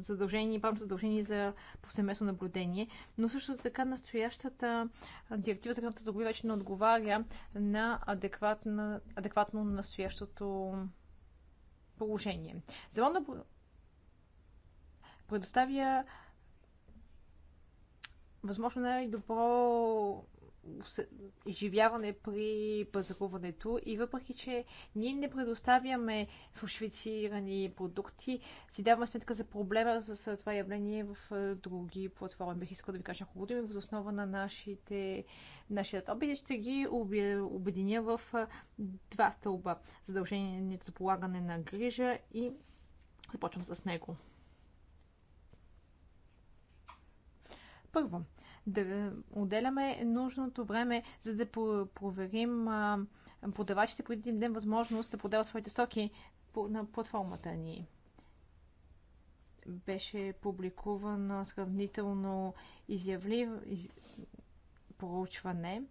задължение, пам задължение за повсеместно наблюдение, но също така настоящата директива за кръвната търговия вече не отговаря на адекватно, адекватно настоящото положение. Заландо предоставя възможно най-добро изживяване при пазаруването и въпреки, че ние не предоставяме фалшифицирани продукти, си даваме сметка за проблема с това явление в други платформи. Бих искал да ви кажа няколко думи в основа на нашите, нашият опит ще ги обединя в два стълба. Задължението за полагане на грижа и започвам с него. Първо, да отделяме нужното време, за да проверим продавачите, преди да им дадем възможност да продават своите стоки на платформата ни беше публикувано сравнително изявливо из... проучване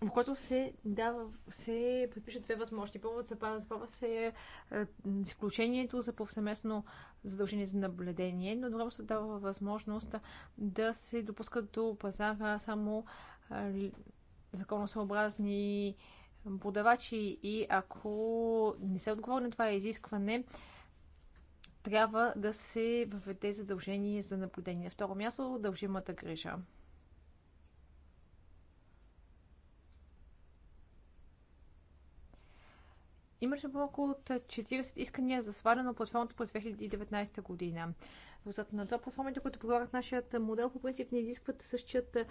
в което се, дава, се предпишат две възможности. Първо, запава, запава се е, е, изключението за повсеместно задължение за наблюдение, но друго се дава възможност да се допускат до пазара само е, законосъобразни продавачи и ако не се отговори на това изискване, трябва да се въведе задължение за наблюдение. На второ място, дължимата грижа. Имаше малко от 40 искания за сваляне на платформата през 2019 година. Резултат на това платформите, които предлагат нашият модел, по принцип не изискват същата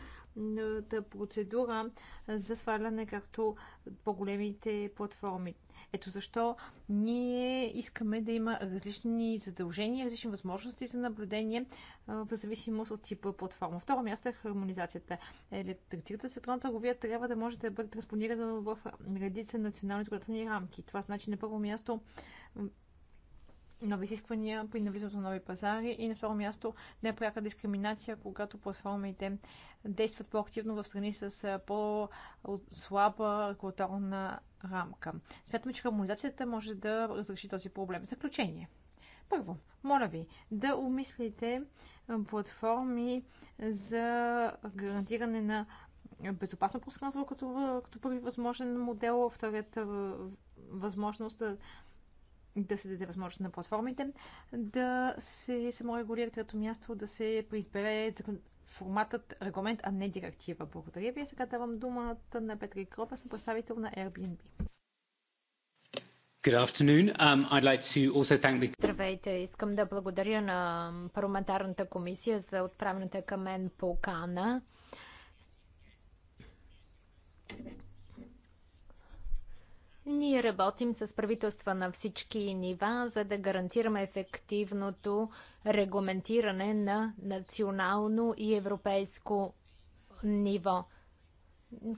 процедура за сваляне, както по-големите платформи. Ето защо ние искаме да има различни задължения, различни възможности за наблюдение в зависимост от типа платформа. Второ място е хармонизацията. Електронната световна търговия трябва да може да бъде транспонирана в редица национални законодателни рамки. Това значи на първо място нови изисквания при навлизането на нови пазари и на второ място непряка е дискриминация, когато платформите действат по-активно в страни с по-слаба регулаторна рамка. Смятам, че хармонизацията може да разреши този проблем. Заключение. Първо, моля ви да умислите платформи за гарантиране на безопасно пространство като, като първи възможен модел, втората възможност да, да се даде възможност на платформите да се саморегулира като място, да се преизбере форматът регламент, а не директива. Благодаря ви. Сега давам думата на Петри Кров, съм представител на Airbnb. Good afternoon. Um, I'd like to also thank the... Здравейте, искам да благодаря на парламентарната комисия за отправената към мен покана. Ние работим с правителства на всички нива, за да гарантираме ефективното регламентиране на национално и европейско ниво.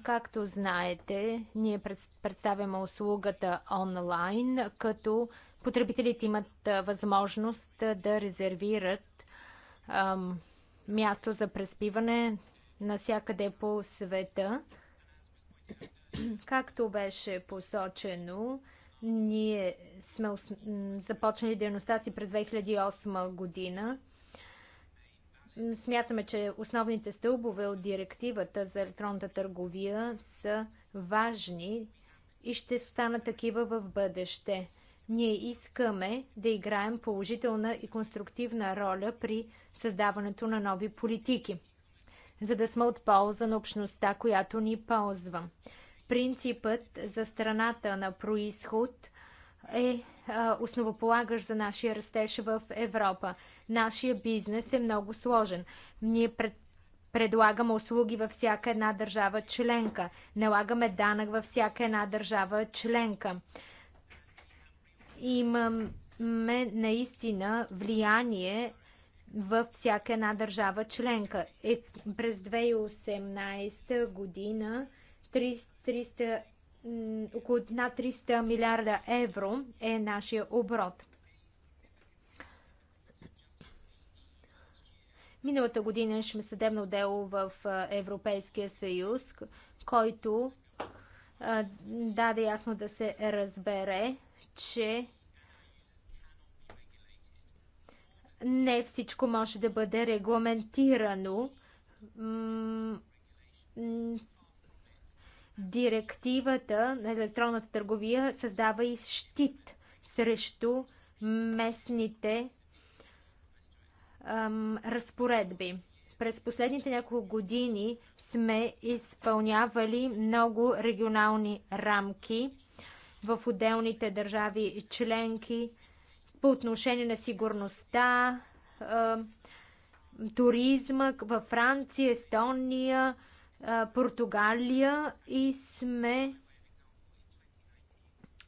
Както знаете, ние представяме услугата онлайн, като потребителите имат възможност да резервират ам, място за преспиване навсякъде по света. Както беше посочено, ние сме започнали дейността си през 2008 година. Смятаме, че основните стълбове от директивата за електронната търговия са важни и ще станат такива в бъдеще. Ние искаме да играем положителна и конструктивна роля при създаването на нови политики, за да сме от полза на общността, която ни ползва. Принципът за страната на происход е основополагащ за нашия растеж в Европа. Нашия бизнес е много сложен. Ние пред Предлагаме услуги във всяка една държава членка. Налагаме данък във всяка една държава членка. Имаме наистина влияние във всяка една държава членка. Е, през 2018 година 300 300, около над 300 милиарда евро е нашия оборот. Миналата година имахме съдебно дело в Европейския съюз, който даде ясно да се разбере, че не всичко може да бъде регламентирано. Директивата на електронната търговия създава и щит срещу местните ам, разпоредби. През последните няколко години сме изпълнявали много регионални рамки в отделните държави и членки по отношение на сигурността, туризма във Франция, Естония, Португалия и сме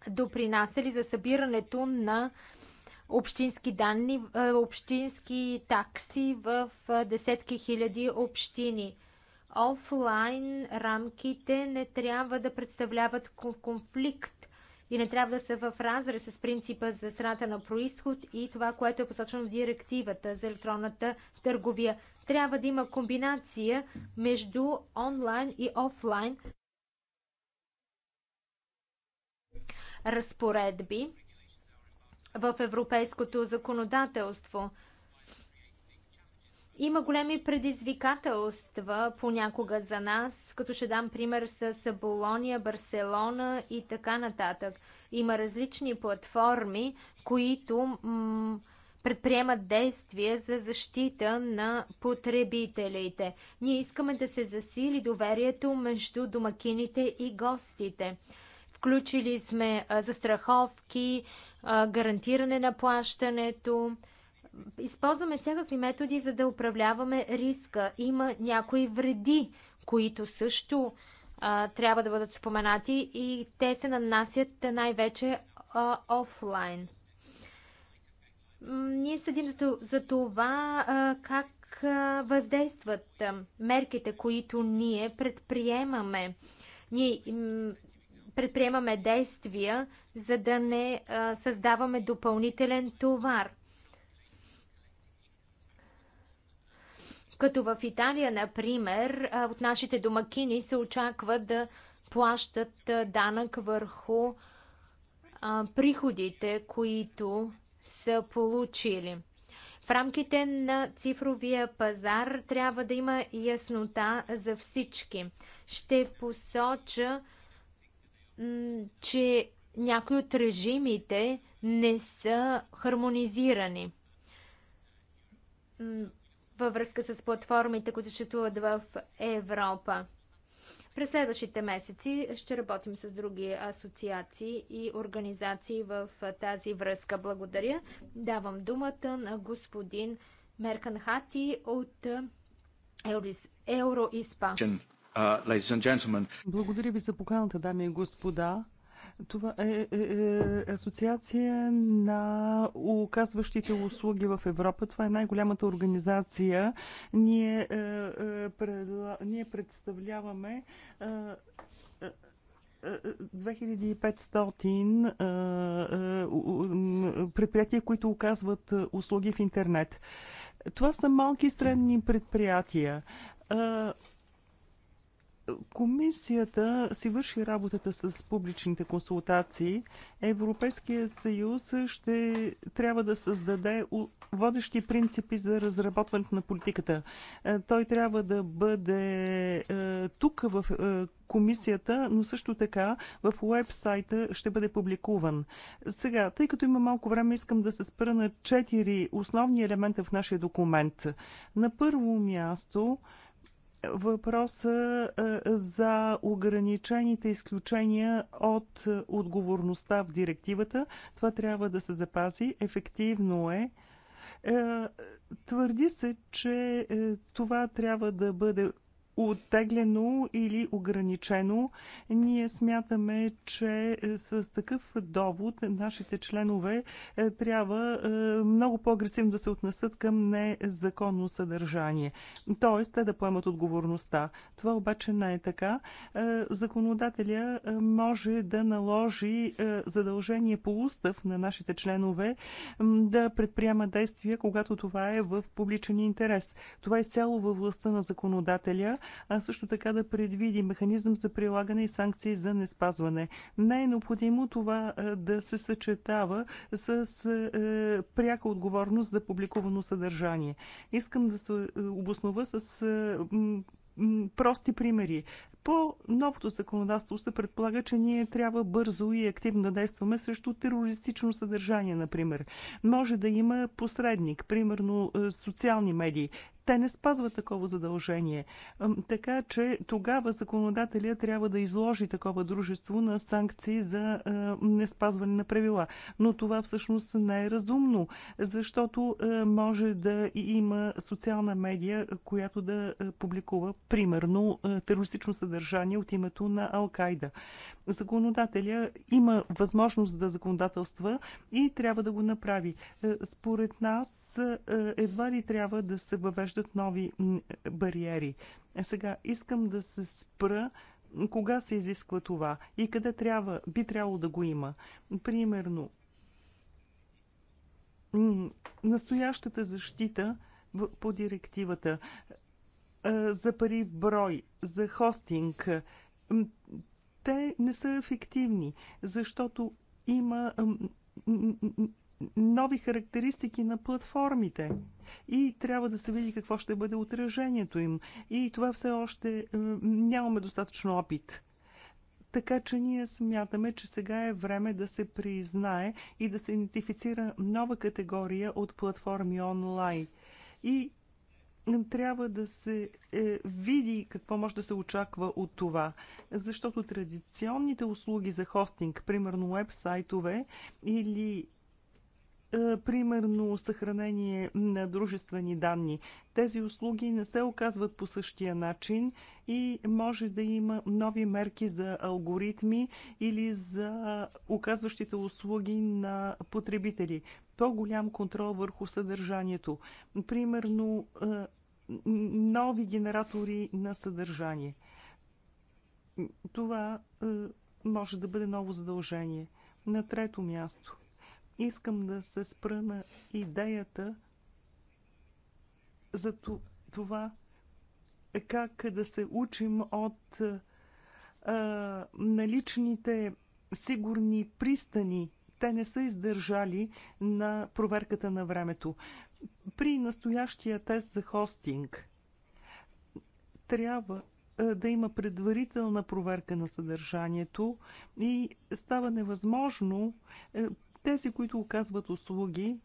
допринасяли за събирането на общински данни, общински такси в десетки хиляди общини. Офлайн рамките не трябва да представляват конфликт и не трябва да са в разрез с принципа за страната на происход и това, което е посочено в директивата за електронната търговия. Трябва да има комбинация между онлайн и офлайн разпоредби в европейското законодателство. Има големи предизвикателства понякога за нас, като ще дам пример с Болония, Барселона и така нататък. Има различни платформи, които предприемат действия за защита на потребителите. Ние искаме да се засили доверието между домакините и гостите. Включили сме застраховки, гарантиране на плащането. Използваме всякакви методи, за да управляваме риска. Има някои вреди, които също а, трябва да бъдат споменати и те се нанасят най-вече офлайн. Ние съдим за това как въздействат мерките, които ние предприемаме. Ние предприемаме действия, за да не създаваме допълнителен товар. Като в Италия, например, от нашите домакини се очаква да плащат данък върху приходите, които са получили. В рамките на цифровия пазар трябва да има яснота за всички. Ще посоча, че някои от режимите не са хармонизирани във връзка с платформите, които съществуват в Европа. През следващите месеци ще работим с други асоциации и организации в тази връзка. Благодаря. Давам думата на господин Меркан Хати от Евроиспа. Благодаря ви за поканата, дами и господа. Това е, е, е Асоциация на оказващите услуги в Европа. Това е най-голямата организация. Ние, е, е, предла... Ние представляваме. Е, 2500 е, е, е, предприятия, които оказват услуги в интернет. Това са малки и средни предприятия. Комисията си върши работата с публичните консултации. Европейския съюз ще трябва да създаде водещи принципи за разработването на политиката. Е, той трябва да бъде е, тук в е, комисията, но също така в уебсайта ще бъде публикуван. Сега, тъй като има малко време, искам да се спра на четири основни елемента в нашия документ. На първо място, въпроса е, за ограничените изключения от отговорността в директивата. Това трябва да се запази. Ефективно е. е твърди се, че е, това трябва да бъде оттеглено или ограничено. Ние смятаме, че е, с такъв довод нашите членове е, трябва е, много по-агресивно да се отнесат към незаконно съдържание. Тоест, те да поемат отговорността. Това обаче не е така. Законодателя може да наложи задължение по устав на нашите членове да предприема действия, когато това е в публичен интерес. Това е цяло във властта на законодателя а също така да предвиди механизъм за прилагане и санкции за неспазване. Не е необходимо това да се съчетава с пряка отговорност за публикувано съдържание. Искам да се обоснова с прости примери. По новото законодателство се предполага, че ние трябва бързо и активно да действаме срещу терористично съдържание, например. Може да има посредник, примерно социални медии те не спазват такова задължение. Така че тогава законодателя трябва да изложи такова дружество на санкции за не спазване на правила. Но това всъщност не е разумно, защото може да има социална медия, която да публикува, примерно, терористично съдържание от името на Ал-Кайда законодателя има възможност да законодателства и трябва да го направи. Е, според нас е, едва ли трябва да се въвеждат нови бариери. Е, сега искам да се спра кога се изисква това и къде трябва, би трябвало да го има. Примерно, настоящата защита по директивата за пари в брой, за хостинг, те не са ефективни, защото има нови характеристики на платформите и трябва да се види какво ще бъде отражението им. И това все още е, нямаме достатъчно опит. Така че ние смятаме, че сега е време да се признае и да се идентифицира нова категория от платформи онлайн. И трябва да се е, види какво може да се очаква от това. Защото традиционните услуги за хостинг, примерно веб-сайтове или е, примерно съхранение на дружествени данни. Тези услуги не се оказват по същия начин и може да има нови мерки за алгоритми или за оказващите услуги на потребители. По-голям контрол върху съдържанието. Примерно е, нови генератори на съдържание. Това е, може да бъде ново задължение. На трето място Искам да се спра на идеята за това как да се учим от а, наличните сигурни пристани. Те не са издържали на проверката на времето. При настоящия тест за хостинг трябва да има предварителна проверка на съдържанието и става невъзможно е, тези, които оказват услуги,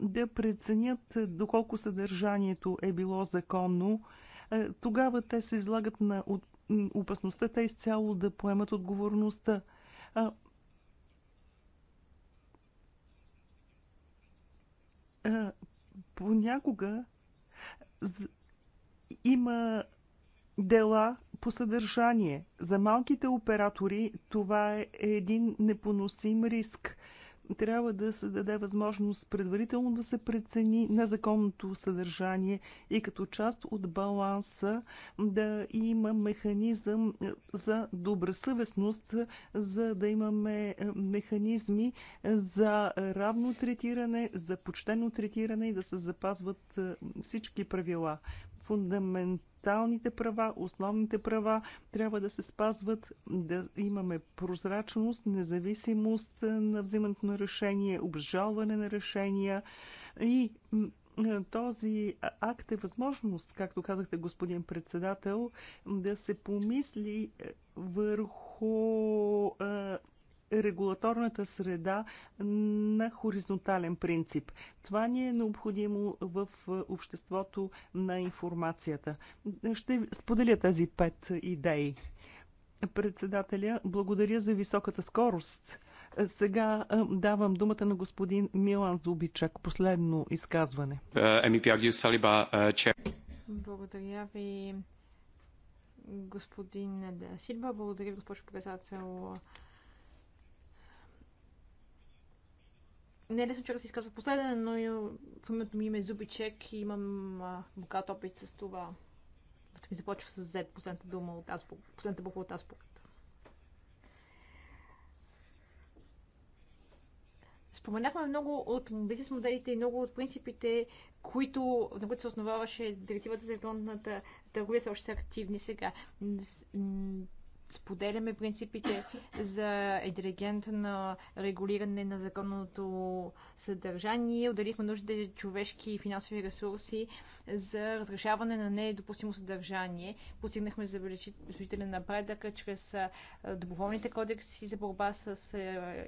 да преценят доколко съдържанието е било законно, е, тогава те се излагат на опасността те изцяло да поемат отговорността. понякога има дела, по съдържание, за малките оператори това е един непоносим риск. Трябва да се даде възможност предварително да се прецени незаконното съдържание и като част от баланса да има механизъм е, за добросъвестност, за да имаме е, механизми за равно третиране, за почтено третиране и да се запазват е, всички правила фундамент фундаменталните права, основните права трябва да се спазват, да имаме прозрачност, независимост е, на взимането на решение, обжалване на решения и е, този акт е възможност, както казахте, господин председател, да се помисли е, върху регулаторната среда на хоризонтален принцип. Това ни е необходимо в е, обществото на информацията. Ще споделя тези пет идеи. Председателя, благодаря за високата скорост. Сега е, давам думата на господин Милан Зубичак. Последно изказване. Е, благодаря ви, господин Силба. Благодаря ви, госпожо председател не е лесно човек да се изказва последен, но в името ми е Зубичек и имам а, богат опит с това. Като ми започва с Z, последната дума от азбук, последната буква от азбуката. Споменахме много от бизнес моделите и много от принципите, които, на които се основаваше директивата за електронната търговия, са още са активни сега споделяме принципите за интелигентно регулиране на законното съдържание. Отделихме нужните човешки и финансови ресурси за разрешаване на недопустимо съдържание. Постигнахме забележителен напредък чрез доброволните кодекси за борба с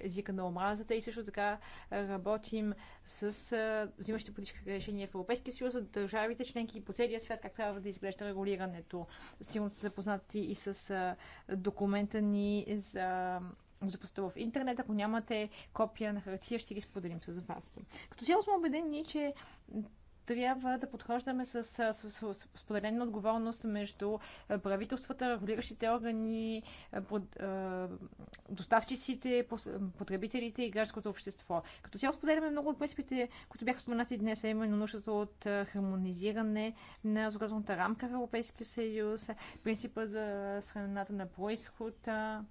езика на омразата и също така работим с взимащите политически решения в Европейския съюз, за държавите членки и по целия свят как трябва да изглежда регулирането. Сигурно са запознати и с документа ни за запуста в интернет. Ако нямате копия на хартия, ще ги споделим с вас. Като цяло сме убедени, че трябва да подхождаме с, с, с, с споделена отговорност между правителствата, регулиращите органи, под, е, доставчиците, потребителите и гражданското общество. Като цяло споделяме много от принципите, които бяха споменати днес, а именно нуждата от хармонизиране на законодателната рамка в Европейския съюз, принципа за страната на происхода,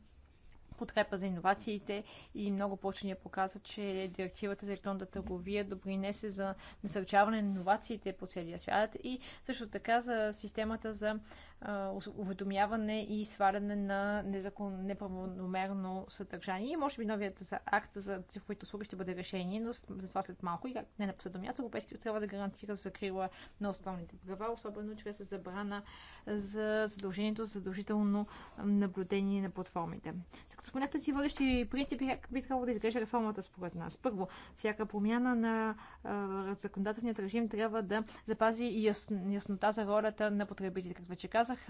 подкрепа за иновациите и много почвания показват, че директивата за електронната търговия допринесе за насърчаване на иновациите по целия свят и също така за системата за уведомяване и сваляне на незакон... неправомерно съдържание. И може би новият за акт за цифровите услуги ще бъде решение, но за това след малко и не на последно място, Европейския съюз трябва да гарантира закрила на основните права, особено чрез забрана за задължението за задължително наблюдение на платформите. Споменахте си водещи принципи, как би трябвало да изглежда реформата според нас. Първо, всяка промяна на законодателният режим трябва да запази яс, яснота за ролята на потребителите. Както вече казах,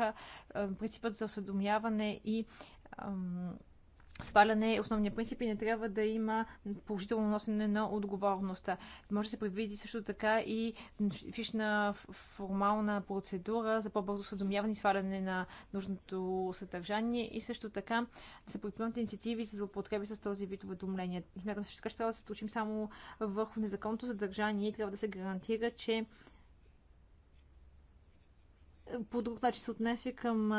принципът за осведомяване и сваляне основния принцип и не трябва да има положително носене на отговорността. Може да се предвиди също така и фишна формална процедура за по-бързо съдомяване и сваляне на нужното съдържание и също така да се предприемат инициативи за злоупотреби с този вид уведомления. Смятам също така, че трябва да се случим само върху незаконното съдържание и трябва да се гарантира, че по друг начин се отнесе към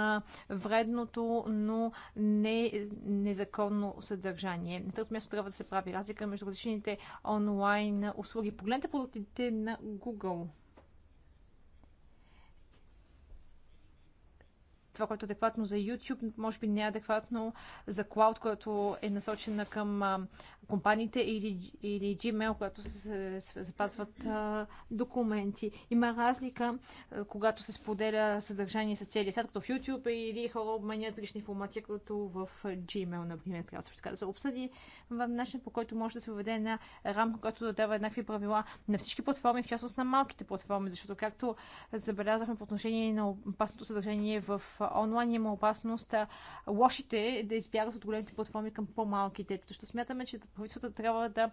вредното, но не незаконно съдържание. На трето място трябва да се прави разлика между различните онлайн услуги. Погледнете продуктите на Google. това, което е адекватно за YouTube, може би не е адекватно за Cloud, което е насочена към компаниите или, или Gmail, когато се запазват а, документи. Има разлика, а, когато се споделя съдържание с целия сайт, като в YouTube или хора обменят лични информация, като в Gmail, например. Трябва също така да се обсъди в начин, по който може да се въведе една рамка, която да дава еднакви правила на всички платформи, в частност на малките платформи, защото както забелязахме по отношение на опасното съдържание в онлайн, има опасност лошите да избягат от големите платформи към по-малките. Защото смятаме, че правителствата трябва да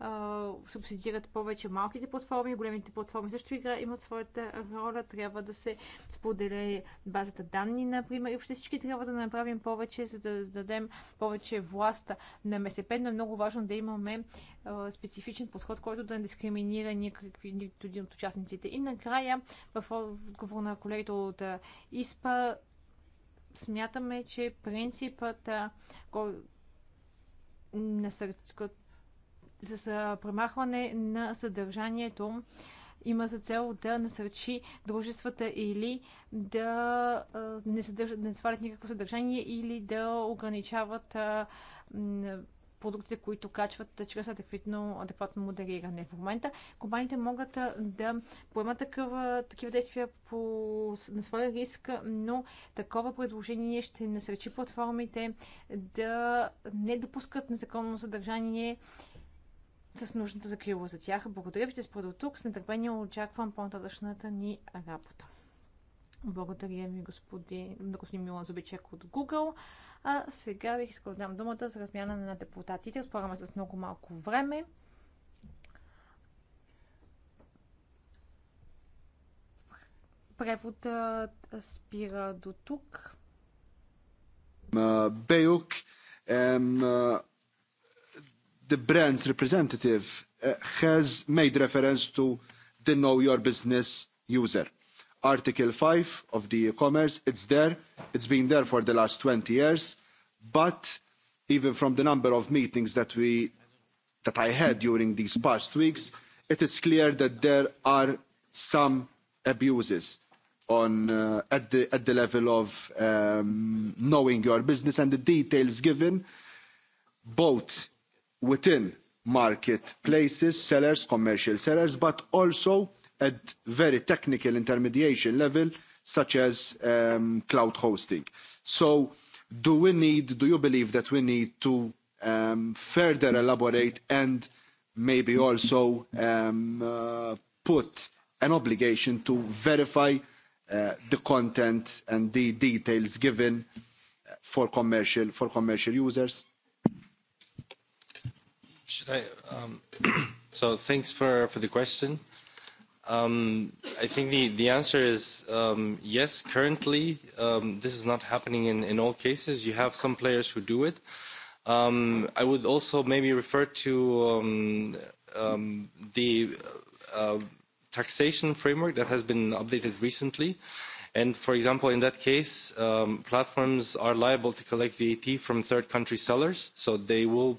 а, субсидират повече малките платформи, големите платформи също игра, имат своята роля, трябва да се споделя базата данни, например, и въобще всички трябва да направим повече, за да дадем повече власт на МСП, но е много важно да имаме а, специфичен подход, който да не дискриминира никакви един от участниците. И накрая, в отговор на колегите от ИСПА, смятаме, че принципът, насърчат с премахване на съдържанието има за цел да насърчи дружествата или да не, съдържат, да не свалят никакво съдържание или да ограничават продуктите, които качват чрез адекватно, адекватно модериране. В момента компаниите могат да поемат такива, такива действия по, на своя риск, но такова предложение ще насречи платформите да не допускат незаконно съдържание с нужната закрила за тях. Благодаря ви, че сте до тук. С нетърпение очаквам по-нататъчната ни работа. Благодаря ви, господин, господин Милан Зубичек от Google. А сега бих искал да дам думата за размяна на депутатите. Разполагаме с много малко време. Преводът спира до тук. Бейук, the brand's representative е, has made reference to the know your business user. Article 5 of the e-commerce, it's there. It's been there for the last 20 years. But even from the number of meetings that we that I had during these past weeks, it is clear that there are some abuses on uh, at the at the level of um, knowing your business and the details given both within marketplaces, sellers, commercial sellers, but also at very technical intermediation level, such as cloud hosting. So do we need, do you believe that we need to further elaborate and maybe also put an obligation to verify the content and the details given for commercial for commercial users? Should I, um, so thanks for, for the question. Um, I think the, the answer is um, yes, currently. Um, this is not happening in, in all cases. You have some players who do it. Um, I would also maybe refer to um, um, the uh, taxation framework that has been updated recently. And for example, in that case, um, platforms are liable to collect VAT from third country sellers, so they will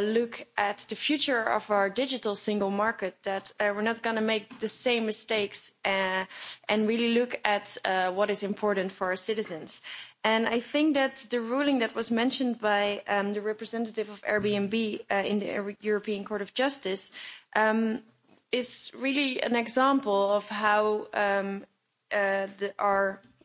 look at the future of our digital single market that we're not going to make the same mistakes and really look at what is important for our citizens. And I think that the ruling that was mentioned by the representative of Airbnb in the European Court of Justice is really an example of how our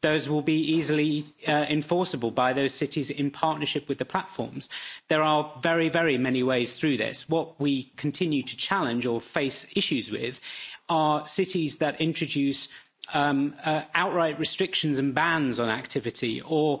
those will be easily enforceable by those cities in partnership with the platforms. there are very very many ways through this. what we continue to challenge or face issues with are cities that introduce outright restrictions and bans on activity or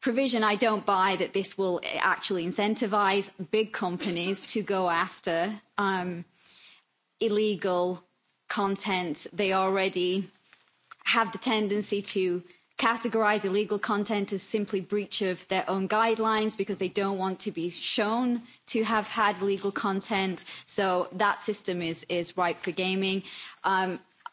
provision i don't buy that this will actually incentivise big companies to go after um, illegal content they already have the tendency to categorise illegal content as simply breach of their own guidelines because they don't want to be shown to have had legal content so that system is is ripe for gaming um,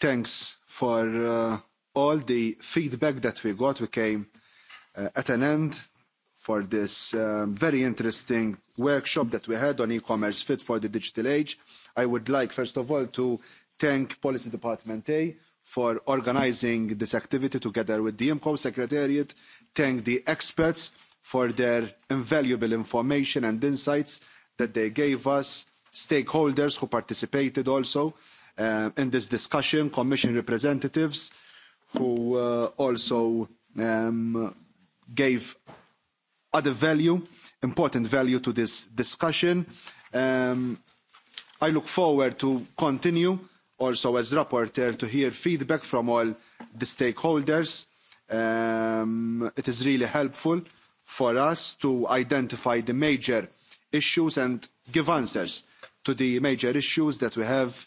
thanks for uh, all the feedback that we got. We came uh, at an end for this um, very interesting workshop that we had on e-commerce fit for the digital age. I would like, first of all, to thank Policy Department A for organising this activity together with the IMCO Secretariat, thank the experts for their invaluable information and insights that they gave us, stakeholders who participated also, in this discussion, Commission representatives who also gave other value, important value to this discussion. I look forward to continue also as rapporteur to hear feedback from all the stakeholders. it is really helpful for us to identify the major issues and give answers to the major issues that we have